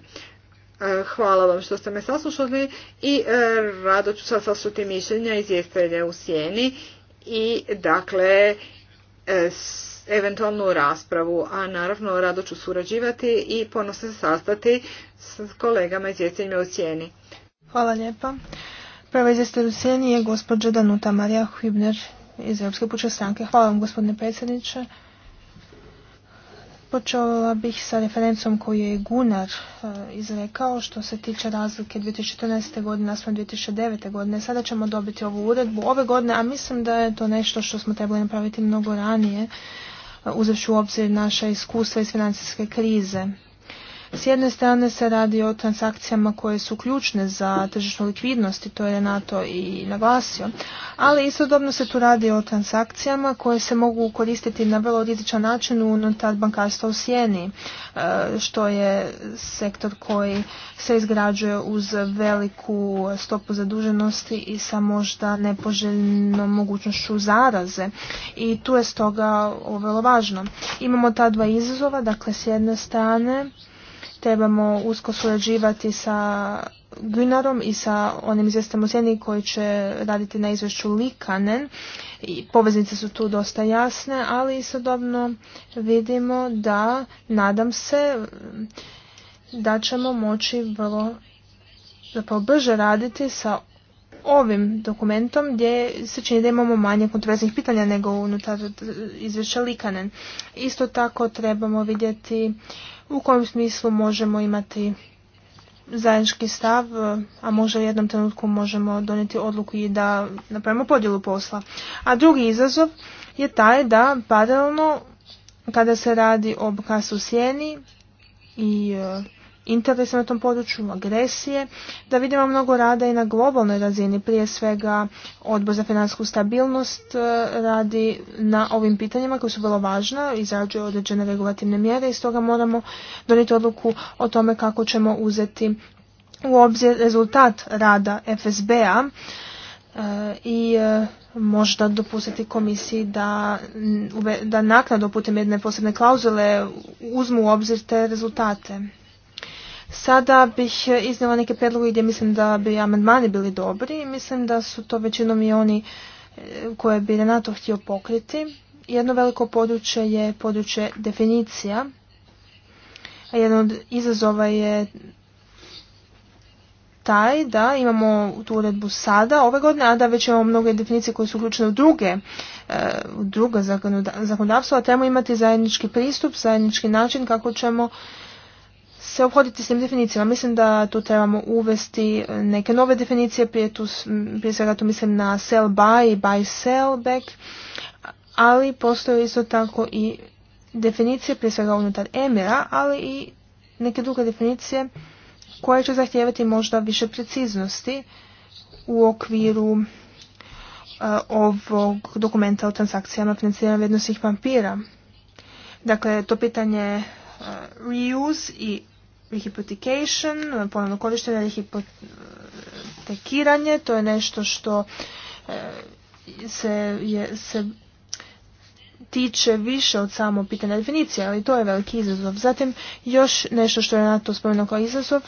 hvala vam što ste me saslušali i e, rado ću sad saslušati mišljenja izvjestelja u sjeni i dakle e, eventualnu raspravu, a naravno rado ću surađivati i ponosno se sastati s kolegama iz u cijeni. Hvala lijepa. Prva izvjestitelj u cijeni je gospođa Danuta Marija Hübner iz Europske puče stranke. Hvala vam gospodine predsjedniče. Počela bih sa referencom koju je Gunar e, izrekao što se tiče razlike 2014. godine naspram 2009. godine. Sada ćemo dobiti ovu uredbu ove godine, a mislim da je to nešto što smo trebali napraviti mnogo ranije uzevši u obzir naša iskustva iz financijske krize. S jedne strane se radi o transakcijama koje su ključne za tržišnu likvidnost i to je NATO i naglasio, ali istodobno se tu radi o transakcijama koje se mogu koristiti na vrlo rizičan način unutar bankarstva u sjeni, e, što je sektor koji se izgrađuje uz veliku stopu zaduženosti i sa možda nepoželjnom mogućnošću zaraze i tu je stoga ovo vrlo važno. Imamo ta dva izazova, dakle s jedne strane Trebamo usko surađivati sa Gunarom i sa onim izvjestom u koji će raditi na izvješću Likanen. I poveznice su tu dosta jasne, ali istodobno vidimo da, nadam se, da ćemo moći vrlo zapravo brže raditi sa ovim dokumentom gdje se čini da imamo manje kontroverznih pitanja nego unutar izvješća Likanen. Isto tako trebamo vidjeti u kojem smislu možemo imati zajednički stav, a možda u jednom trenutku možemo donijeti odluku i da napravimo podjelu posla. A drugi izazov je taj da paralelno kada se radi o kasu sjeni i e, interesa na tom području, agresije, da vidimo mnogo rada i na globalnoj razini. Prije svega odbor za financijsku stabilnost e, radi na ovim pitanjima koji su vrlo važna, izrađuje određene regulativne mjere i stoga moramo donijeti odluku o tome kako ćemo uzeti u obzir rezultat rada FSB-a e, i e, možda dopustiti komisiji da, da naknadno putem jedne posebne klauzule uzmu u obzir te rezultate. Sada bih iznijela neke predloge gdje mislim da bi amandmani bili dobri i mislim da su to većinom i oni e, koje bi Renato htio pokriti. Jedno veliko područje je područje definicija. A jedan od izazova je taj da imamo tu uredbu sada ove godine, a da već imamo mnoge definicije koje su uključene u druge e, u zakonodavstva, a trebamo imati zajednički pristup, zajednički način kako ćemo se obhoditi s tim definicijama. Mislim da tu trebamo uvesti neke nove definicije, prije, tu, prije svega tu mislim na sell buy i buy sell back, ali postoje isto tako i definicije prije svega unutar emira, ali i neke druge definicije koje će zahtijevati možda više preciznosti u okviru e, ovog dokumenta o transakcijama financiranja vrijednostnih vampira. Dakle, to pitanje e, reuse i rehypothecation, ponovno korištenje hipotekiranje to je nešto što e, se, je, se tiče više od samo pitanja definicije, ali to je veliki izazov. Zatim još nešto što je to spomenuo kao izazov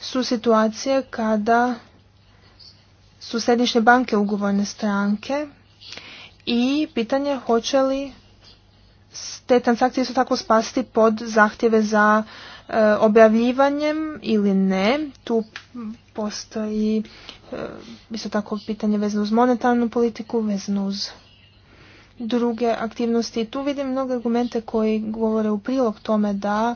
su situacije kada su središnje banke ugovorne stranke i pitanje hoće li te transakcije su tako spasti pod zahtjeve za e, objavljivanjem ili ne. Tu postoji e, isto tako pitanje vezano uz monetarnu politiku, vezano uz druge aktivnosti. tu vidim mnoge argumente koji govore u prilog tome da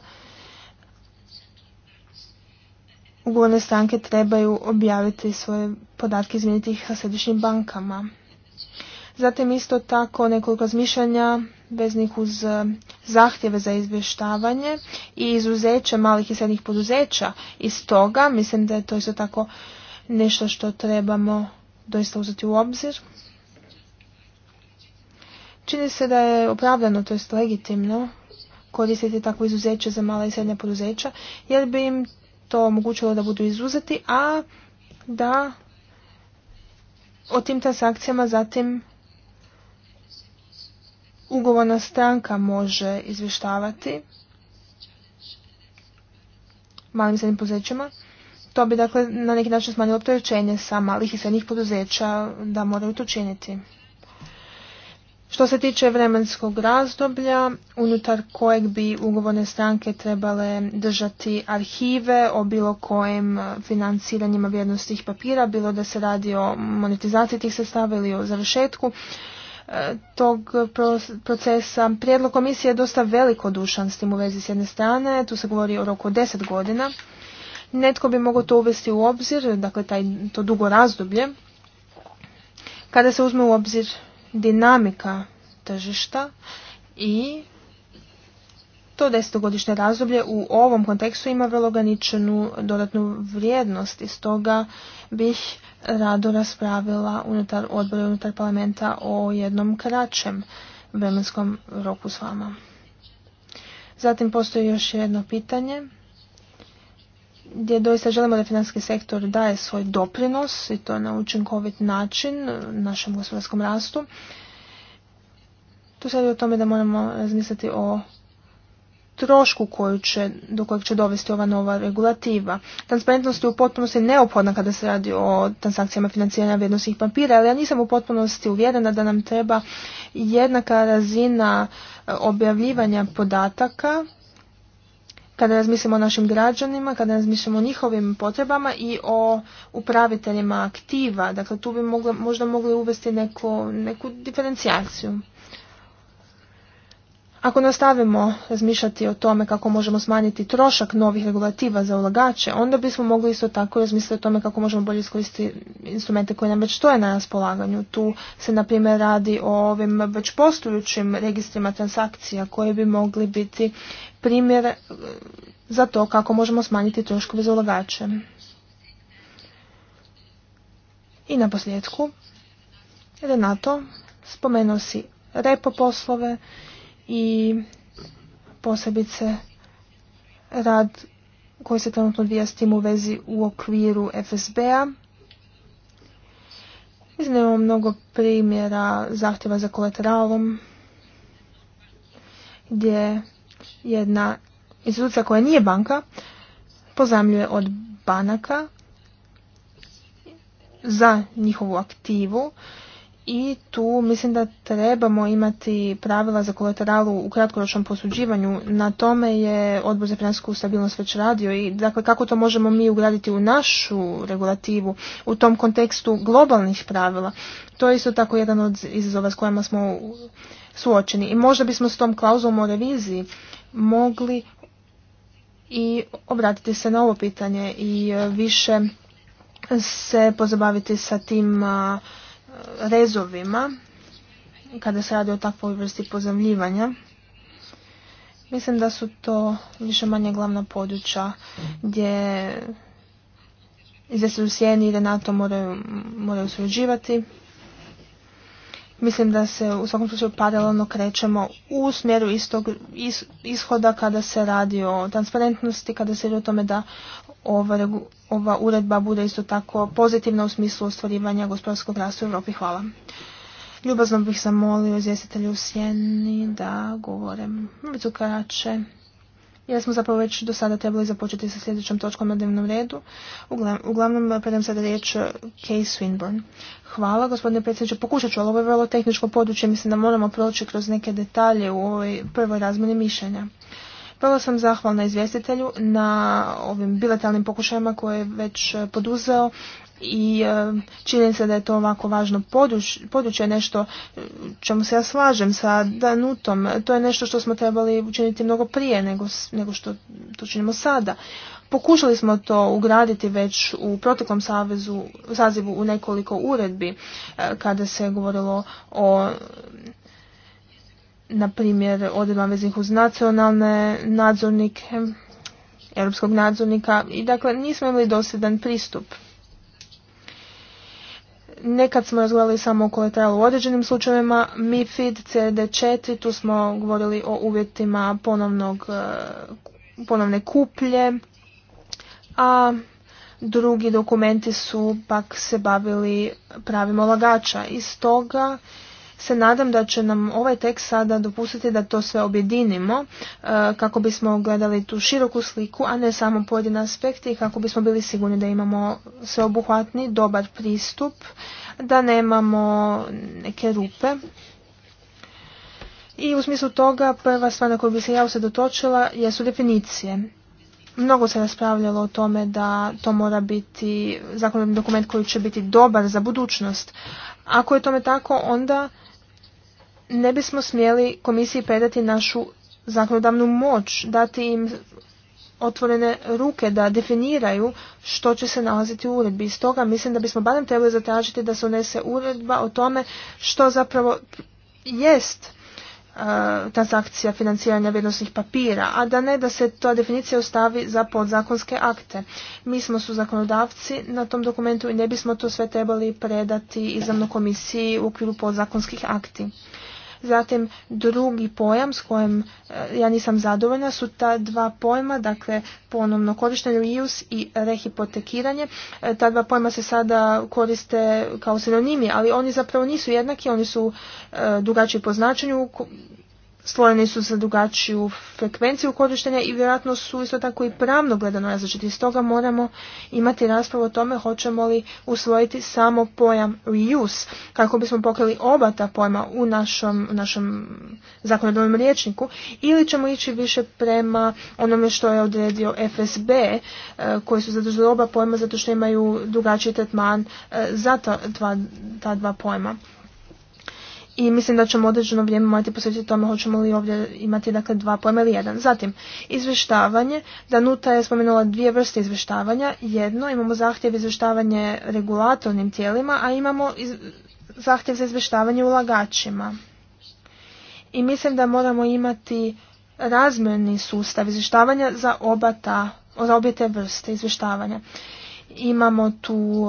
ugovorne stranke trebaju objaviti svoje podatke, izmijeniti ih sa središnjim bankama. Zatim isto tako nekoliko razmišljanja obveznik uz e, zahtjeve za izvještavanje i izuzeće malih i srednjih poduzeća. Iz toga mislim da je to isto tako nešto što trebamo doista uzeti u obzir. Čini se da je opravdano, to jest legitimno, koristiti takvo izuzeće za mala i srednja poduzeća, jer bi im to omogućilo da budu izuzeti, a da o tim transakcijama zatim ugovorna stranka može izvještavati malim i srednjim poduzećima. To bi dakle na neki način smanjilo opterećenje sa malih i srednjih poduzeća da moraju to činiti. Što se tiče vremenskog razdoblja, unutar kojeg bi ugovorne stranke trebale držati arhive o bilo kojim financiranjima vrijednostih papira, bilo da se radi o monetizaciji tih sredstava ili o završetku, tog procesa. Prijedlog komisije je dosta velikodušan s tim u vezi s jedne strane, tu se govori o roku 10 godina. Netko bi mogao to uvesti u obzir, dakle taj, to dugo razdoblje, kada se uzme u obzir dinamika tržišta i to desetogodišnje razdoblje u ovom kontekstu ima vrlo ograničenu dodatnu vrijednost i stoga bih rado raspravila unutar odbora unutar parlamenta o jednom kraćem vremenskom roku s vama. Zatim postoji još jedno pitanje gdje doista želimo da financijski sektor daje svoj doprinos i to na učinkovit način našem gospodarskom rastu. Tu se je o tome da moramo razmisliti o trošku koju će, do kojeg će dovesti ova nova regulativa. Transparentnost je u potpunosti neophodna kada se radi o transakcijama financiranja vrijednosnih papira, ali ja nisam u potpunosti uvjerena da nam treba jednaka razina e, objavljivanja podataka kada razmislimo o našim građanima, kada razmislimo o njihovim potrebama i o upraviteljima aktiva. Dakle, tu bi mogla, možda mogli uvesti neko, neku diferencijaciju. Ako nastavimo razmišljati o tome kako možemo smanjiti trošak novih regulativa za ulagače, onda bismo mogli isto tako razmisliti o tome kako možemo bolje iskoristiti instrumente koje nam već stoje na raspolaganju. Tu se, na primjer, radi o ovim već postojućim registrima transakcija koje bi mogli biti primjer e, za to kako možemo smanjiti troškove za ulagače. I na posljedku, Renato, spomenuo si repo poslove, i posebice rad koji se trenutno odvija s tim u vezi u okviru FSB-a. Mislim da imamo mnogo primjera zahtjeva za kolateralom gdje jedna institucija koja nije banka pozamljuje od banaka za njihovu aktivu i tu mislim da trebamo imati pravila za kolateralu u kratkoročnom posuđivanju. Na tome je odbor za financijsku stabilnost već radio i dakle kako to možemo mi ugraditi u našu regulativu u tom kontekstu globalnih pravila. To je isto tako jedan od izazova s kojima smo suočeni. I možda bismo s tom klauzulom o reviziji mogli i obratiti se na ovo pitanje i e, više se pozabaviti sa tim rezovima kada se radi o takvoj vrsti pozemljivanja. Mislim da su to više manje glavna područja gdje iz u Sjeni i Renato moraju, moraju Mislim da se u svakom slučaju paralelno krećemo u smjeru istog ishoda kada se radi o transparentnosti, kada se radi o tome da ova, uredba bude isto tako pozitivna u smislu ostvarivanja gospodarskog rasta u Europi. Hvala. Ljubazno bih zamolio izvjestitelju u Sjeni da govore mrcu kraće. Jer smo zapravo već do sada trebali započeti sa sljedećom točkom na dnevnom redu. Uglavnom, eh, predam sada riječ eh, Kay Swinburne. Hvala, gospodine predsjedniče. Pokušat ću, ali ovo je vrlo tehničko područje. Mislim da moramo proći kroz neke detalje u ovoj prvoj razmjeni mišljenja. Vrlo sam zahvalna izvjestitelju na ovim bilateralnim pokušajima koje je već e, poduzeo i e, se da je to ovako važno područje, nešto e, čemu se ja slažem sa Danutom. To je nešto što smo trebali učiniti mnogo prije nego, nego što to činimo sada. Pokušali smo to ugraditi već u proteklom savezu, sazivu u nekoliko uredbi kada se govorilo o na primjer odredba veznih uz nacionalne nadzornike, europskog nadzornika i dakle nismo imali dosjedan pristup. Nekad smo razgovarali samo o kolateralu u određenim slučajevima, MIFID, CD4, tu smo govorili o uvjetima ponovnog, e, ponovne kuplje, a drugi dokumenti su pak se bavili pravima ulagača. I stoga se nadam da će nam ovaj tekst sada dopustiti da to sve objedinimo e, kako bismo gledali tu široku sliku, a ne samo pojedine aspekte i kako bismo bili sigurni da imamo sveobuhvatni, dobar pristup, da nemamo neke rupe. I u smislu toga prva stvar na koju bi se ja usredotočila jesu definicije. Mnogo se raspravljalo o tome da to mora biti zakonodavni dokument koji će biti dobar za budućnost. Ako je tome tako, onda ne bismo smjeli komisiji predati našu zakonodavnu moć, dati im otvorene ruke da definiraju što će se nalaziti u uredbi. I stoga mislim da bismo barem trebali zatražiti da se unese uredba o tome što zapravo jest e, transakcija financiranja vrijednosnih papira, a da ne da se ta definicija ostavi za podzakonske akte. Mi smo su zakonodavci na tom dokumentu i ne bismo to sve trebali predati izravno komisiji u okviru podzakonskih akti. Zatim drugi pojam s kojim e, ja nisam zadovoljna su ta dva pojma, dakle ponovno korištenje reuse i rehipotekiranje. E, ta dva pojma se sada koriste kao sinonimi, ali oni zapravo nisu jednaki, oni su e, drugačiji po značenju, stvoreni su za drugačiju frekvenciju korištenja i vjerojatno su isto tako i pravno gledano različiti. Stoga moramo imati raspravu o tome hoćemo li usvojiti samo pojam reuse kako bismo pokrili oba ta pojma u našom, našem zakonodavnom rječniku ili ćemo ići više prema onome što je odredio FSB e, koji su zadržali oba pojma zato što imaju drugačiji tretman e, za ta, ta dva pojma i mislim da ćemo određeno vrijeme morati posvetiti tome hoćemo li ovdje imati dakle dva pojma ili jedan. Zatim, izvještavanje. Danuta je spomenula dvije vrste izvještavanja. Jedno, imamo zahtjev izvještavanje regulatornim tijelima, a imamo iz... zahtjev za izvještavanje ulagačima. I mislim da moramo imati razmjerni sustav izvještavanja za oba ta, za obje te vrste izvještavanja. Imamo tu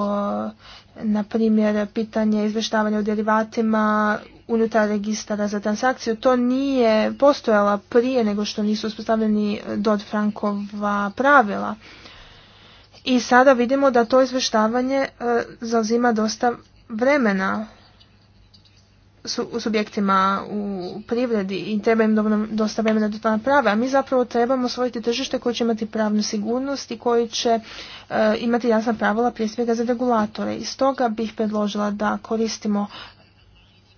na primjer pitanje izvještavanja o derivatima unutar registara za transakciju. To nije postojala prije nego što nisu uspostavljeni Dodd-Frankova pravila. I sada vidimo da to izvještavanje e, zauzima dosta vremena u subjektima u privredi i treba im dosta vremena da to naprave, a mi zapravo trebamo osvojiti tržište koje će imati pravnu sigurnost i koje će e, imati jasna pravila prije svega za regulatore. I stoga bih predložila da koristimo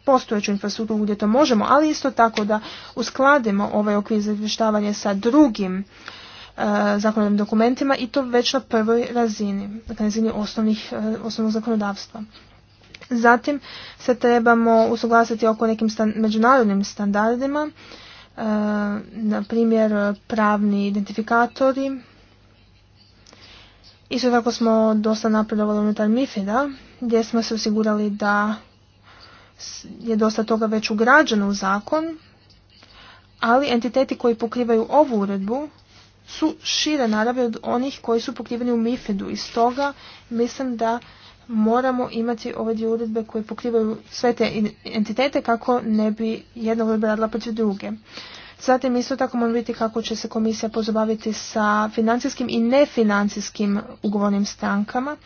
postojeću infrastrukturu gdje to možemo, ali isto tako da uskladimo ovaj okvir za izvještavanje sa drugim e, zakonodavnim dokumentima i to već na prvoj razini, na razini osnovnih, e, osnovnog zakonodavstva. Zatim se trebamo usuglasiti oko nekim međunarodnim standardima, e, na primjer pravni identifikatori. Isto tako smo dosta napredovali unutar MIFID-a, gdje smo se osigurali da je dosta toga već ugrađeno u zakon, ali entiteti koji pokrivaju ovu uredbu su šire naravi od onih koji su pokriveni u MIFID-u. I stoga mislim da moramo imati ove dvije uredbe koje pokrivaju sve te entitete kako ne bi jedna uredba radila protiv druge. Zatim isto tako moramo vidjeti kako će se komisija pozabaviti sa financijskim i nefinancijskim ugovornim strankama.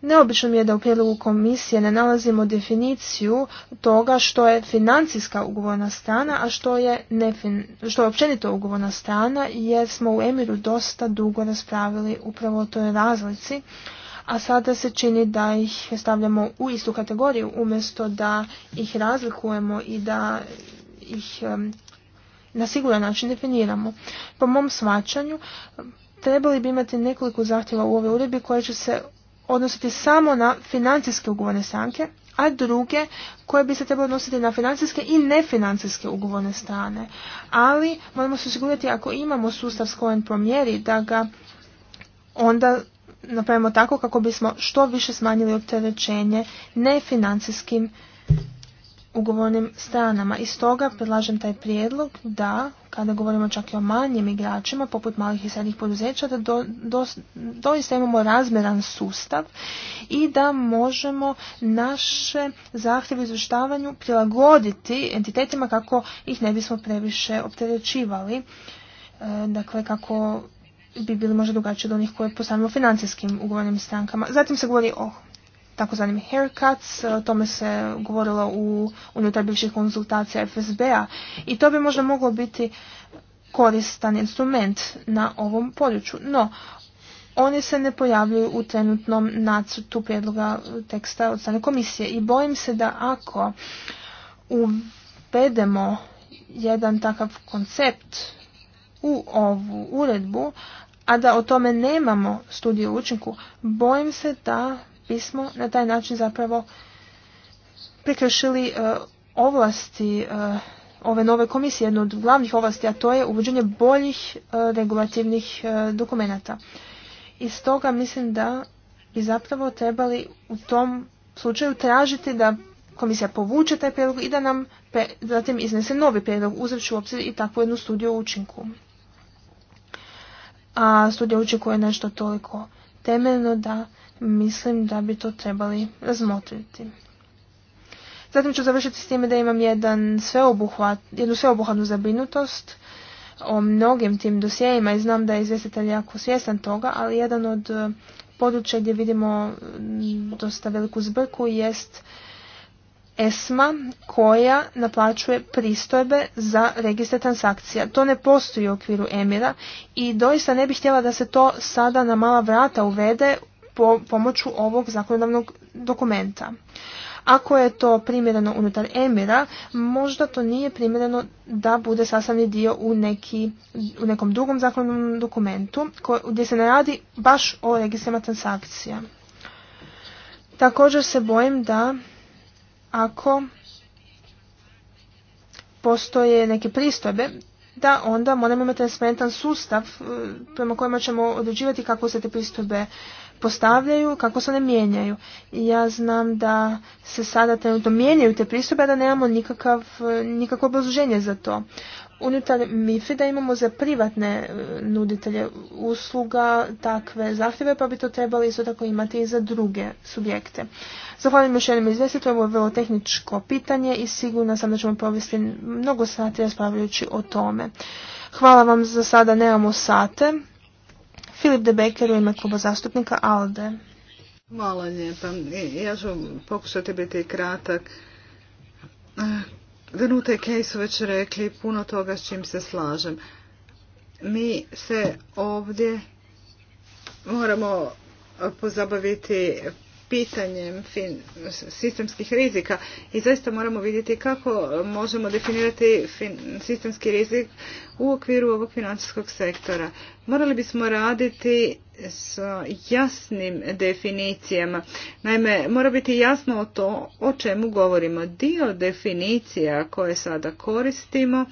Neobično mi je da u prijedlogu komisije ne nalazimo definiciju toga što je financijska ugovorna strana, a što je, nefin, što je općenito ugovorna strana, jer smo u Emiru dosta dugo raspravili upravo o toj razlici, a sada se čini da ih stavljamo u istu kategoriju, umjesto da ih razlikujemo i da ih na siguran način definiramo. Po mom svačanju, trebali bi imati nekoliko zahtjeva u ove uredbi koje će se odnositi samo na financijske ugovorne stranke, a druge koje bi se trebalo odnositi na financijske i nefinancijske ugovorne strane. Ali moramo se osigurati ako imamo sustav s kojim promjeri da ga onda napravimo tako kako bismo što više smanjili opterećenje nefinancijskim ugovornim stranama. I stoga predlažem taj prijedlog da, kada govorimo čak i o manjim igračima, poput malih i srednjih poduzeća, da do, doista imamo razmjeran sustav i da možemo naše zahtjeve izvještavanju prilagoditi entitetima kako ih ne bismo previše opterećivali. E, dakle, kako bi bili možda drugačiji od onih koje postavljamo financijskim ugovornim strankama. Zatim se govori o takozvanim haircuts, e, o tome se govorilo u, unutar bivših konzultacija FSB-a i to bi možda moglo biti koristan instrument na ovom području. No, oni se ne pojavljuju u trenutnom nacrtu prijedloga teksta od strane komisije i bojim se da ako uvedemo jedan takav koncept u ovu uredbu, a da o tome nemamo studiju učinku, bojim se da bismo na taj način zapravo prekršili e, ovlasti e, ove nove komisije, jednu od glavnih ovlasti, a to je uvođenje boljih e, regulativnih dokumenata. I stoga mislim da bi zapravo trebali u tom slučaju tražiti da komisija povuče taj prijedlog i da nam zatim iznese novi prijedlog, ću u i takvu jednu studiju učinku. A studija učinku je nešto toliko temeljno da mislim da bi to trebali razmotriti. Zatim ću završiti s time da imam jedan sveobuhvat, jednu sveobuhvatnu zabrinutost o mnogim tim dosjejima i znam da je izvjestitelj jako svjestan toga, ali jedan od eh, područja gdje vidimo mm, dosta veliku zbrku jest ESMA koja naplaćuje pristojbe za registre transakcija. To ne postoji u okviru Emira i doista ne bih htjela da se to sada na mala vrata uvede pomoću ovog zakonodavnog dokumenta. Ako je to primjereno unutar emira, možda to nije primjereno da bude sastavni dio u, neki, u nekom drugom zakonodavnom dokumentu gdje se ne radi baš o registrima transakcija. Također se bojim da ako postoje neke pristojbe, da onda moramo imati transparentan sustav e, prema kojima ćemo određivati kako se te pristojbe postavljaju, kako se one mijenjaju. I ja znam da se sada trenutno mijenjaju te pristupe, da nemamo nikakav, nikakvo obrazloženje za to. Unutar mifid da imamo za privatne e, nuditelje usluga takve zahtjeve, pa bi to trebali isto tako imati i za druge subjekte. Zahvaljujem još jednom izvesti, ovo je vrlo tehničko pitanje i sigurno sam da ćemo provesti mnogo sati raspravljajući o tome. Hvala vam za sada, nemamo sate. Filip de Becker u ime kluba zastupnika ALDE. Hvala lijepa. Ja ću pokušati biti kratak. Eh, danute i Kej su već rekli puno toga s čim se slažem. Mi se ovdje moramo pozabaviti pitanjem sistemskih rizika i zaista moramo vidjeti kako možemo definirati sistemski rizik u okviru ovog financijskog sektora. Morali bismo raditi s jasnim definicijama. Naime, mora biti jasno o to o čemu govorimo. Dio definicija koje sada koristimo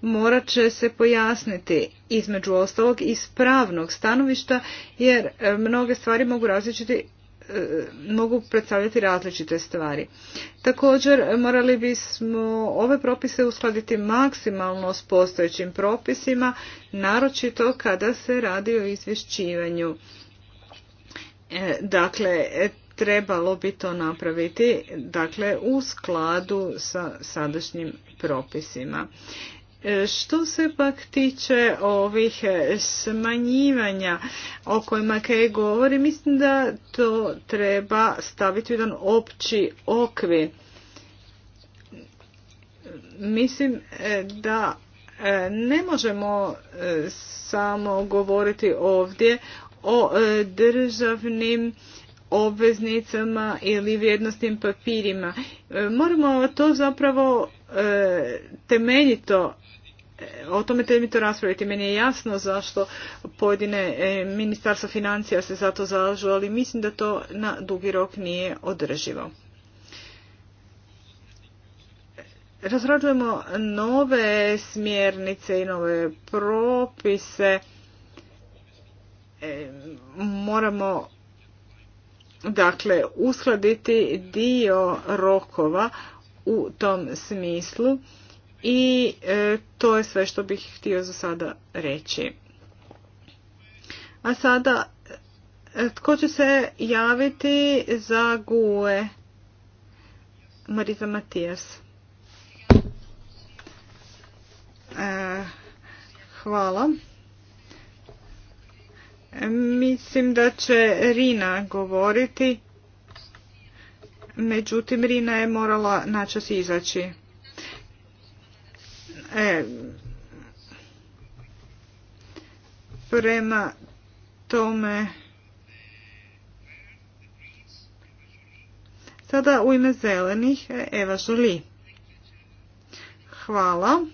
morat će se pojasniti između ostalog iz pravnog stanovišta jer e, mnoge stvari mogu različiti E, mogu predstavljati različite stvari. Također morali bismo ove propise uskladiti maksimalno s postojećim propisima, naročito kada se radi o izvješćivanju. E, dakle, trebalo bi to napraviti dakle, u skladu sa sadašnjim propisima. E, što se pak tiče ovih e, smanjivanja o kojima Kej govori, mislim da to treba staviti u jedan opći okvir. Mislim e, da ne možemo samo govoriti ovdje o državnim obveznicama ili vrijednostnim papirima. Moramo to zapravo temeljito E, o tome to raspraviti. Meni je jasno zašto pojedine e, ministarstva financija se za to zalažu, ali mislim da to na dugi rok nije održivo. Razrađujemo nove smjernice i nove propise. E, moramo dakle uskladiti dio rokova u tom smislu i e, to je sve što bih htio za sada reći. A sada, e, tko će se javiti za guve. Marisa Matijas. E, hvala. Mislim da će Rina govoriti. Međutim, Rina je morala načas izaći. E, prema tome sada u ime zelenih e, Eva Žuli. Hvala.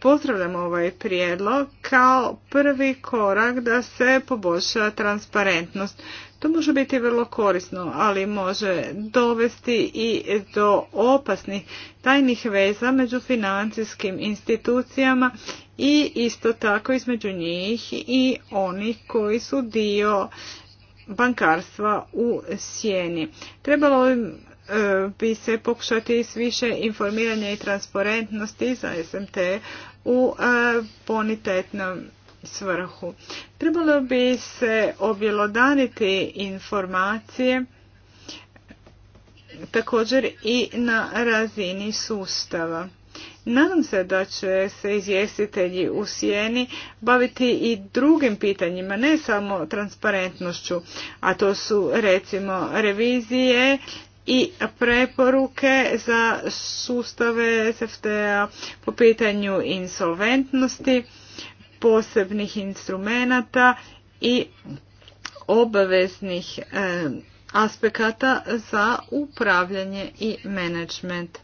Pozdravljam ovaj prijedlog kao prvi korak da se poboljša transparentnost. To može biti vrlo korisno, ali može dovesti i do opasnih tajnih veza među financijskim institucijama i isto tako između njih i onih koji su dio bankarstva u sjeni. Trebalo bi e, se pokušati s više informiranja i transparentnosti za SMT u e, bonitetnom svrhu. Trebalo bi se objelodaniti informacije također i na razini sustava. Nadam se da će se izvjestitelji u sjeni baviti i drugim pitanjima, ne samo transparentnošću, a to su recimo revizije i preporuke za sustave SFTA po pitanju insolventnosti posebnih instrumenata i obaveznih eh, aspekata za upravljanje i menadžment.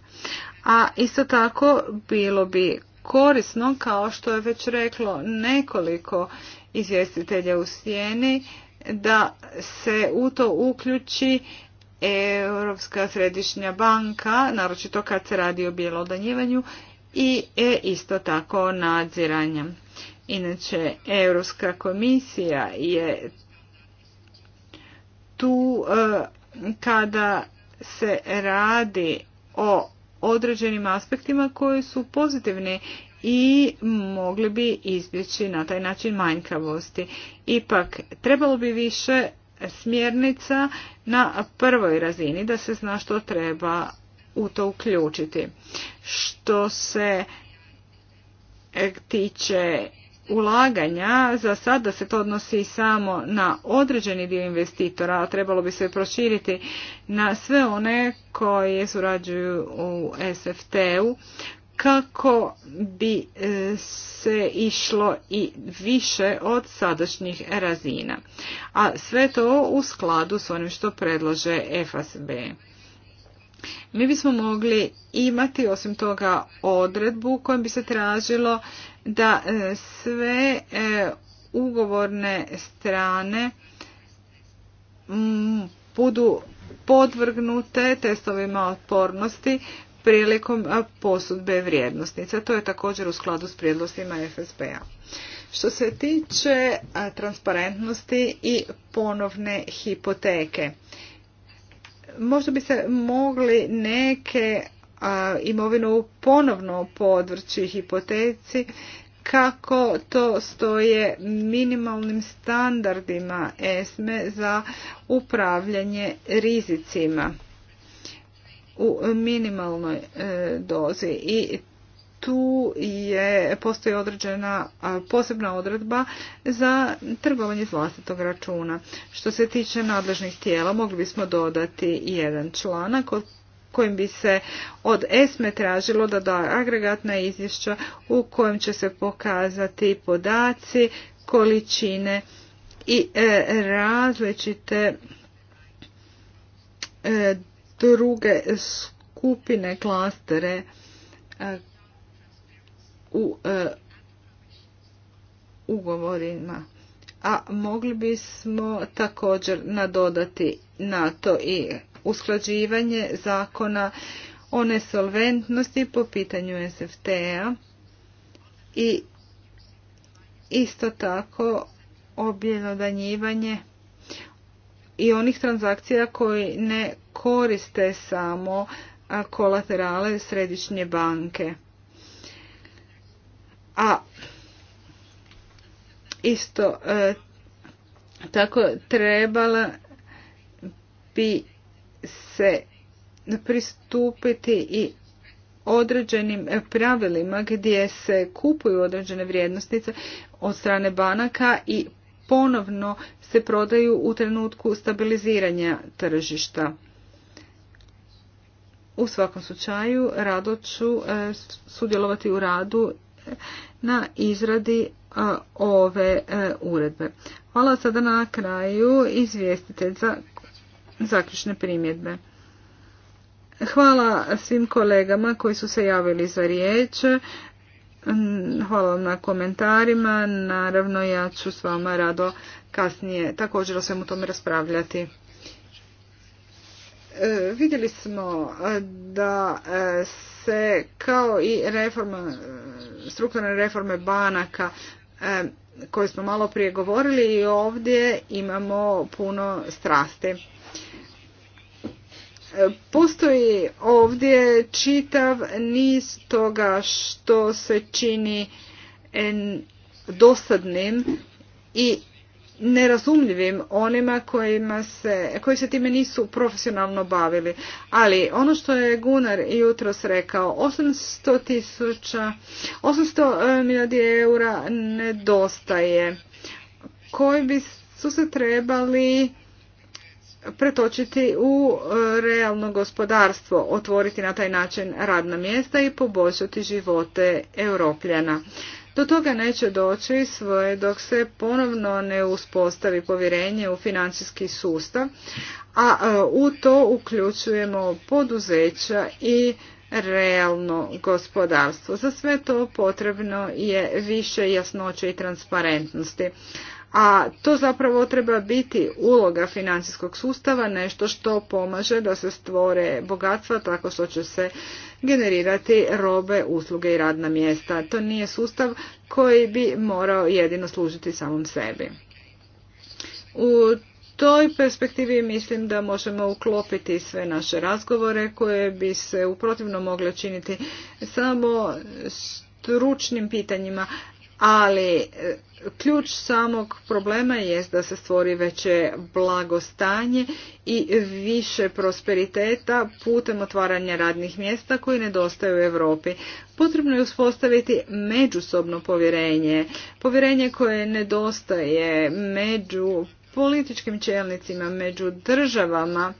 A isto tako bilo bi korisno, kao što je već reklo nekoliko izvjestitelja u sjeni, da se u to uključi Europska središnja banka, naročito kad se radi o bjelodanjivanju i e, isto tako nadziranjem. Inače, Europska komisija je tu e, kada se radi o određenim aspektima koji su pozitivni i mogli bi izbjeći na taj način manjkavosti. Ipak, trebalo bi više smjernica na prvoj razini da se zna što treba u to uključiti. Što se tiče ulaganja, za sada se to odnosi samo na određeni dio investitora, a trebalo bi se proširiti na sve one koje surađuju u SFT-u, kako bi e, se išlo i više od sadašnjih razina. A sve to u skladu s onim što predlaže FSB. Mi bismo mogli imati osim toga odredbu kojom bi se tražilo da e, sve e, ugovorne strane budu podvrgnute testovima otpornosti prilikom e, posudbe vrijednosnica. To je također u skladu s prijedlostima FSB-a. Što se tiče transparentnosti i ponovne hipoteke, Možda bi se mogli neke imovinu ponovno podvrći hipoteci kako to stoje minimalnim standardima ESME za upravljanje rizicima u minimalnoj e, dozi i tu je, postoji određena posebna odredba za trgovanje vlastitog računa. Što se tiče nadležnih tijela, mogli bismo dodati jedan članak kojim bi se od ESME tražilo da da agregatna izvješća u kojem će se pokazati podaci, količine i e, različite e, druge skupine klastere u e, ugovorima. A mogli bismo također nadodati na to i usklađivanje zakona o nesolventnosti po pitanju SFT-a i isto tako objelodanjivanje i onih transakcija koji ne koriste samo kolaterale središnje banke. A isto e, tako trebala bi se pristupiti i određenim pravilima gdje se kupuju određene vrijednostnice od strane banaka i ponovno se prodaju u trenutku stabiliziranja tržišta. U svakom slučaju rado ću e, sudjelovati u radu na izradi e, ove e, uredbe. Hvala sada na kraju izvjestitelj za zaključne primjedbe. Hvala svim kolegama koji su se javili za riječ. Mm, hvala vam na komentarima. Naravno, ja ću s vama rado kasnije također o svemu tome raspravljati. E, vidjeli smo e, da e, se kao i reforma, strukturne reforme banaka koje smo malo prije govorili i ovdje imamo puno strasti. Postoji ovdje čitav niz toga što se čini dosadnim i nerazumljivim onima kojima se, koji se time nisu profesionalno bavili. Ali ono što je Gunar jutros rekao, 800, 800 e, milijardi eura nedostaje koji bi su se trebali pretočiti u e, realno gospodarstvo, otvoriti na taj način radna mjesta i poboljšati živote europljana. Do toga neće doći svoje dok se ponovno ne uspostavi povjerenje u financijski sustav, a e, u to uključujemo poduzeća i realno gospodarstvo. Za sve to potrebno je više jasnoće i transparentnosti a to zapravo treba biti uloga financijskog sustava, nešto što pomaže da se stvore bogatstva tako što će se generirati robe, usluge i radna mjesta. To nije sustav koji bi morao jedino služiti samom sebi. U toj perspektivi mislim da možemo uklopiti sve naše razgovore koje bi se u mogle činiti samo stručnim pitanjima ali e, ključ samog problema je da se stvori veće blagostanje i više prosperiteta putem otvaranja radnih mjesta koji nedostaju u Europi. Potrebno je uspostaviti međusobno povjerenje, povjerenje koje nedostaje među političkim čelnicima, među državama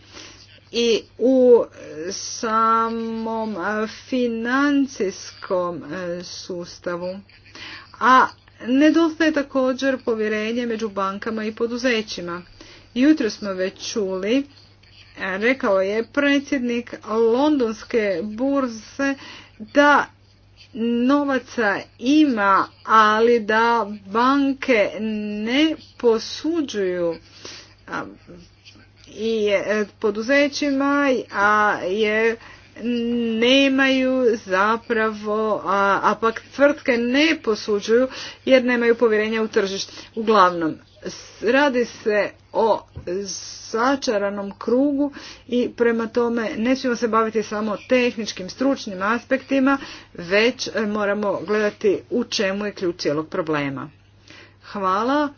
i u samom e, financijskom e, sustavu a nedostaje također povjerenje među bankama i poduzećima. Jutro smo već čuli, e, rekao je predsjednik londonske burze da novaca ima, ali da banke ne posuđuju i e, poduzećima, a je nemaju zapravo, a, pak tvrtke ne posuđuju jer nemaju povjerenja u tržište. Uglavnom, radi se o začaranom krugu i prema tome ne smijemo se baviti samo tehničkim stručnim aspektima, već e, moramo gledati u čemu je ključ cijelog problema. Hvala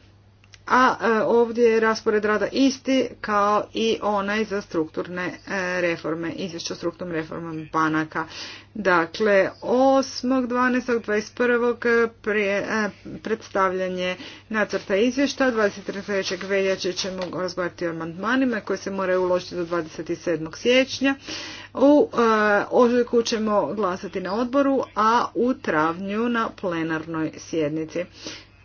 a e, ovdje je raspored rada isti kao i onaj za strukturne e, reforme, izvješće o strukturnim reformama banaka. Dakle, 8.12.21. E, predstavljanje nacrta izvješta, 23. veljače ćemo razgovarati o amandmanima koji se moraju uložiti do 27. siječnja. U ožujku ćemo glasati na odboru, a u travnju na plenarnoj sjednici.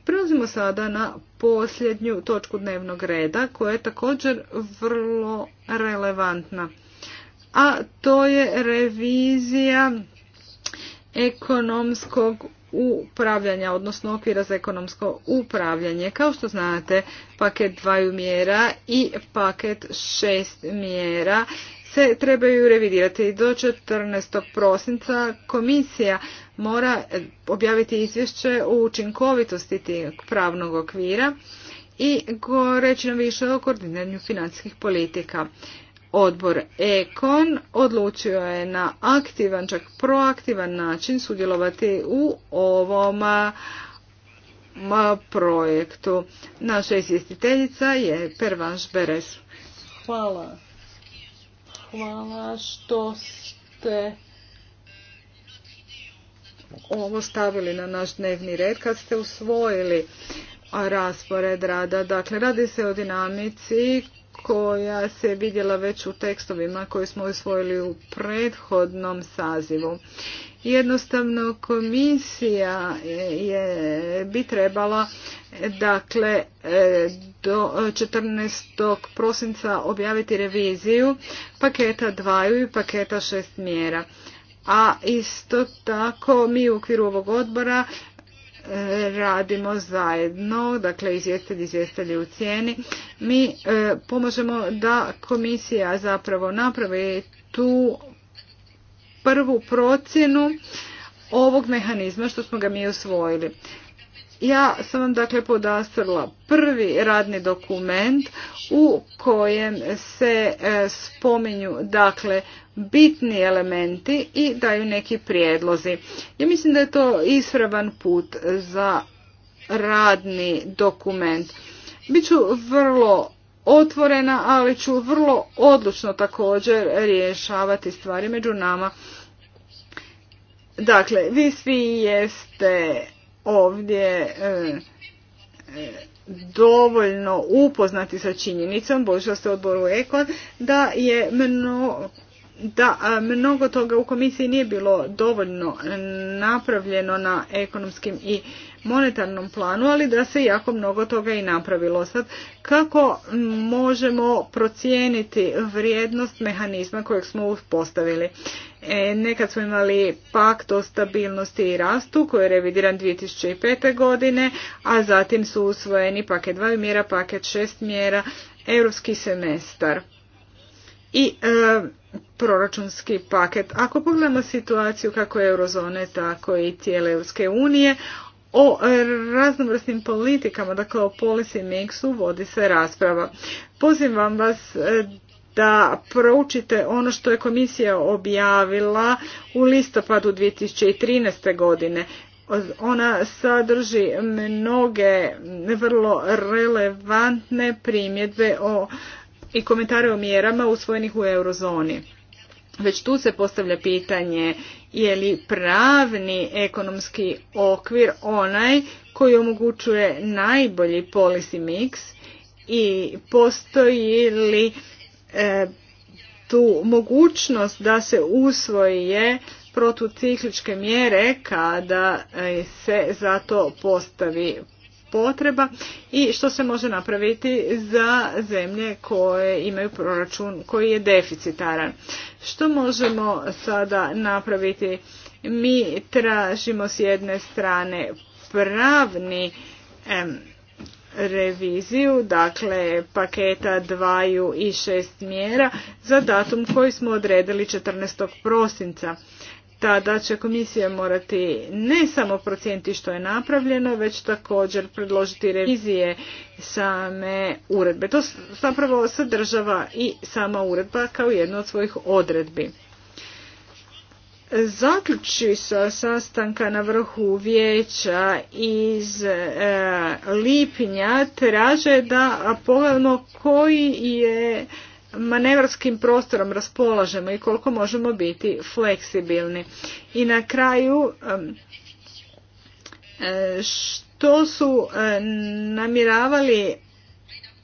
Prelazimo sada na posljednju točku dnevnog reda koja je također vrlo relevantna. A to je revizija ekonomskog upravljanja, odnosno okvira za ekonomsko upravljanje. Kao što znate, paket dvaju mjera i paket šest mjera se trebaju revidirati. Do 14. prosinca komisija mora objaviti izvješće o učinkovitosti tih pravnog okvira i reći nam više o koordiniranju financijskih politika. Odbor Ekon odlučio je na aktivan, čak proaktivan način sudjelovati u ovom projektu. Naša izvjestiteljica je Pervanš Beres. Hvala. Hvala što ste ovo stavili na naš dnevni red kad ste usvojili raspored rada. Dakle, radi se o dinamici koja se vidjela već u tekstovima koje smo usvojili u prethodnom sazivu. Jednostavno komisija je, bi trebala dakle do 14. prosinca objaviti reviziju paketa dvaju i paketa šest mjera a isto tako mi u okviru ovog odbora e, radimo zajedno, dakle izvjestelji, izvjestelji u cijeni. Mi pomožemo pomažemo da komisija zapravo napravi tu prvu procjenu ovog mehanizma što smo ga mi usvojili. Ja sam vam dakle podastrla prvi radni dokument u kojem se e, spominju dakle bitni elementi i daju neki prijedlozi. Ja mislim da je to ispravan put za radni dokument. Biću vrlo otvorena, ali ću vrlo odlučno također rješavati stvari među nama. Dakle, vi svi jeste ovdje e, e, dovoljno upoznati sa činjenicom, budući da ste odboru Ekon, da je mnogo da mnogo toga u komisiji nije bilo dovoljno napravljeno na ekonomskim i monetarnom planu, ali da se jako mnogo toga i napravilo. Sad, kako možemo procijeniti vrijednost mehanizma kojeg smo uspostavili? E, nekad smo imali pakt o stabilnosti i rastu koji je revidiran 2005. godine, a zatim su usvojeni paket 2 mjera, paket 6 mjera, europski semestar i e, proračunski paket. Ako pogledamo situaciju kako eurozone, tako i cijele Europske unije, o e, raznovrsnim politikama, dakle o policy mixu, vodi se rasprava. Pozivam vas da proučite ono što je komisija objavila u listopadu 2013. godine. Ona sadrži mnoge vrlo relevantne primjedbe o, i komentare o mjerama usvojenih u eurozoni. Već tu se postavlja pitanje je li pravni ekonomski okvir onaj koji omogućuje najbolji policy mix i postoji li E, tu mogućnost da se usvoje protucikličke mjere kada e, se za to postavi potreba i što se može napraviti za zemlje koje imaju proračun koji je deficitaran. Što možemo sada napraviti? Mi tražimo s jedne strane pravni reviziju, dakle paketa dvaju i šest mjera za datum koji smo odredili 14. prosinca. Tada će komisija morati ne samo procijeniti što je napravljeno, već također predložiti revizije same uredbe. To zapravo sadržava i sama uredba kao jednu od svojih odredbi zaključi sa sastanka na vrhu vijeća iz e, lipnja traže da pogledamo koji je manevarskim prostorom raspolažemo i koliko možemo biti fleksibilni. I na kraju e, što su e, namiravali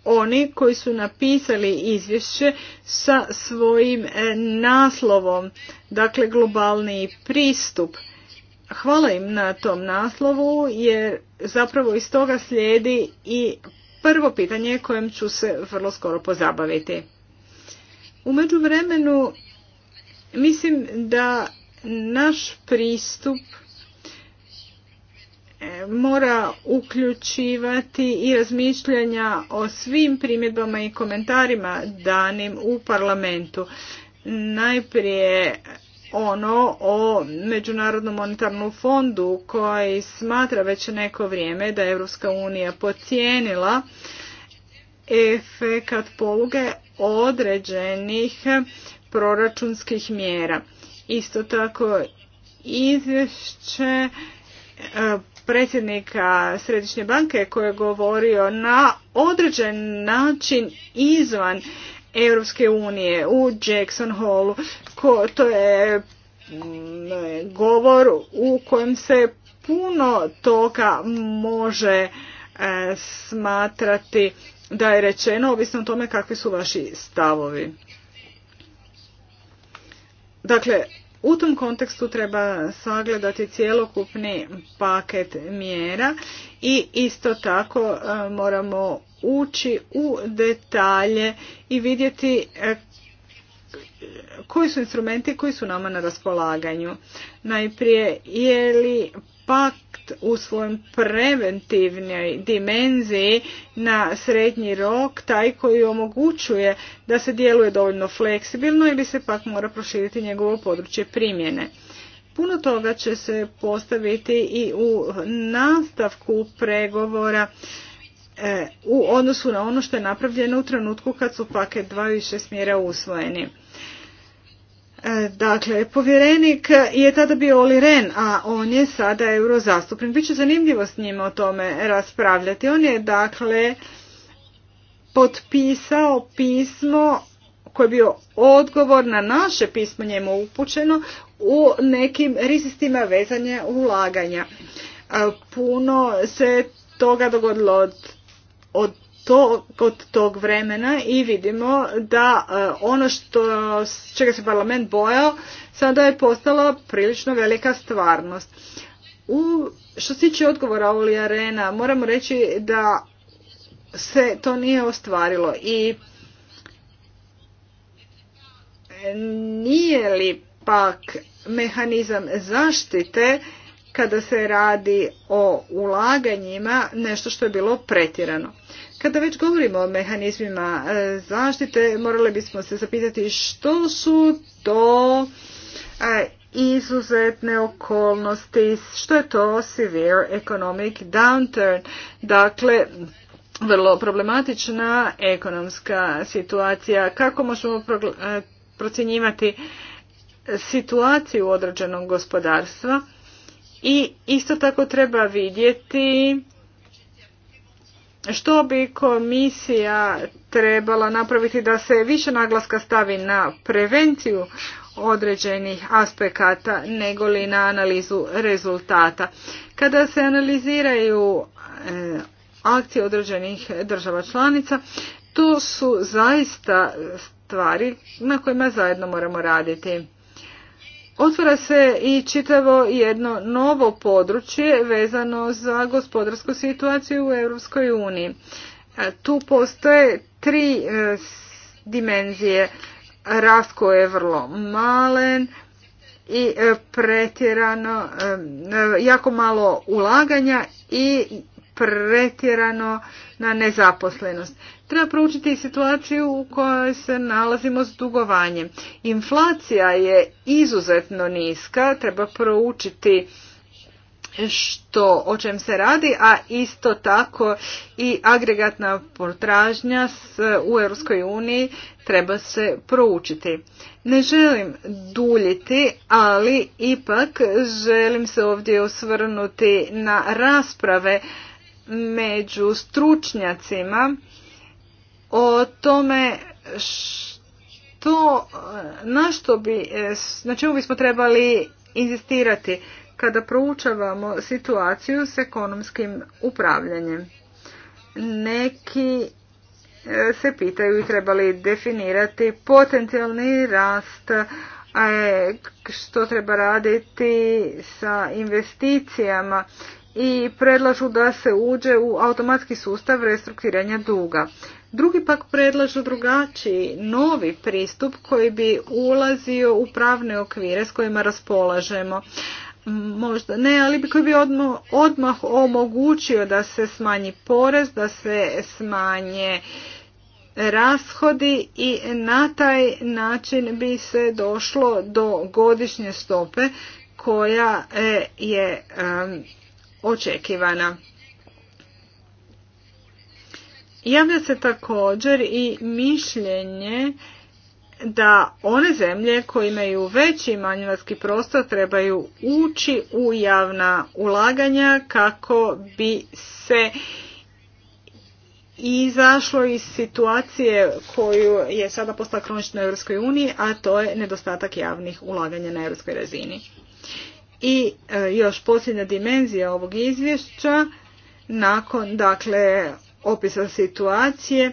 oni koji su napisali izvješće sa svojim e, naslovom, dakle globalni pristup. Hvala im na tom naslovu jer zapravo iz toga slijedi i prvo pitanje kojem ću se vrlo skoro pozabaviti. U međuvremenu mislim da naš pristup mora uključivati i razmišljanja o svim primjedbama i komentarima danim u parlamentu. Najprije ono o Međunarodnom monetarnom fondu koji smatra već neko vrijeme da je Europska unija pocijenila efekat poluge određenih proračunskih mjera. Isto tako izvješće e, predsjednika Središnje banke koji je govorio na određen način izvan Europske unije u Jackson Hallu. Ko, to je mm, govor u kojem se puno toga može e, smatrati da je rečeno, ovisno o tome kakvi su vaši stavovi. Dakle, u tom kontekstu treba sagledati cjelokupni paket mjera i isto tako e, moramo ući u detalje i vidjeti e, koji su instrumenti koji su nama na raspolaganju. Najprije je li pak u svojom preventivnoj dimenziji na srednji rok taj koji omogućuje da se djeluje dovoljno fleksibilno ili se pak mora proširiti njegovo područje primjene. Puno toga će se postaviti i u nastavku pregovora e, u odnosu na ono što je napravljeno u trenutku kad su paket dva više smjera usvojeni. E, dakle, povjerenik je tada bio Oli Ren, a on je sada eurozastupnik. Biće zanimljivo s njima o tome raspravljati. On je dakle potpisao pismo koje je bio odgovor na naše pismo njemu upućeno u nekim rizistima vezanja ulaganja. E, puno se toga dogodilo od to, od tog vremena i vidimo da e, ono što, čega se parlament bojao sada je postala prilično velika stvarnost. U, što se tiče odgovora Oli Arena, moramo reći da se to nije ostvarilo i nije li pak mehanizam zaštite kada se radi o ulaganjima nešto što je bilo pretjerano. Kada već govorimo o mehanizmima e, zaštite, morali bismo se zapitati što su to e, izuzetne okolnosti, što je to severe economic downturn, dakle vrlo problematična ekonomska situacija, kako možemo e, procjenjivati situaciju u određenog gospodarstva i isto tako treba vidjeti što bi komisija trebala napraviti da se više naglaska stavi na prevenciju određenih aspekata nego li na analizu rezultata. Kada se analiziraju e, akcije određenih država članica, to su zaista stvari na kojima zajedno moramo raditi. Otvara se i čitavo jedno novo područje vezano za gospodarsku situaciju u Europskoj uniji. Tu postoje tri e, dimenzije. Rast koji je vrlo malen i e, pretjerano, e, jako malo ulaganja i pretjerano na nezaposlenost. Treba proučiti situaciju u kojoj se nalazimo s dugovanjem. Inflacija je izuzetno niska, treba proučiti što o čem se radi, a isto tako i agregatna potražnja u EU uniji treba se proučiti. Ne želim duljiti, ali ipak želim se ovdje osvrnuti na rasprave među stručnjacima o tome što, na što bi, na čemu bismo trebali inzistirati kada proučavamo situaciju s ekonomskim upravljanjem. Neki e, se pitaju i trebali definirati potencijalni rast, e, što treba raditi sa investicijama i predlažu da se uđe u automatski sustav restruktiranja duga. Drugi pak predlažu drugačiji, novi pristup koji bi ulazio u pravne okvire s kojima raspolažemo. Možda ne, ali koji bi odmah, odmah omogućio da se smanji porez, da se smanje rashodi i na taj način bi se došlo do godišnje stope koja e, je očekivana. Javlja se također i mišljenje da one zemlje koje imaju veći manjinski prostor trebaju ući u javna ulaganja kako bi se izašlo iz situacije koju je sada postala kronična u Europskoj uniji, a to je nedostatak javnih ulaganja na europskoj razini. I e, još posljednja dimenzija ovog izvješća nakon dakle opisa situacije,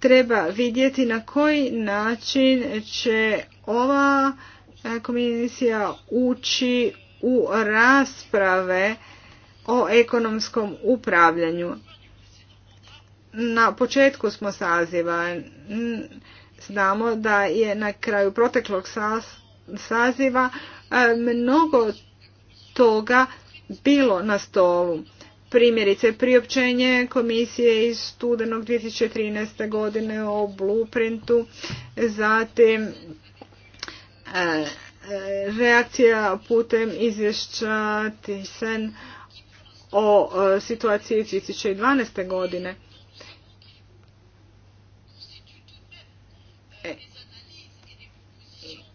treba vidjeti na koji način će ova e, komisija ući u rasprave o ekonomskom upravljanju. Na početku smo saziva. Znamo da je na kraju proteklog saziva e, mnogo toga bilo na stolu. Primjerice, priopćenje komisije iz studenog 2013. godine o blueprintu, zatim e, e, reakcija putem izvješća Tisen o e, situaciji 2012. godine.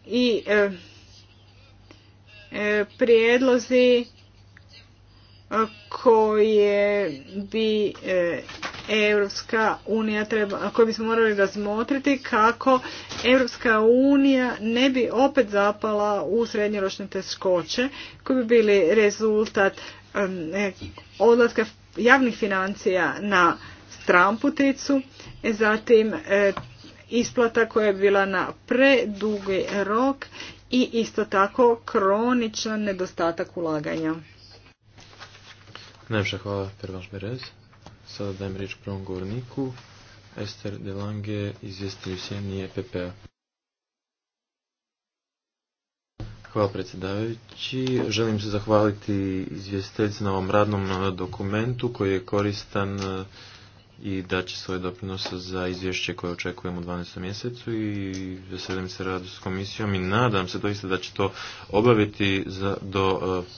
I prijedlozi koje bi e, Europska unija treba, koje smo morali razmotriti kako Europska unija ne bi opet zapala u srednjoročne teškoće koji bi bili rezultat e, odlaska javnih financija na stramputicu, e, zatim isplata koja je bila na predugi rok i isto tako kroničan nedostatak ulaganja. Najviše hvala Pervaš Berez. Sada dajem riječ prvom govorniku. Ester Delange, izvjestitelj EPP-a. E hvala predsjedavajući. Želim se zahvaliti izvjestiteljici na ovom radnom dokumentu koji je koristan eh, i daće svoj doprinos za izvješće koje očekujemo u 12. mjesecu i veselim se radu s komisijom i nadam se doista da će to obaviti do eh,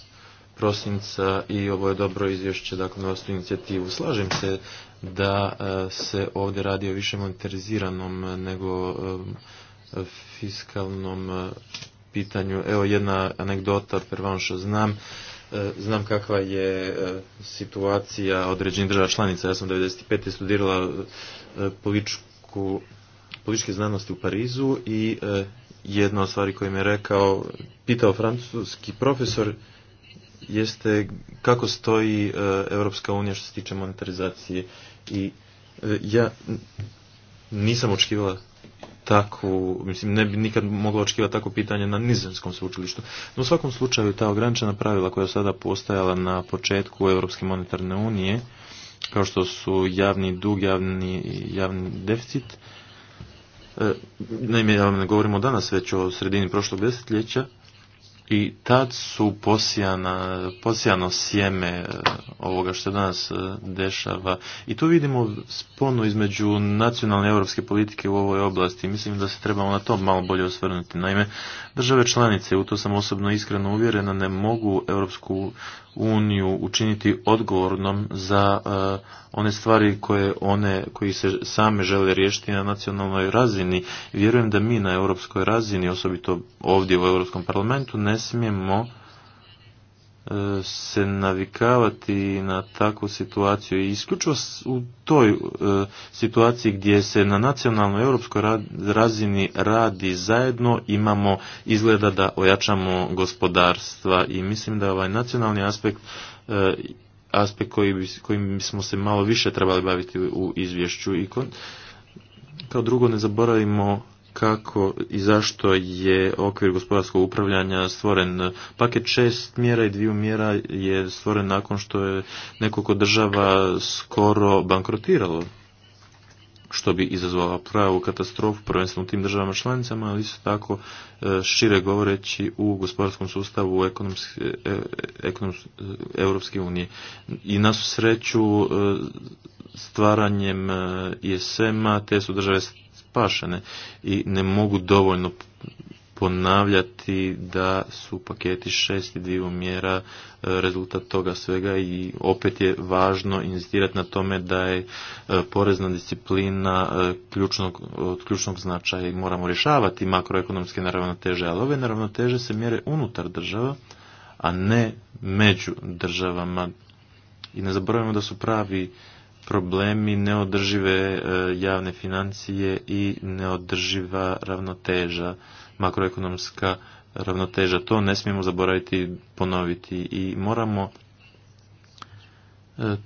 prosinca i ovo je dobro izvješće dakle, na inicijativu. Slažem se da e, se ovdje radi o više monetariziranom nego e, fiskalnom e, pitanju. Evo jedna anegdota, što znam. Znam kakva je situacija određenih država članica. Ja sam 1995. studirala političku, političke znanosti u Parizu i jedna od stvari koje mi je rekao, pitao francuski profesor, jeste kako stoji Europska unija što se tiče monetarizacije i e, ja nisam očekivala takvu, mislim, ne bi nikad mogla očekivati takvo pitanje na nizemskom sveučilištu. No u svakom slučaju ta ograničena pravila koja je sada postajala na početku Europske monetarne unije, kao što su javni dug, javni, javni deficit, e, naime, ja vam ne govorimo danas već o sredini prošlog desetljeća, i tad su posijana, posijano sjeme e, ovoga što danas e, dešava. I tu vidimo sponu između nacionalne europske politike u ovoj oblasti. Mislim da se trebamo na to malo bolje osvrnuti. Naime, države članice, u to sam osobno iskreno uvjerena, ne mogu europsku uniju učiniti odgovornom za e, one stvari koje one koji se same žele riješiti na nacionalnoj razini. Vjerujem da mi na europskoj razini, osobito ovdje u Europskom parlamentu, ne smijemo E, se navikavati na takvu situaciju i isključivo u toj e, situaciji gdje se na nacionalnoj europskoj razini radi zajedno imamo izgleda da ojačamo gospodarstva i mislim da ovaj nacionalni aspekt e, aspekt koji, kojim bismo se malo više trebali baviti u izvješću i kao drugo ne zaboravimo kako i zašto je okvir gospodarskog upravljanja stvoren. Paket šest mjera i dviju mjera je stvoren nakon što je nekoliko država skoro bankrotiralo što bi izazvalo pravu katastrofu prvenstveno u tim državama članicama, ali isto tako e, šire govoreći u gospodarskom sustavu u e, e, Europske unije. I na sreću stvaranjem ISM-a te su države spašene i ne mogu dovoljno ponavljati da su paketi šest i mjera e, rezultat toga svega i opet je važno inzistirati na tome da je e, porezna disciplina e, ključnog, od ključnog značaja i moramo rješavati makroekonomske neravnoteže, ali ove neravnoteže se mjere unutar država, a ne među državama. I ne zaboravimo da su pravi problemi neodržive e, javne financije i neodrživa ravnoteža, makroekonomska ravnoteža. To ne smijemo zaboraviti ponoviti i moramo e,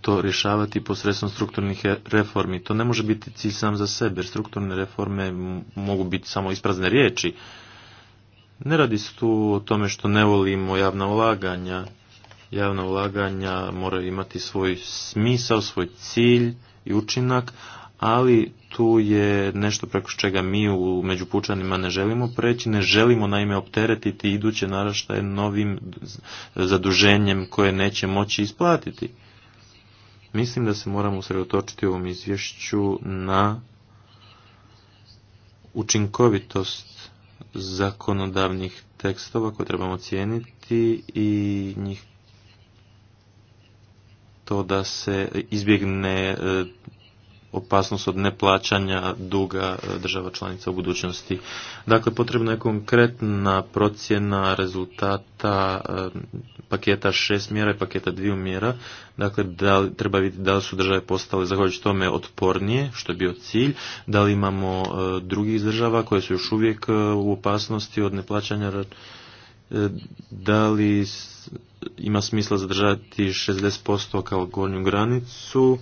to rješavati posredstvom strukturnih reformi. To ne može biti cilj sam za sebe, jer strukturne reforme mogu biti samo isprazne riječi. Ne radi se tu o tome što ne volimo javna ulaganja, javna ulaganja moraju imati svoj smisao, svoj cilj i učinak, ali tu je nešto preko čega mi u Međupučanima ne želimo preći, ne želimo naime opteretiti iduće naraštaje novim zaduženjem koje neće moći isplatiti. Mislim da se moramo usredotočiti u ovom izvješću na učinkovitost zakonodavnih tekstova koje trebamo cijeniti i njih to da se izbjegne e, opasnost od neplaćanja duga e, država članica u budućnosti. Dakle, potrebna je konkretna procjena rezultata e, paketa šest mjera i paketa dviju mjera. Dakle, da li, treba vidjeti da li su države postale zahvaljujući tome otpornije, što je bio cilj, da li imamo drugih država koje su još uvijek u opasnosti od neplaćanja da li ima smisla zadržati 60% kao gornju granicu.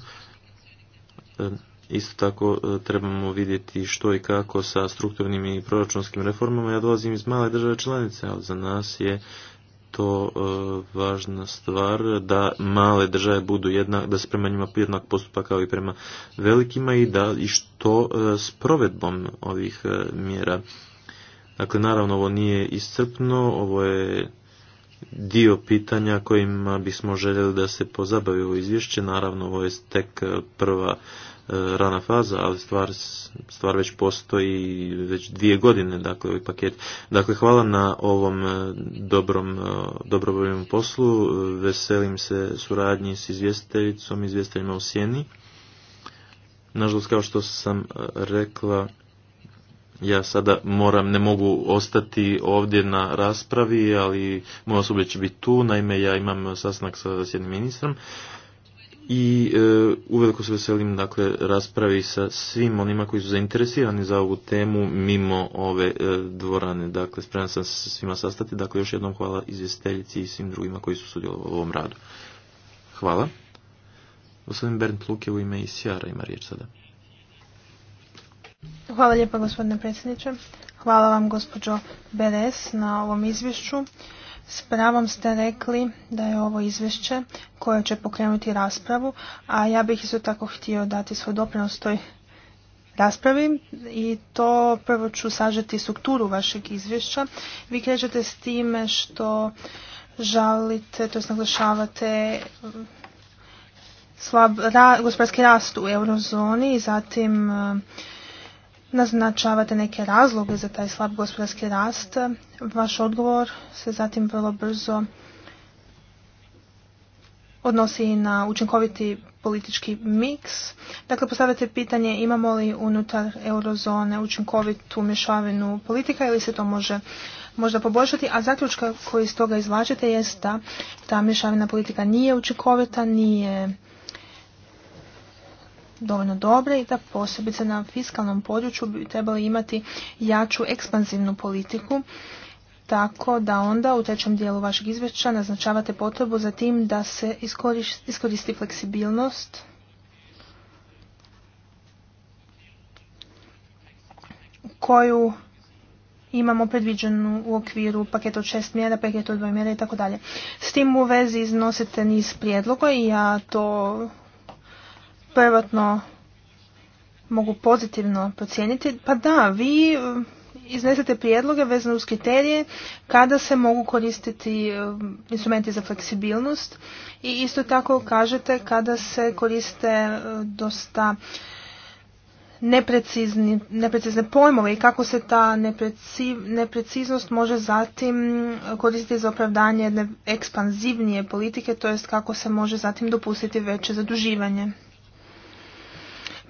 E, isto tako e, trebamo vidjeti što i kako sa strukturnim i proračunskim reformama. Ja dolazim iz male države članice, ali za nas je to e, važna stvar da male države budu jednak, da se prema njima jednak postupa kao i prema velikima i da i što s provedbom ovih mjera. Dakle, naravno ovo nije iscrpno, ovo je dio pitanja kojima bismo željeli da se pozabavi ovo izvješće. Naravno, ovo je tek e, prva e, rana faza, ali stvar, stvar već postoji već dvije godine, dakle, ovaj paket. Dakle, hvala na ovom e, dobrom, dobrovoljnom poslu. Veselim se suradnji s izvjestiteljicom, izvjestiteljima u Sjeni. Nažalost, kao što sam rekla, ja sada moram, ne mogu ostati ovdje na raspravi, ali moja osoba će biti tu, naime ja imam sastanak sa sjednim ministrom i e, uveliko se veselim dakle, raspravi sa svim onima koji su zainteresirani za ovu temu mimo ove e, dvorane. Dakle, spreman sam se svima sastati. Dakle, još jednom hvala izvjesteljici i svim drugima koji su sudjelovali u ovom radu. Hvala. Gospodin Bernd Luke u ime i Sjara ima riječ sada. Hvala lijepa gospodine predsjedniče. Hvala vam gospođo Beres na ovom izvješću. S pravom ste rekli da je ovo izvješće koje će pokrenuti raspravu, a ja bih isto tako htio dati svoj doprinos toj raspravi i to prvo ću sažeti strukturu vašeg izvješća. Vi krećete s time što žalite, to naglašavate slab ra, gospodarski rast u eurozoni i zatim naznačavate neke razloge za taj slab gospodarski rast. Vaš odgovor se zatim vrlo brzo odnosi i na učinkoviti politički miks. Dakle, postavljate pitanje imamo li unutar eurozone učinkovitu mješavinu politika ili se to može možda poboljšati, a zaključka koji iz toga izvlačite jest da ta mješavina politika nije učinkovita, nije dovoljno dobre i da posebice na fiskalnom području bi trebali imati jaču ekspanzivnu politiku tako da onda u trećem dijelu vašeg izvješća naznačavate potrebu za tim da se iskoristi, fleksibilnost koju imamo predviđenu u okviru paketa od šest mjera, paketa od dva mjera i tako dalje. S tim u vezi iznosite niz prijedloga i ja to prvotno mogu pozitivno procijeniti, pa da, vi eh, iznesete prijedloge vezano uz kriterije kada se mogu koristiti eh, instrumenti za fleksibilnost i isto tako kažete kada se koriste eh, dosta neprecizni, neprecizne pojmove i kako se ta nepreciznost može zatim koristiti za opravdanje ekspanzivnije politike, to jest kako se može zatim dopustiti veće zaduživanje.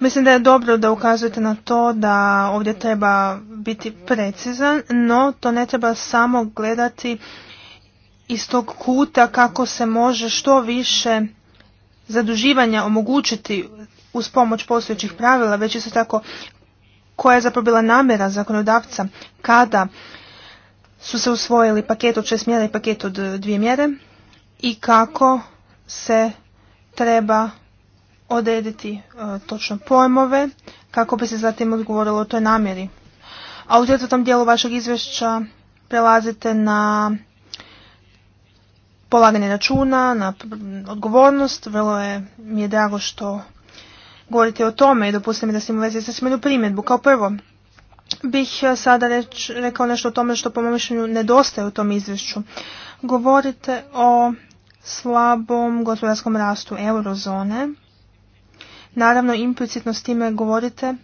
Mislim da je dobro da ukazujete na to da ovdje treba biti precizan, no to ne treba samo gledati iz tog kuta kako se može što više zaduživanja omogućiti uz pomoć postojećih pravila, već isto tako koja je zapravo bila namjera zakonodavca kada su se usvojili paket od šest mjera i paket od dvije mjere i kako se treba odrediti e, točno pojmove kako bi se zatim odgovorilo o toj namjeri. A u četvrtom dijelu vašeg izvješća prelazite na polaganje računa, na odgovornost. Vrlo je, mi je drago što govorite o tome i dopustite mi da s ima veze sa jednu primjedbu. Kao prvo, bih e, sada rekao nešto o tome što po mom mišljenju nedostaje u tom izvješću. Govorite o slabom gospodarskom rastu eurozone Naravno, implicitno s time govorite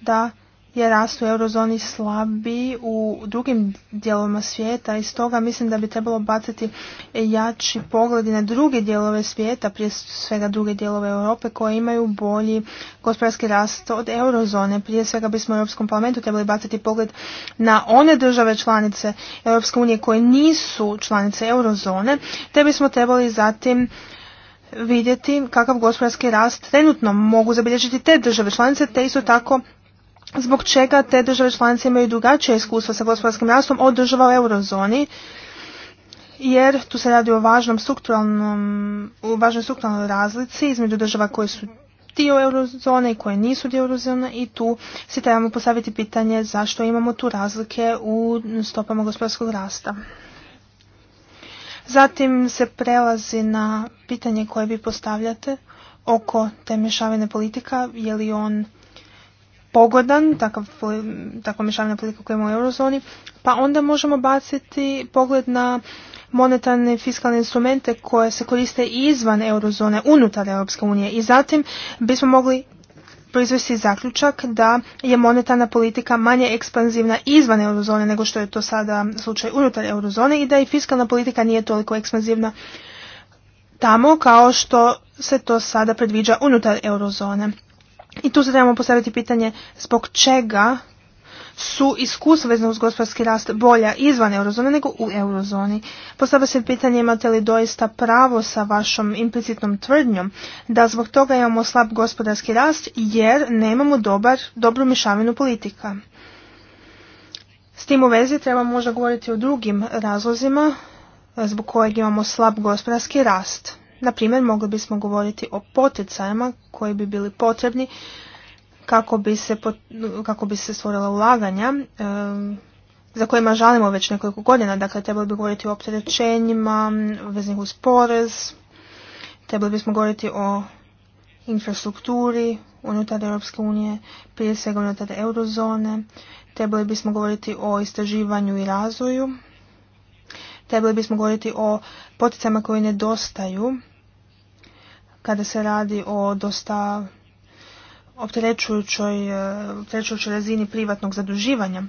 da je rast u eurozoni slabiji u drugim dijelovima svijeta i stoga mislim da bi trebalo baciti jači pogledi na druge dijelove svijeta, prije svega druge dijelove Europe koje imaju bolji gospodarski rast od eurozone. Prije svega bismo u Europskom parlamentu trebali baciti pogled na one države članice Europske unije koje nisu članice eurozone, te bismo trebali zatim vidjeti kakav gospodarski rast trenutno mogu zabilježiti te države članice, te isto tako zbog čega te države članice imaju drugačije iskustva sa gospodarskim rastom od država u eurozoni, jer tu se radi o važnom strukturalnom, o važnoj strukturalnoj razlici između država koje su dio eurozone i koje nisu dio eurozone i tu si trebamo postaviti pitanje zašto imamo tu razlike u stopama gospodarskog rasta. Zatim se prelazi na pitanje koje vi postavljate oko te mješavine politika, je li on pogodan, takav, takva mješavina politika koja ima u eurozoni, pa onda možemo baciti pogled na monetarne i fiskalne instrumente koje se koriste izvan eurozone, unutar Europske unije i zatim bismo mogli proizvesti zaključak da je monetarna politika manje ekspanzivna izvan eurozone nego što je to sada slučaj unutar eurozone i da i fiskalna politika nije toliko ekspanzivna tamo kao što se to sada predviđa unutar eurozone. I tu se trebamo postaviti pitanje zbog čega su iskustva vezano uz gospodarski rast bolja izvan eurozone nego u eurozoni. Postavlja se pitanje imate li doista pravo sa vašom implicitnom tvrdnjom da zbog toga imamo slab gospodarski rast jer nemamo dobar, dobru mišavinu politika. S tim u vezi treba možda govoriti o drugim razlozima eh, zbog kojeg imamo slab gospodarski rast. Na primjer, mogli bismo govoriti o poticajima koji bi bili potrebni kako bi se, kako bi se stvorila ulaganja za kojima žalimo već nekoliko godina. Dakle, trebali bi govoriti o opterećenjima veznih uz porez, trebali bismo govoriti o infrastrukturi unutar Europske unije, prije svega unutar eurozone, trebali bismo govoriti o istraživanju i razvoju, trebali bismo govoriti o poticama koji nedostaju kada se radi o dosta E, opterećujućoj razini privatnog zaduživanja.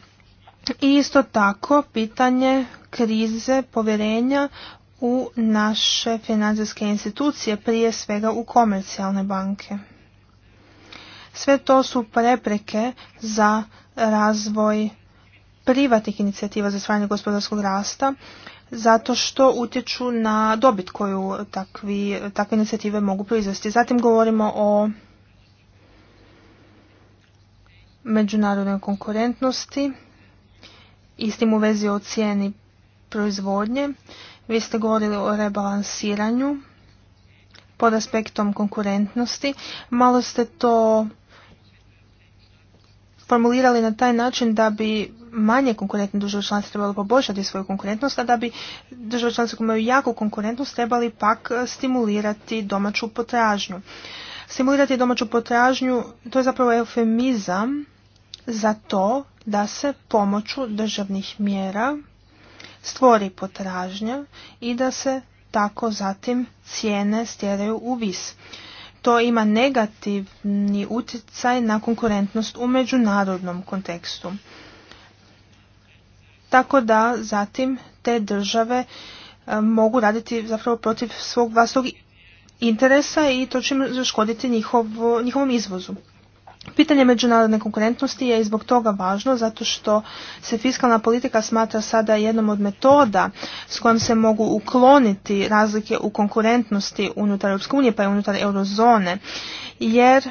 I isto tako pitanje krize povjerenja u naše financijske institucije, prije svega u komercijalne banke. Sve to su prepreke za razvoj privatnih inicijativa za stvaranje gospodarskog rasta, zato što utječu na dobit koju takvi, takve inicijative mogu proizvesti. Zatim govorimo o međunarodnoj konkurentnosti i s tim u vezi o cijeni proizvodnje. Vi ste govorili o rebalansiranju pod aspektom konkurentnosti. Malo ste to formulirali na taj način da bi manje konkurentne države članice trebali poboljšati svoju konkurentnost, a da bi države članice koje imaju jaku konkurentnost trebali pak stimulirati domaću potražnju. Stimulirati domaću potražnju, to je zapravo eufemizam za to da se pomoću državnih mjera stvori potražnja i da se tako zatim cijene stjeraju u vis. To ima negativni utjecaj na konkurentnost u međunarodnom kontekstu. Tako da zatim te države e, mogu raditi zapravo protiv svog vlastnog interesa i to će zaškoditi njihovom izvozu. Pitanje međunarodne konkurentnosti je i zbog toga važno zato što se fiskalna politika smatra sada jednom od metoda s kojom se mogu ukloniti razlike u konkurentnosti unutar EU pa i unutar eurozone jer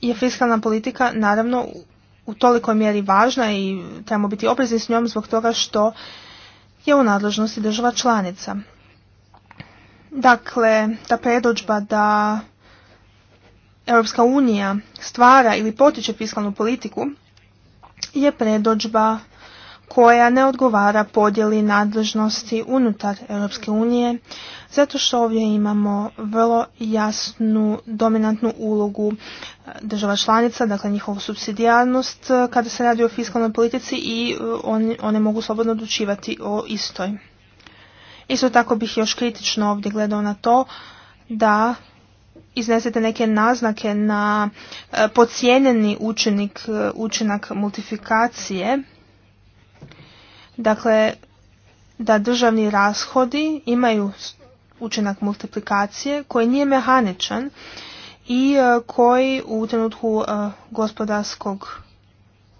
je fiskalna politika naravno u tolikoj mjeri važna i trebamo biti oprezni s njom zbog toga što je u nadležnosti država članica. Dakle, ta predođba da Europska unija stvara ili potiče fiskalnu politiku je predođba koja ne odgovara podjeli nadležnosti unutar Europske unije, zato što ovdje imamo vrlo jasnu dominantnu ulogu e, država članica, dakle njihovu subsidijarnost e, kada se radi o fiskalnoj politici i e, one, mogu slobodno odlučivati o istoj. Isto tako bih još kritično ovdje gledao na to da iznesete neke naznake na e, pocijenjeni učenik e, učinak multifikacije, dakle da državni rashodi imaju učinak multiplikacije koji nije mehaničan i e, koji u trenutku gospodarskog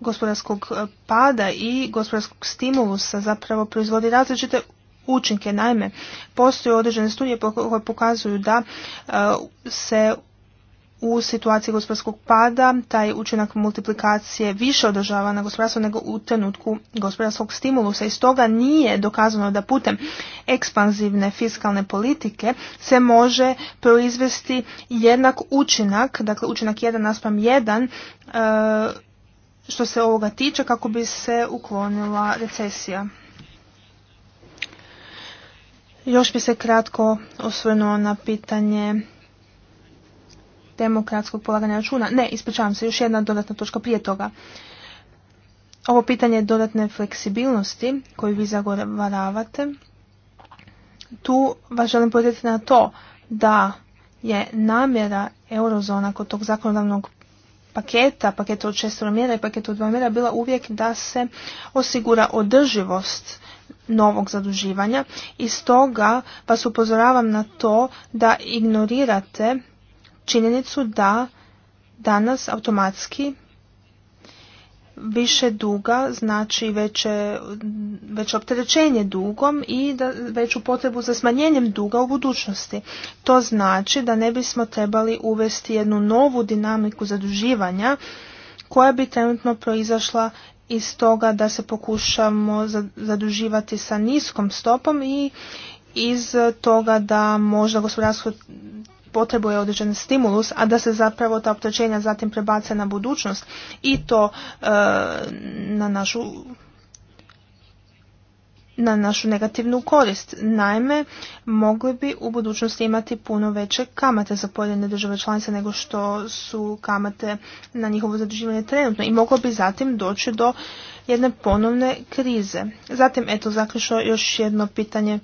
gospodarskog pada i gospodarskog stimulusa zapravo proizvodi različite učinke. Naime, postoje određene studije koje pokazuju da e, se u situaciji gospodarskog pada taj učinak multiplikacije više održava na gospodarstvo nego u trenutku gospodarskog stimulusa i stoga nije dokazano da putem ekspanzivne fiskalne politike se može proizvesti jednak učinak, dakle učinak 1 naspam 1 što se ovoga tiče kako bi se uklonila recesija. Još bi se kratko osvrnuo na pitanje demokratskog polaganja računa. Ne, ispričavam se, još jedna dodatna točka prije toga. Ovo pitanje dodatne fleksibilnosti koju vi zagovaravate, tu vas želim podjetiti na to da je namjera eurozona kod tog zakonodavnog paketa, paketa od šestoro mjera i paketa od dva mjera bila uvijek da se osigura održivost novog zaduživanja i stoga vas upozoravam na to da ignorirate činjenicu da danas automatski više duga znači veće, veće opterećenje dugom i da veću potrebu za smanjenjem duga u budućnosti. To znači da ne bismo trebali uvesti jednu novu dinamiku zaduživanja koja bi trenutno proizašla iz toga da se pokušamo zaduživati sa niskom stopom i iz toga da možda gospodarstvo potrebuje određen stimulus, a da se zapravo ta opterećenja zatim prebace na budućnost i to e, na našu na našu negativnu korist. Naime, mogli bi u budućnosti imati puno veće kamate za pojedine države članice nego što su kamate na njihovo zadrživanje trenutno i moglo bi zatim doći do jedne ponovne krize. Zatim, eto, zaključno još jedno pitanje,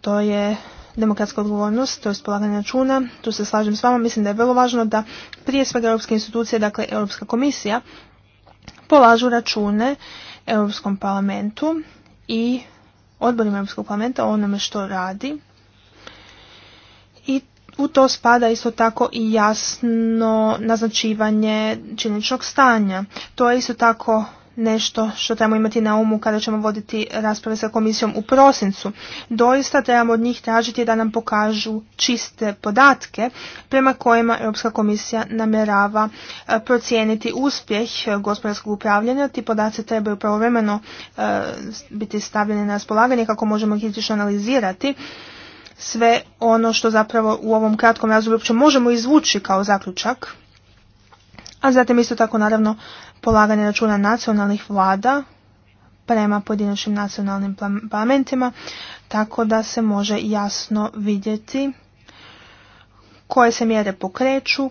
to je demokratska odgovornost, to je spolaganje računa, tu se slažem s vama, mislim da je vrlo važno da prije svega europske institucije, dakle Europska komisija, polažu račune Europskom parlamentu i odborima Europskog parlamenta o onome što radi. I u to spada isto tako i jasno naznačivanje činjeničnog stanja. To je isto tako nešto što trebamo imati na umu kada ćemo voditi rasprave sa komisijom u prosincu. Doista trebamo od njih tražiti da nam pokažu čiste podatke prema kojima Europska komisija namjerava e, procijeniti uspjeh gospodarskog upravljanja. Ti podaci trebaju pravovremeno e, biti stavljeni na raspolaganje kako možemo kritično analizirati sve ono što zapravo u ovom kratkom razdoblju uopće možemo izvući kao zaključak a zatim isto tako naravno polaganje računa nacionalnih vlada prema pojedinačnim nacionalnim parlamentima, tako da se može jasno vidjeti koje se mjere pokreću,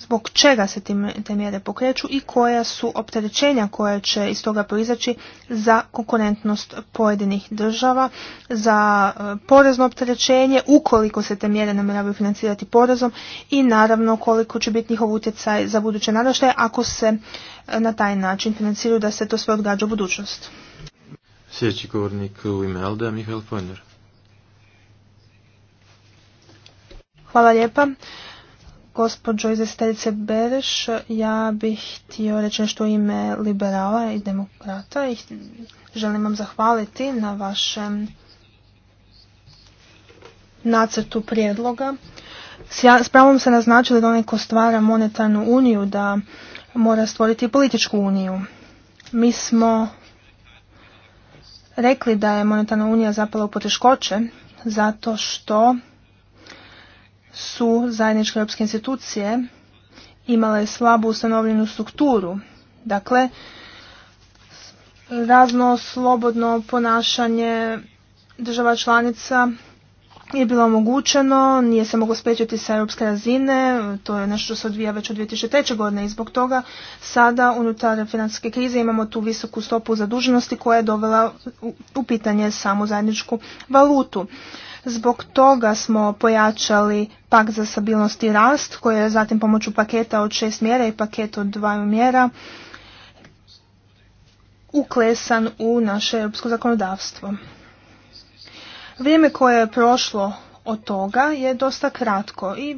zbog čega se te mjere pokreću i koja su opterećenja koja će iz toga proizaći za konkurentnost pojedinih država, za e, porezno opterećenje ukoliko se te mjere namjeravaju financirati porezom i naravno koliko će biti njihov utjecaj za buduće naraštaje ako se e, na taj način financiraju da se to sve odgađa u budućnost. u Hvala lijepa. Gospođo izvjestiteljice Bereš, ja bih htio reći nešto u ime liberala i demokrata i želim vam zahvaliti na vašem nacrtu prijedloga. S pravom se naznačili da onaj ko stvara monetarnu uniju da mora stvoriti političku uniju. Mi smo rekli da je monetarna unija zapala u poteškoće zato što su zajedničke europske institucije imale slabu ustanovljenu strukturu. Dakle, razno slobodno ponašanje država članica je bilo omogućeno, nije se moglo spriječiti sa europske razine, to je nešto što se odvija već od 2003. godine i zbog toga sada unutar financijske krize imamo tu visoku stopu zaduženosti koja je dovela u pitanje samu zajedničku valutu. Zbog toga smo pojačali pak za stabilnost i rast koji je zatim pomoću paketa od šest mjera i paketa od dvaju mjera uklesan u naše europsko zakonodavstvo. Vrijeme koje je prošlo od toga je dosta kratko i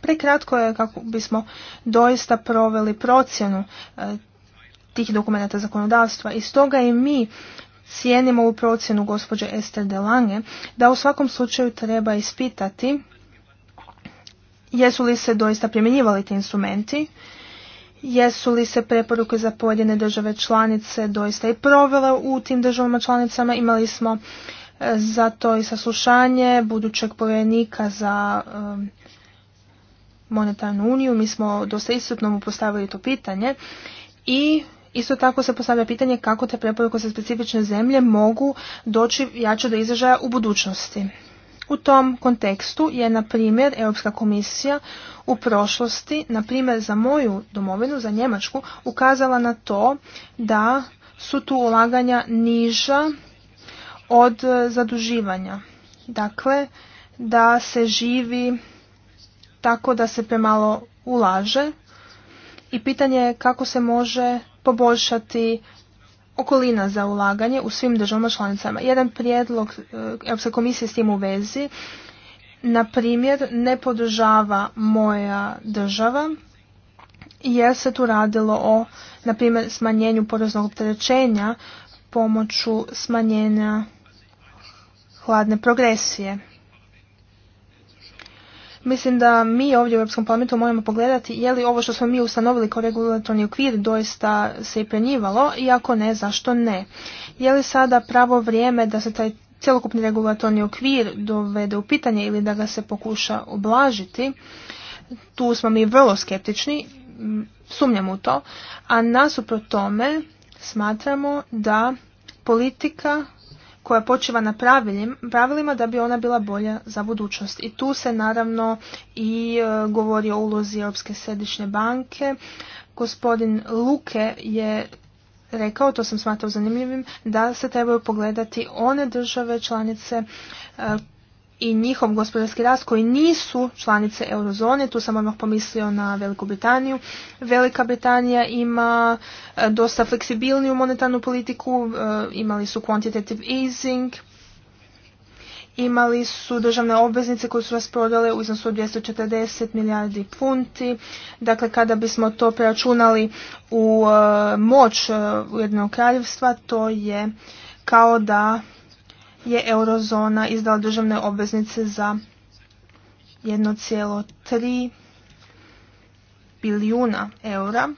prekratko je kako bismo doista proveli procjenu e, tih dokumenata zakonodavstva i stoga i mi cijenim ovu procjenu gospođe Ester de Lange, da u svakom slučaju treba ispitati jesu li se doista primjenjivali ti instrumenti, jesu li se preporuke za pojedine države članice doista i provele u tim državama članicama. Imali smo e, to i saslušanje budućeg povjerenika za e, monetarnu uniju. Mi smo dosta istupno mu postavili to pitanje i Isto tako se postavlja pitanje kako te preporuke za specifične zemlje mogu doći jače do izražaja u budućnosti. U tom kontekstu je, na primjer, Europska komisija u prošlosti, na primjer za moju domovinu, za Njemačku, ukazala na to da su tu ulaganja niža od e, zaduživanja. Dakle, da se živi tako da se premalo ulaže i pitanje je kako se može poboljšati okolina za ulaganje u svim državama članicama. Jedan prijedlog e, Europske komisije s tim u vezi, na primjer, ne podržava moja država, jer se tu radilo o, na primjer, smanjenju poreznog opterećenja pomoću smanjenja hladne progresije. Mislim da mi ovdje u Europskom parlamentu moramo pogledati je li ovo što smo mi ustanovili kao regulatorni okvir doista se i prenjivalo i ako ne, zašto ne. Je li sada pravo vrijeme da se taj cjelokupni regulatorni okvir dovede u pitanje ili da ga se pokuša oblažiti? Tu smo mi vrlo skeptični, sumnjamo u to, a nasuprot tome smatramo da politika koja počiva na pravilima da bi ona bila bolja za budućnost. I tu se naravno i e, govori o ulozi Europske središnje banke. Gospodin Luke je rekao, to sam smatrao zanimljivim, da se trebaju pogledati one države članice e, i njihov gospodarski rast koji nisu članice eurozone, tu sam odmah pomislio na Veliku Britaniju. Velika Britanija ima e, dosta fleksibilniju monetarnu politiku, e, imali su quantitative easing, imali su državne obveznice koje su rasprodale u iznosu od 240 milijardi funti. Dakle, kada bismo to preračunali u e, moć jednog kraljevstva, to je kao da je eurozona izdala državne obveznice za 1,3 bilijuna eura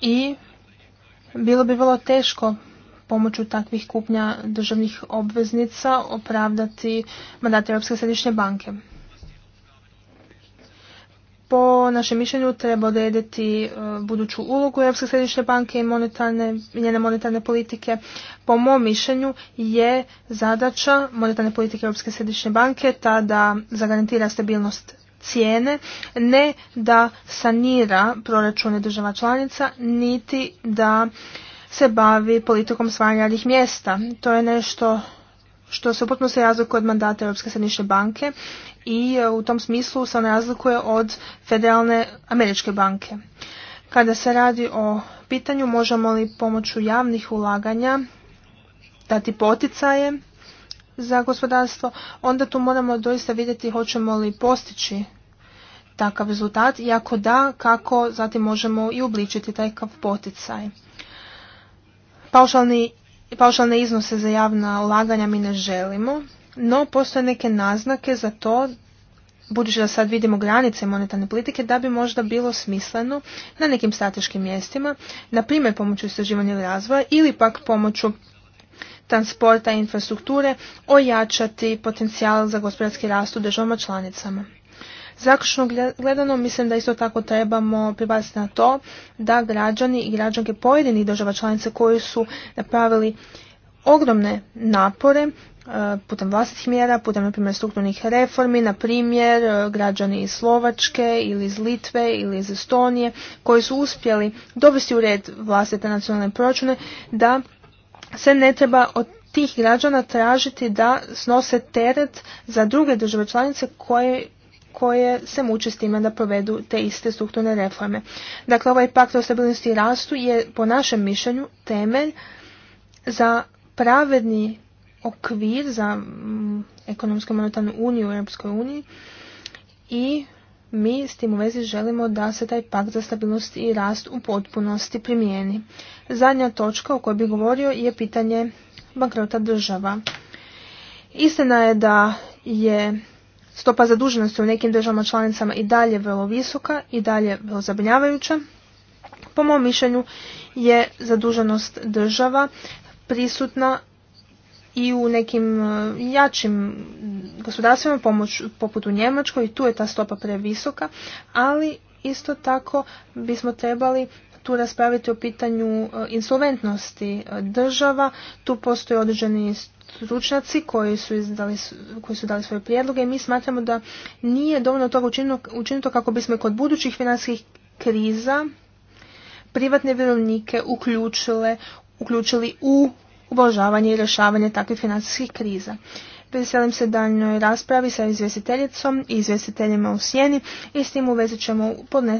i bilo bi vrlo teško pomoću takvih kupnja državnih obveznica opravdati mandat Europske središnje banke po našem mišljenju treba odrediti e, buduću ulogu Europske središnje banke i monetarne, njene monetarne politike. Po mom mišljenju je zadaća monetarne politike Europske središnje banke ta da zagarantira stabilnost cijene, ne da sanira proračune država članica, niti da se bavi politikom stvaranja mjesta. To je nešto što se potpuno se razlikuje od mandata Europske središnje banke i e, u tom smislu se on razlikuje od federalne američke banke. Kada se radi o pitanju možemo li pomoću javnih ulaganja dati poticaje za gospodarstvo, onda tu moramo doista vidjeti hoćemo li postići takav rezultat i ako da, kako zatim možemo i ubličiti takav poticaj. Paušalni, paušalne iznose za javna ulaganja mi ne želimo no postoje neke naznake za to budući da sad vidimo granice monetarne politike, da bi možda bilo smisleno na nekim strateškim mjestima, na primjer pomoću istraživanja ili razvoja ili pak pomoću transporta i infrastrukture ojačati potencijal za gospodarski rast u državama članicama. Zaključno gledano mislim da isto tako trebamo pribaciti na to da građani i građanke pojedinih država članice koji su napravili ogromne napore e, putem vlastitih mjera, putem na strukturnih reformi, na primjer e, građani iz Slovačke ili iz Litve ili iz Estonije koji su uspjeli dovesti u red vlastite nacionalne proračune da se ne treba od tih građana tražiti da snose teret za druge države članice koje koje se muče s time da provedu te iste strukturne reforme. Dakle, ovaj pakt o stabilnosti i rastu je po našem mišljenju temelj za pravedni okvir za mm, ekonomsku monetarnu uniju u Europskoj uniji i mi s tim u vezi želimo da se taj pakt za stabilnost i rast u potpunosti primijeni. Zadnja točka o kojoj bih govorio je pitanje bankrota država. Istina je da je stopa zaduženosti u nekim državama članicama i dalje vrlo visoka i dalje vrlo zabrinjavajuća. Po mom mišljenju je zaduženost država prisutna i u nekim e, jačim gospodarstvima pomoć, poput u Njemačkoj i tu je ta stopa previsoka, ali isto tako bismo trebali tu raspraviti o pitanju e, insolventnosti e, država. Tu postoje određeni stručnjaci koji su, izdali, koji su dali svoje prijedloge i mi smatramo da nije dovoljno toga učinito kako bismo kod budućih financijskih kriza privatne vjerovnike uključile uključili u ublažavanje i rješavanje takvih financijskih kriza. Veselim se daljnoj raspravi sa izvjestiteljicom i izvjestiteljima u sjeni i s tim u vezi ćemo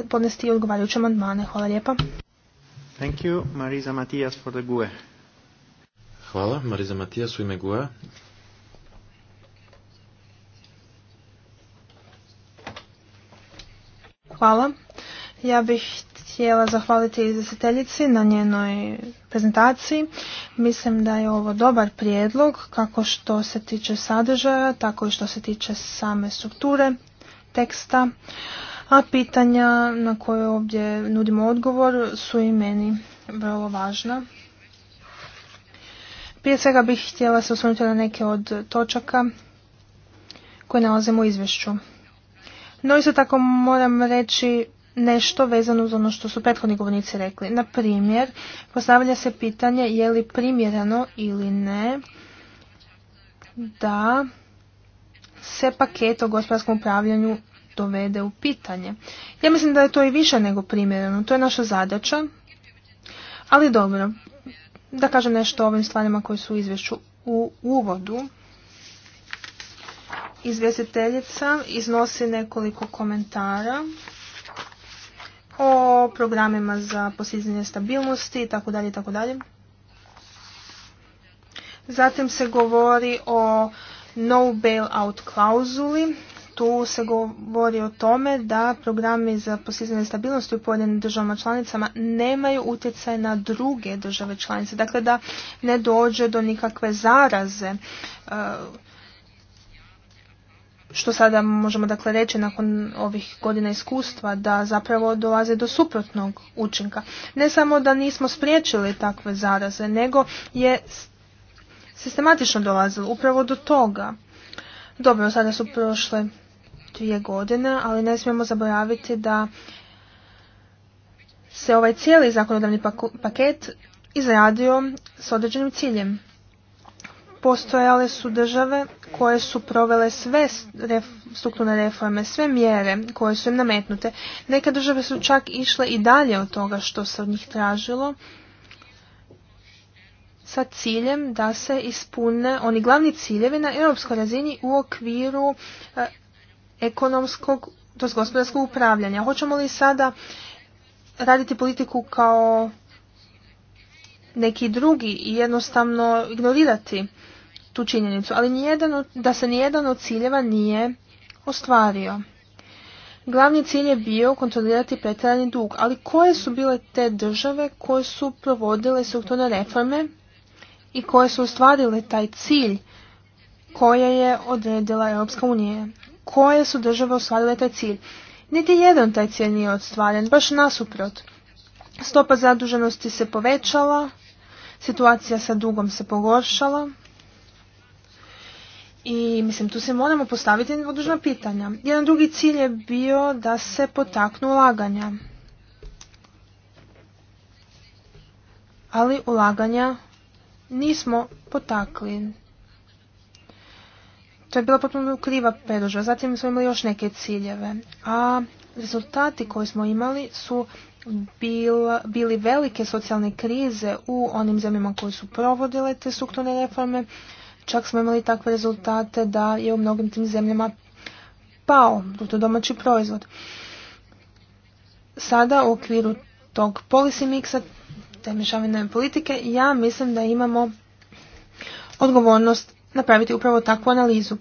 podnesti odgovarajuće amandmane. Hvala lijepa. Thank you, Marisa Matijas for the GUE. Hvala, Marisa Matijas u ime GUE. Hvala. Ja bih htjela zahvaliti izvjestiteljici na njenoj prezentaciji. Mislim da je ovo dobar prijedlog kako što se tiče sadržaja, tako i što se tiče same strukture teksta, a pitanja na koje ovdje nudimo odgovor su i meni vrlo važna. Prije svega bih htjela se osvrnuti na neke od točaka koje nalazimo u izvješću. No isto tako moram reći nešto vezano uz ono što su prethodni govornici rekli. Na primjer, postavlja se pitanje je li primjereno ili ne da se paket o gospodarskom upravljanju dovede u pitanje. Ja mislim da je to i više nego primjereno. To je naša zadaća. Ali dobro, da kažem nešto o ovim stvarima koji su u izvješću u uvodu. Izvjestiteljica iznosi nekoliko komentara o programima za postizanje stabilnosti i tako tako dalje. Zatim se govori o no bailout klauzuli. Tu se govori o tome da programi za postizanje stabilnosti u pojedinim državama članicama nemaju utjecaj na druge države članice. Dakle, da ne dođe do nikakve zaraze uh, što sada možemo dakle reći nakon ovih godina iskustva da zapravo dolaze do suprotnog učinka. Ne samo da nismo spriječili takve zaraze, nego je sistematično dolazilo upravo do toga. Dobro, sada su prošle dvije godine, ali ne smijemo zaboraviti da se ovaj cijeli zakonodavni paket izradio s određenim ciljem postojale su države koje su provele sve strukturne reforme, sve mjere koje su im nametnute. Neke države su čak išle i dalje od toga što se od njih tražilo sa ciljem da se ispune oni glavni ciljevi na europskoj razini u okviru e, ekonomskog, to gospodarskog upravljanja. Hoćemo li sada raditi politiku kao neki drugi i jednostavno ignorirati tu činjenicu, ali nijedan, da se nijedan od ciljeva nije ostvario. Glavni cilj je bio kontrolirati pretjerani dug, ali koje su bile te države koje su provodile strukturne reforme i koje su ostvarile taj cilj koje je odredila Europska unija? Koje su države ostvarile taj cilj? Niti jedan taj cilj nije ostvaren, baš nasuprot. Stopa zaduženosti se povećala, situacija sa dugom se pogoršala. I mislim, tu se moramo postaviti odružna pitanja. Jedan drugi cilj je bio da se potaknu ulaganja. Ali ulaganja nismo potakli. To je bila potpuno kriva predložba. Zatim smo imali još neke ciljeve. A rezultati koje smo imali su bili velike socijalne krize u onim zemljama koje su provodile te strukturne reforme. Čak smo imali takve rezultate da je u mnogim tim zemljama pao bruto domaći proizvod. Sada u okviru tog policy mixa, te mišavine politike, ja mislim da imamo odgovornost napraviti upravo takvu analizu.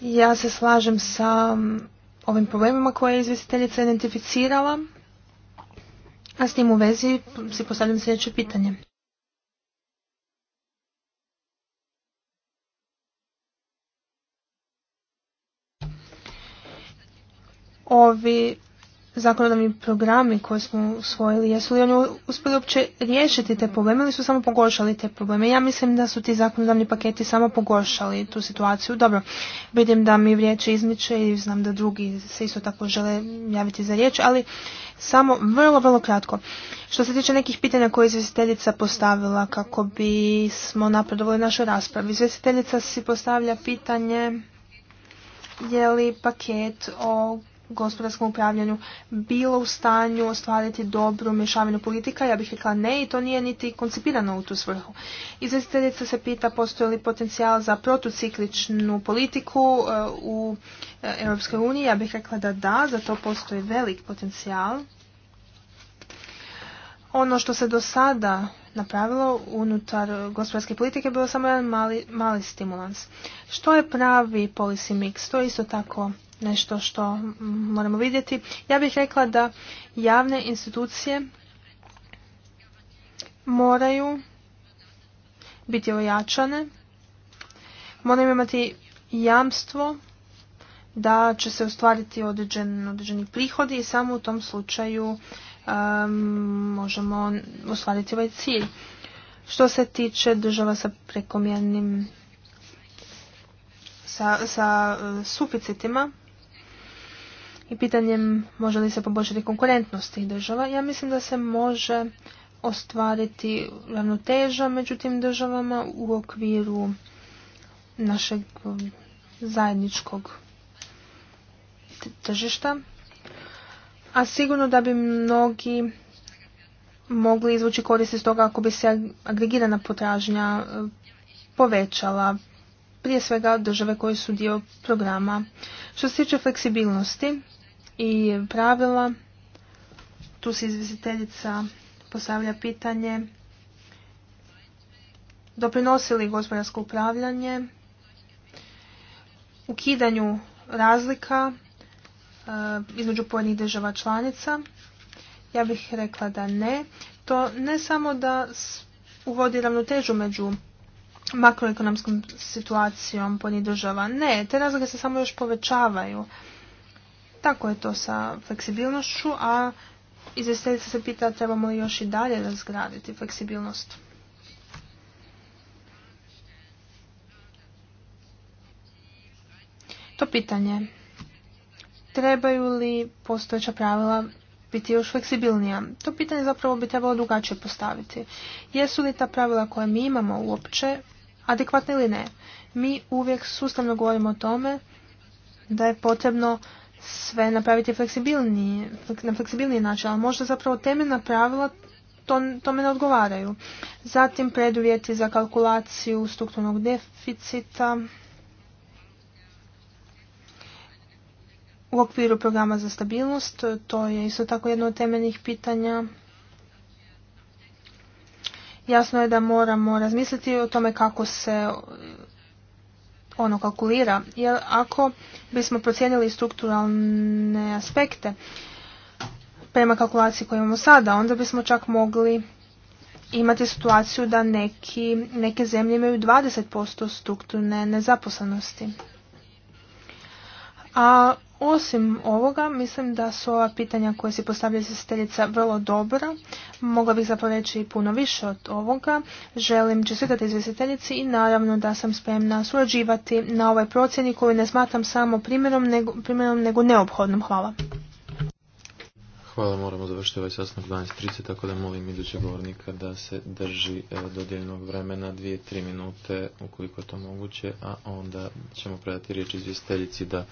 Ja se slažem sa ovim problemima koje je izvjestiteljica identificirala a s tim u vezi si postavljam sljedeće pitanje. Ovi zakonodavni programi koje smo usvojili, jesu li oni uspjeli uopće riješiti te probleme ili su samo pogoršali te probleme? Ja mislim da su ti zakonodavni paketi samo pogoršali tu situaciju. Dobro, vidim da mi riječ izmiče i znam da drugi se isto tako žele javiti za riječ, ali samo vrlo, vrlo kratko. Što se tiče nekih pitanja koje je izvjestiteljica postavila kako bi smo napredovali našu raspravu. Izvjestiteljica si postavlja pitanje je li paket o gospodarskom upravljanju bilo u stanju ostvariti dobru mješavinu politika, ja bih rekla ne i to nije niti koncipirano u tu svrhu. izvestiteljica se pita postoji li potencijal za protucikličnu politiku e, u e, Europskoj uniji, ja bih rekla da da, za to postoji velik potencijal. Ono što se do sada napravilo unutar gospodarske politike bilo samo jedan mali, mali stimulans. Što je pravi policy mix? To je isto tako nešto što moramo vidjeti. Ja bih rekla da javne institucije moraju biti ojačane, moraju imati jamstvo da će se ostvariti određen, određeni prihodi i samo u tom slučaju um, možemo ostvariti ovaj cilj. Što se tiče država sa prekomjernim sa, sa uh, suficitima, i pitanjem može li se poboljšati konkurentnost tih država. Ja mislim da se može ostvariti ravnoteža među tim državama u okviru našeg zajedničkog tržišta. A sigurno da bi mnogi mogli izvući korist iz toga ako bi se agregirana potražnja e, povećala, prije svega države koje su dio programa. Što se tiče fleksibilnosti, i pravila. Tu se izvjestiteljica postavlja pitanje doprinosili gospodarsko upravljanje ukidanju razlika e, između pojedinih država članica. Ja bih rekla da ne. To ne samo da uvodi ravnotežu među makroekonomskom situacijom pojedinih država. Ne, te razlike se samo još povećavaju. Tako je to sa fleksibilnošću, a izvjestiteljica se pita trebamo li još i dalje razgraditi fleksibilnost. To pitanje. Trebaju li postojeća pravila biti još fleksibilnija? To pitanje zapravo bi trebalo drugačije postaviti. Jesu li ta pravila koja mi imamo uopće adekvatna ili ne? Mi uvijek sustavno govorimo o tome da je potrebno sve napraviti na fleksibilniji način, ali možda zapravo temeljna pravila to, tome ne odgovaraju. Zatim preduvjeti za kalkulaciju strukturnog deficita u okviru programa za stabilnost, to je isto tako jedno od temeljnih pitanja. Jasno je da moramo razmisliti o tome kako se ono kalkulira. Jer ako bismo procijenili strukturalne aspekte prema kalkulaciji koju imamo sada, onda bismo čak mogli imati situaciju da neke zemlje imaju 20% strukturne nezaposlenosti. A osim ovoga, mislim da su ova pitanja koje si postavlja izvjestiteljica vrlo dobra. Mogla bih zapravo reći i puno više od ovoga. Želim čestitati izvjestiteljici i naravno da sam spremna surađivati na ovoj procjeni koju ne smatram samo primjerom nego, primjerom, nego neophodnom. Hvala. Hvala, moramo završiti ovaj sastanak 12.30, tako da molim idućeg govornika da se drži e, dodijeljenog vremena, dvije, tri minute, ukoliko je to moguće, a onda ćemo predati riječ izvjesteljici da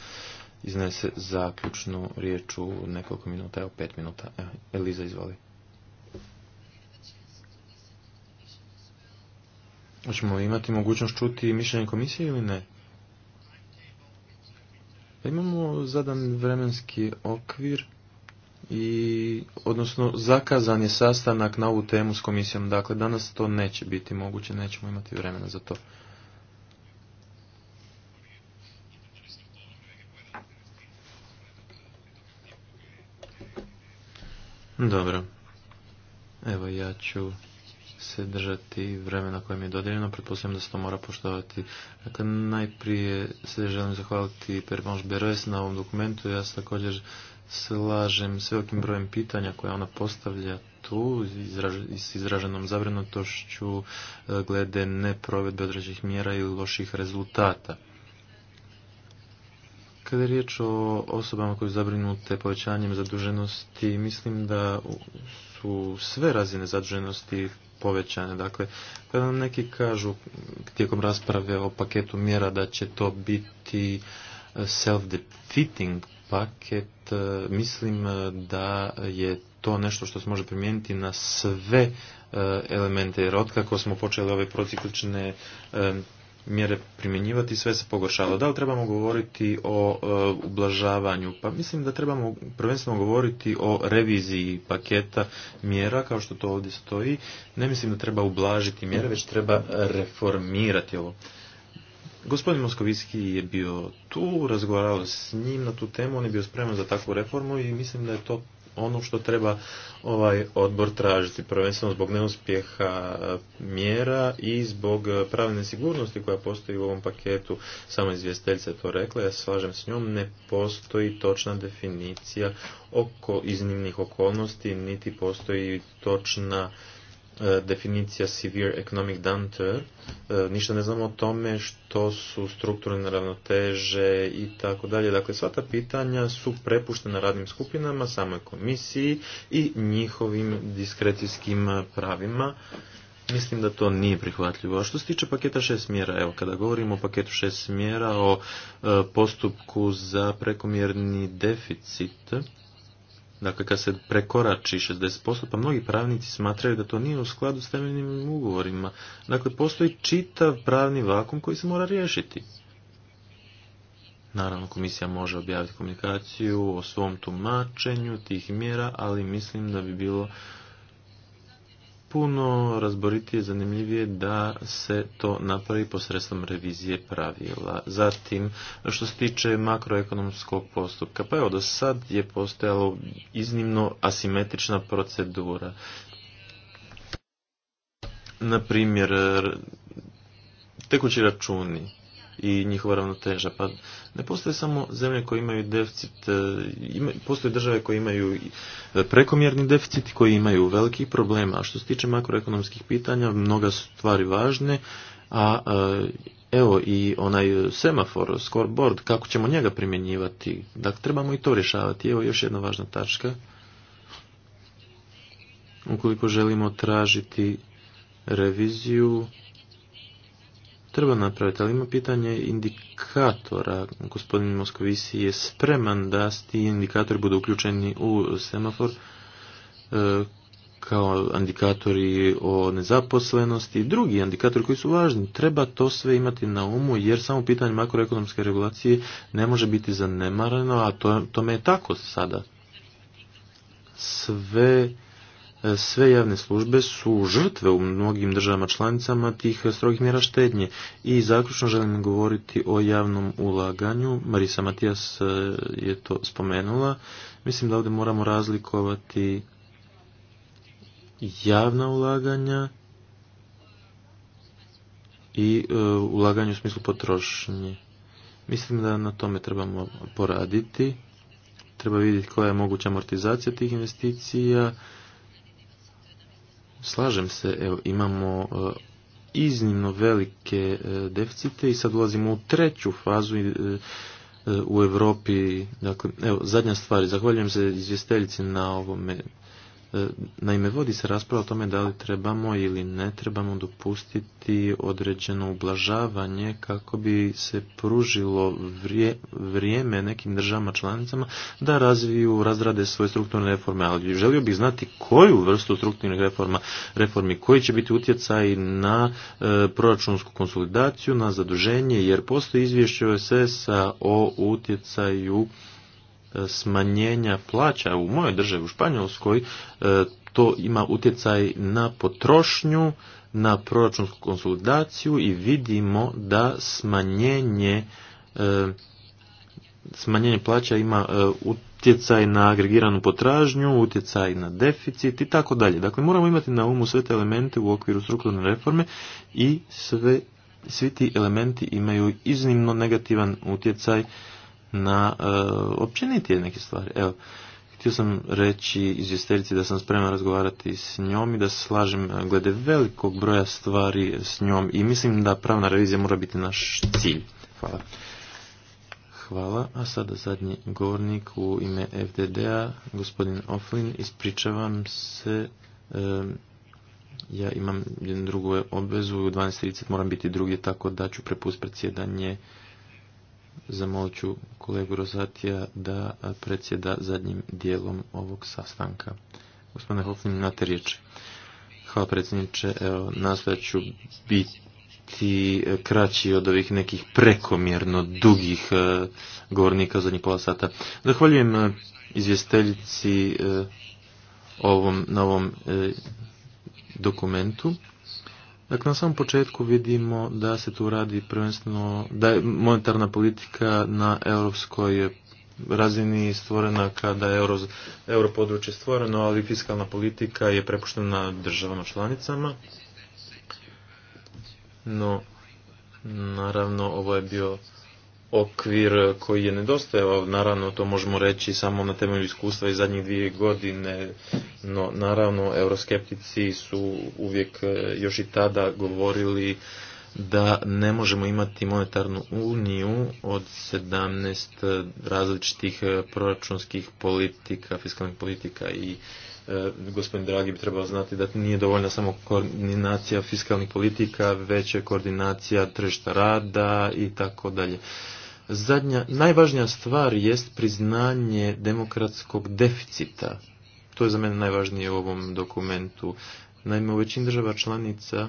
iznese zaključnu riječ u nekoliko minuta, evo pet minuta. E, Eliza, izvoli. Hoćemo imati mogućnost čuti mišljenje komisije ili ne? Imamo zadan vremenski okvir i odnosno zakazan je sastanak na ovu temu s komisijom. Dakle, danas to neće biti moguće, nećemo imati vremena za to. Dobro. Evo ja ću se držati vremena koje mi je dodijeljeno, pretpostavljam da se to mora poštovati. Dakle, najprije se želim zahvaliti Pervanš Beres na ovom dokumentu, ja se također slažem s velikim brojem pitanja koja ona postavlja tu s izraženom zabrinutošću e, glede neprovedbe određenih mjera ili loših rezultata. Kada je riječ o osobama koje su zabrinute povećanjem zaduženosti, mislim da su sve razine zaduženosti povećane. Dakle, kada nam neki kažu tijekom rasprave o paketu mjera da će to biti e, self-defeating paket, E, mislim e, da je to nešto što se može primijeniti na sve e, elemente, jer otkako smo počeli ove prociklične mjere primjenjivati, sve se pogoršalo. Da li trebamo govoriti o ublažavanju? Pa mislim da trebamo prvenstveno govoriti o reviziji paketa mjera, kao što to ovdje stoji. Ne mislim da treba ublažiti mjere, već treba reformirati ovo. Gospodin Moskovski je bio tu, razgovarao s njim na tu temu, on je bio spreman za takvu reformu i mislim da je to ono što treba ovaj odbor tražiti, prvenstveno zbog neuspjeha eh, mjera i zbog eh, pravne sigurnosti koja postoji u ovom paketu. Sama izvjestiteljica je to rekla, ja slažem s njom, ne postoji točna definicija oko iznimnih okolnosti, niti postoji točna E, definicija severe economic downturn, e, ništa ne znamo o tome što su strukturne ravnoteže i tako dalje. Dakle, sva ta pitanja su prepuštena radnim skupinama, samoj komisiji i njihovim diskrecijskim pravima. Mislim da to nije prihvatljivo. A što se tiče paketa šest mjera, evo kada govorimo o paketu šest mjera, o e, postupku za prekomjerni deficit, dakle kad se prekorači 60%, pa mnogi pravnici smatraju da to nije u skladu s temeljnim ugovorima. Dakle, postoji čitav pravni vakum koji se mora riješiti. Naravno, komisija može objaviti komunikaciju o svom tumačenju tih mjera, ali mislim da bi bilo puno razboritije, zanimljivije da se to napravi posredstvom revizije pravila. Zatim, što se tiče makroekonomskog postupka, pa evo, do sad je postojalo iznimno asimetrična procedura. Naprimjer, tekući računi, i njihova ravnoteža. Pa ne postoje samo zemlje koje imaju deficit, e, postoje države koje imaju e, prekomjerni deficit i koji imaju veliki problema. A što se tiče makroekonomskih pitanja, mnoga su stvari važne, a e, evo i onaj semafor, scoreboard, kako ćemo njega primjenjivati. Dakle, trebamo i to rješavati. Evo još jedna važna tačka. Ukoliko želimo tražiti reviziju treba napraviti, ali ima pitanje indikatora. Gospodin Moskovisi je spreman da ti indikatori budu uključeni u semafor e, kao indikatori o nezaposlenosti i drugi indikatori koji su važni. Treba to sve imati na umu jer samo pitanje makroekonomske regulacije ne može biti zanemareno, a to, tome je tako sada. Sve sve javne službe su žrtve u mnogim državama članicama tih strogih mjera štednje. I zaključno želim govoriti o javnom ulaganju. Marisa Matijas e, je to spomenula. Mislim da ovdje moramo razlikovati javna ulaganja i e, ulaganje u smislu potrošnje. Mislim da na tome trebamo poraditi. Treba vidjeti koja je moguća amortizacija tih investicija Slažem se, evo, imamo e, iznimno velike e, deficite i sad ulazimo u treću fazu e, u Europi. Dakle, evo, zadnja stvar, zahvaljujem se izvjesteljici na ovome E, naime, vodi se rasprava o tome da li trebamo ili ne trebamo dopustiti određeno ublažavanje kako bi se pružilo vrijeme nekim državama članicama da razviju, razrade svoje strukturne reforme. Ali želio bih znati koju vrstu strukturnih reforma, reformi, koji će biti utjecaj na e, proračunsku konsolidaciju, na zaduženje, jer postoji izvješće OSS-a o utjecaju smanjenja plaća u mojoj državi, u Španjolskoj, e, to ima utjecaj na potrošnju, na proračunsku konsolidaciju i vidimo da smanjenje e, smanjenje plaća ima e, utjecaj na agregiranu potražnju, utjecaj na deficit i tako dalje. Dakle, moramo imati na umu sve te elemente u okviru strukturne reforme i sve, svi ti elementi imaju iznimno negativan utjecaj na e, općenitije neke stvari. Evo, htio sam reći izvjesterici da sam spreman razgovarati s njom i da se slažem e, glede velikog broja stvari s njom i mislim da pravna revizija mora biti naš cilj. Hvala. Hvala. A sada zadnji govornik u ime FDD-a, gospodin Oflin. Ispričavam se, e, ja imam jednu drugu obvezu, u 12.30 moram biti drugi, tako da ću prepustiti predsjedanje zamolit ću kolegu Rozatija da predsjeda zadnjim dijelom ovog sastanka. Gospodine na te riječi. Hvala predsjedniče, evo, nastojat ću biti e, kraći od ovih nekih prekomjerno dugih e, govornika zadnjih pola sata. Zahvaljujem e, izvjesteljici ovom, na ovom dokumentu. Dakle, na samom početku vidimo da se tu radi prvenstveno, da je monetarna politika na europskoj razini stvorena kada je euro, područje stvoreno, ali fiskalna politika je prepuštena državama članicama. No, naravno, ovo je bio okvir koji je nedostajao, naravno to možemo reći samo na temelju iskustva iz zadnjih dvije godine, no naravno euroskeptici su uvijek e, još i tada govorili da ne možemo imati monetarnu uniju od 17 različitih e, proračunskih politika, fiskalnih politika i e, gospodin Dragi bi trebao znati da nije dovoljna samo koordinacija fiskalnih politika, već je koordinacija tržišta rada i tako dalje. Zadnja, najvažnija stvar jest priznanje demokratskog deficita. To je za mene najvažnije u ovom dokumentu. Naime, u većini država članica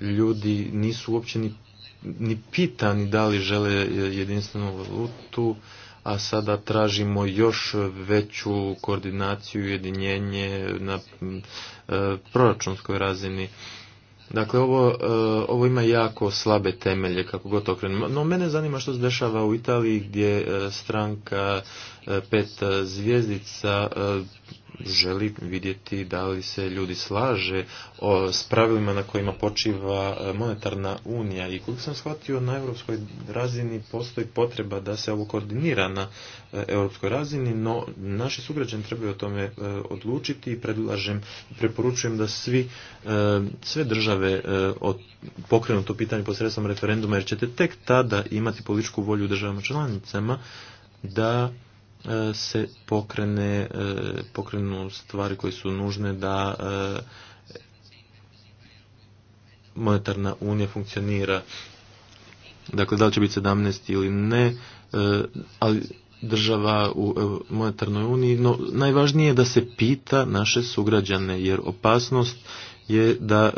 ljudi nisu uopće ni, ni pitani da li žele jedinstvenu valutu, a sada tražimo još veću koordinaciju, ujedinjenje na e, proračunskoj razini. Dakle, ovo, e, ovo ima jako slabe temelje, kako god okrenemo. No, mene zanima što se dešava u Italiji gdje e, stranka e, pet zvijezdica želi vidjeti da li se ljudi slaže o, s pravilima na kojima počiva e, monetarna unija. I koliko sam shvatio, na europskoj razini postoji potreba da se ovo koordinira na e, europskoj razini, no naši sugrađani trebaju o tome e, odlučiti i predlažem i preporučujem da svi, sve države pokrenu to pitanje posredstvom referenduma, jer ćete tek tada imati političku volju u državama članicama da E, se pokrene, e, pokrenu stvari koje su nužne da e, monetarna unija funkcionira. Dakle, da li će biti 17 ili ne, ali država u monetarnoj uniji, no najvažnije je da se pita naše sugrađane, jer opasnost je da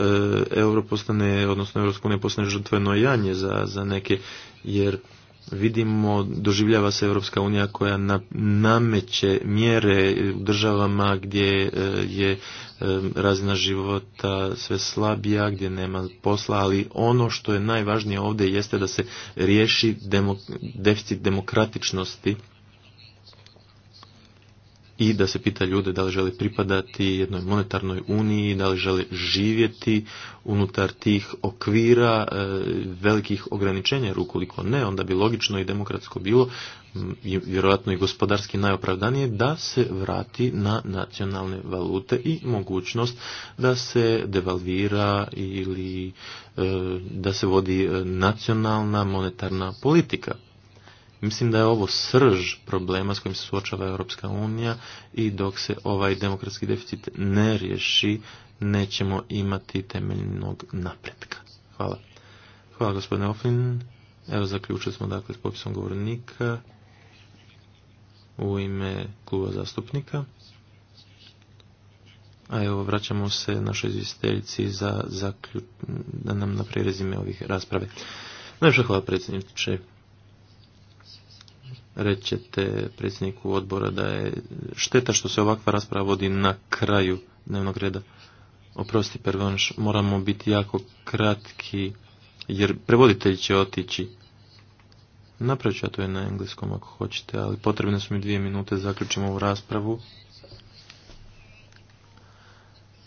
euro postane, odnosno Europska unija postane žrtveno janje za, za neke, jer vidimo, doživljava se Europska unija koja nameće mjere u državama gdje e, je e, razina života sve slabija, gdje nema posla, ali ono što je najvažnije ovdje jeste da se riješi deficit demokratičnosti i da se pita ljude da li žele pripadati jednoj monetarnoj uniji, da li žele živjeti unutar tih okvira e, velikih ograničenja, jer ukoliko ne, onda bi logično i demokratsko bilo, vjerojatno i gospodarski najopravdanije, da se vrati na nacionalne valute i mogućnost da se devalvira ili e, da se vodi e, nacionalna monetarna politika. Mislim da je ovo srž problema s kojim se suočava Europska unija i dok se ovaj demokratski deficit ne riješi, nećemo imati temeljnog napretka. Hvala. Hvala gospodine Oflin. Evo zaključili smo dakle s popisom govornika u ime kluba zastupnika. A evo vraćamo se našoj izvjestiteljici za da nam na prezime ovih rasprave. Najviše hvala predsjedniče rećete predsjedniku odbora da je šteta što se ovakva rasprava vodi na kraju dnevnog reda. Oprosti, pervonš, moramo biti jako kratki, jer prevoditelj će otići. Napravit ću ja to je na engleskom ako hoćete, ali potrebne su mi dvije minute, zaključimo ovu raspravu.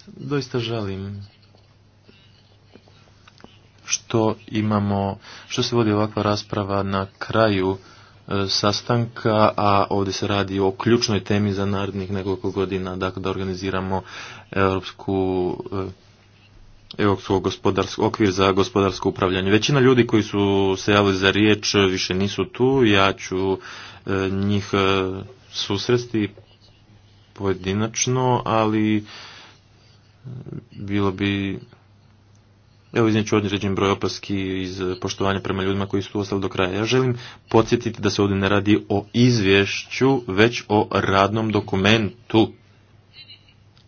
Doista žalim što imamo, što se vodi ovakva rasprava na kraju E, sastanka, a ovdje se radi o ključnoj temi za narednih nekoliko godina, dakle da organiziramo europsku Evo okvir za gospodarsko upravljanje. Većina ljudi koji su se javili za riječ više nisu tu, ja ću e, njih e, susresti pojedinačno, ali bilo bi evo ću određen broj opaski iz poštovanja prema ljudima koji su ostali do kraja. Ja želim podsjetiti da se ovdje ne radi o izvješću, već o radnom dokumentu.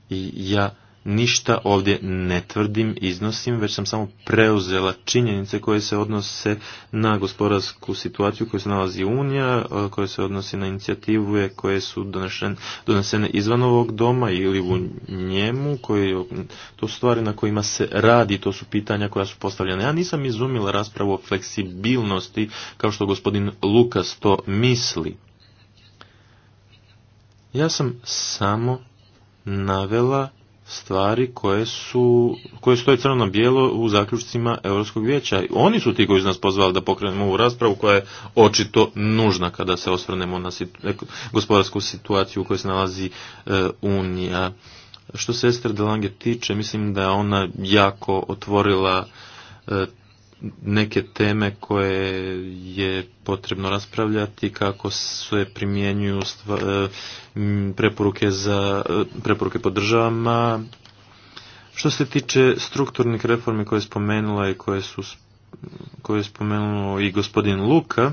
I ja ništa ovdje ne tvrdim, iznosim, već sam samo preuzela činjenice koje se odnose na gospodarsku situaciju koju se nalazi Unija, e, koje se odnosi na inicijative koje su donesene izvan ovog doma ili u njemu, koje, to su stvari na kojima se radi, to su pitanja koja su postavljena. Ja nisam izumila raspravu o fleksibilnosti kao što gospodin Lukas to misli. Ja sam samo navela stvari koje su, koje stoje crno na bijelo u zaključcima Europskog vijeća. Oni su ti koji su nas pozvali da pokrenemo ovu raspravu koja je očito nužna kada se osvrnemo na situ, e, gospodarsku situaciju u kojoj se nalazi e, Unija. Što se Delange tiče, mislim da je ona jako otvorila e, neke teme koje je potrebno raspravljati kako se primjenjuju e, preporuke za e, preporuke po državama što se tiče strukturnih reformi koje je spomenula i koje su koje je spomenuo i gospodin Luka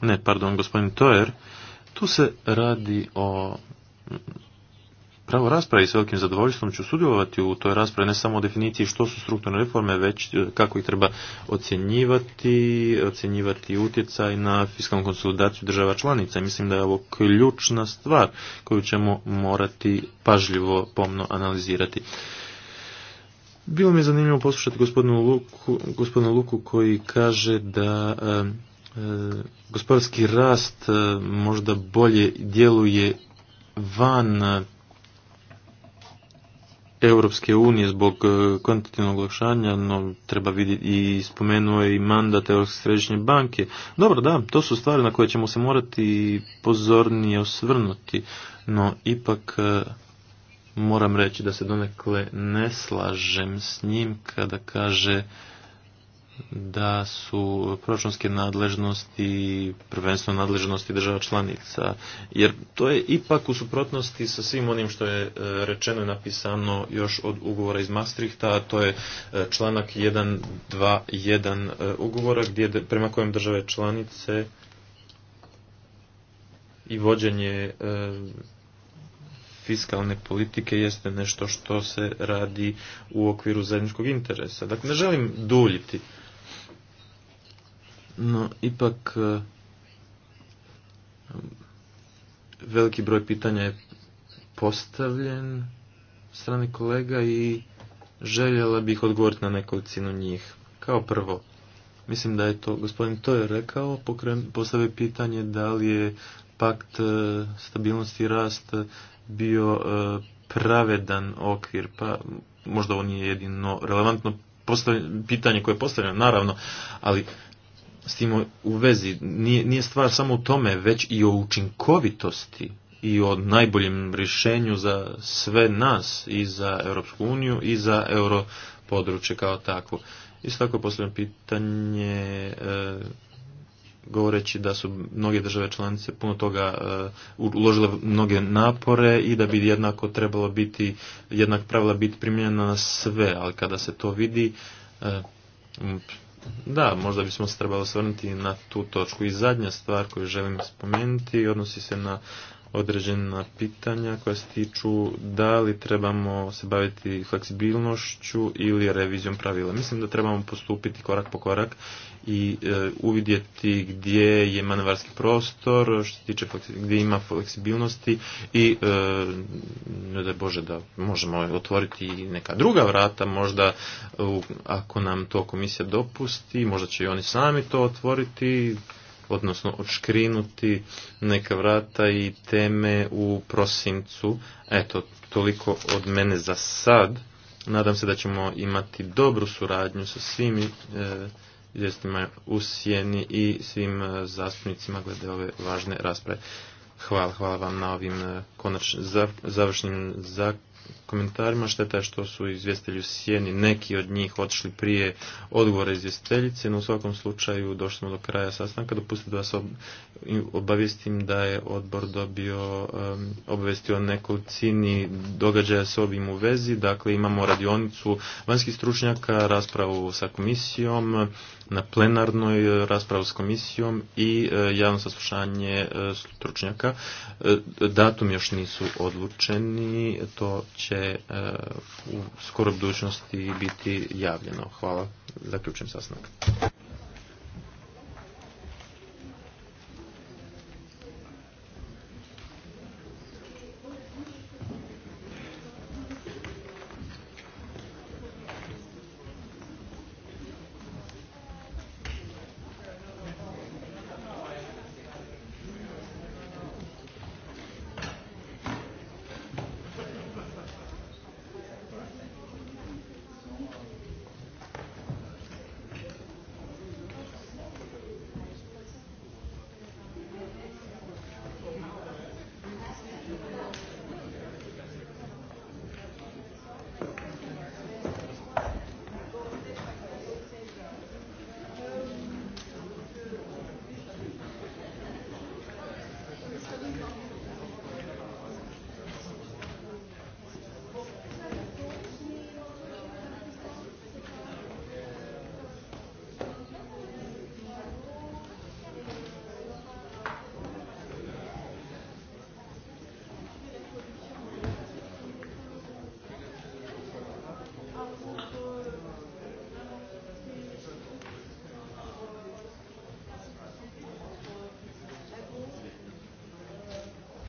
ne pardon gospodin Toer tu se radi o pravo raspravi s velikim zadovoljstvom ću sudjelovati u toj raspravi, ne samo o definiciji što su strukturne reforme, već e, kako ih treba ocjenjivati, ocjenjivati utjecaj na fiskalnu konsolidaciju država članica. Mislim da je ovo ključna stvar koju ćemo morati pažljivo pomno analizirati. Bilo mi je zanimljivo poslušati gospodinu Luku, Luku koji kaže da e, e gospodarski rast e, možda bolje djeluje van Europske unije zbog e, kvantitativnog lakšanja, no treba vidjeti i spomenuo je i mandat Europske središnje banke. Dobro, da, to su stvari na koje ćemo se morati pozornije osvrnuti, no ipak e, moram reći da se donekle ne slažem s njim kada kaže da su proračunske nadležnosti, prvenstveno nadležnosti država članica, jer to je ipak u suprotnosti sa svim onim što je e, rečeno i napisano još od ugovora iz Maastrichta, a to je e, članak 1.2.1 e, ugovora gdje, prema kojem države članice i vođenje fiskalne politike jeste nešto što se radi u okviru zajedničkog interesa. Dakle, ne želim duljiti no ipak e, veliki broj pitanja je postavljen strane kolega i željela bih odgovoriti na nekolicinu njih. Kao prvo, mislim da je to gospodin to je rekao, postavio pitanje da li je pakt e, stabilnosti i rast bio e, pravedan okvir, pa možda ovo nije jedino relevantno pitanje koje je postavljeno, naravno, ali s tim u vezi nije, nije stvar samo u tome, već i o učinkovitosti i o najboljem rješenju za sve nas i za Europsku uniju i za euro područje kao takvo. Isto tako posljedno pitanje e, govoreći da su mnoge države članice puno toga e, uložile mnoge napore i da bi jednako trebalo biti, jednak pravila biti primjenjena na sve, ali kada se to vidi e, da, možda bismo se trebali osvrnuti na tu točku. I zadnja stvar koju želim spomenuti odnosi se na određena pitanja koja se tiču da li trebamo se baviti fleksibilnošću ili revizijom pravila. Mislim da trebamo postupiti korak po korak i e, uvidjeti gdje je manevarski prostor, što se tiče gdje ima fleksibilnosti i e, ne da Bože da možemo otvoriti neka druga vrata, možda ako nam to komisija dopusti, možda će i oni sami to otvoriti, odnosno odškrinuti neka vrata i teme u prosincu. Eto, toliko od mene za sad. Nadam se da ćemo imati dobru suradnju sa svim e, u Sjeni i svim e, zastupnicima glede ove važne rasprave. Hvala, hvala vam na ovim e, konač, završnim zaključima komentarima. Šteta što su izvjestitelji u sjeni, neki od njih otišli prije odgovora Izvjestiteljice, no u svakom slučaju došli smo do kraja sastanka. Dopustite da vas obavijestim da je odbor dobio obavijestio o nekolicini događaja s ovim u vezi. Dakle, imamo radionicu vanjskih stručnjaka, raspravu sa komisijom, na plenarnoj e, raspravu s komisijom i e, javno saslušanje e, stručnjaka. Datum još nisu odlučeni, to će u skoroj budućnosti biti javljeno. Hvala, zaključujem sastanak.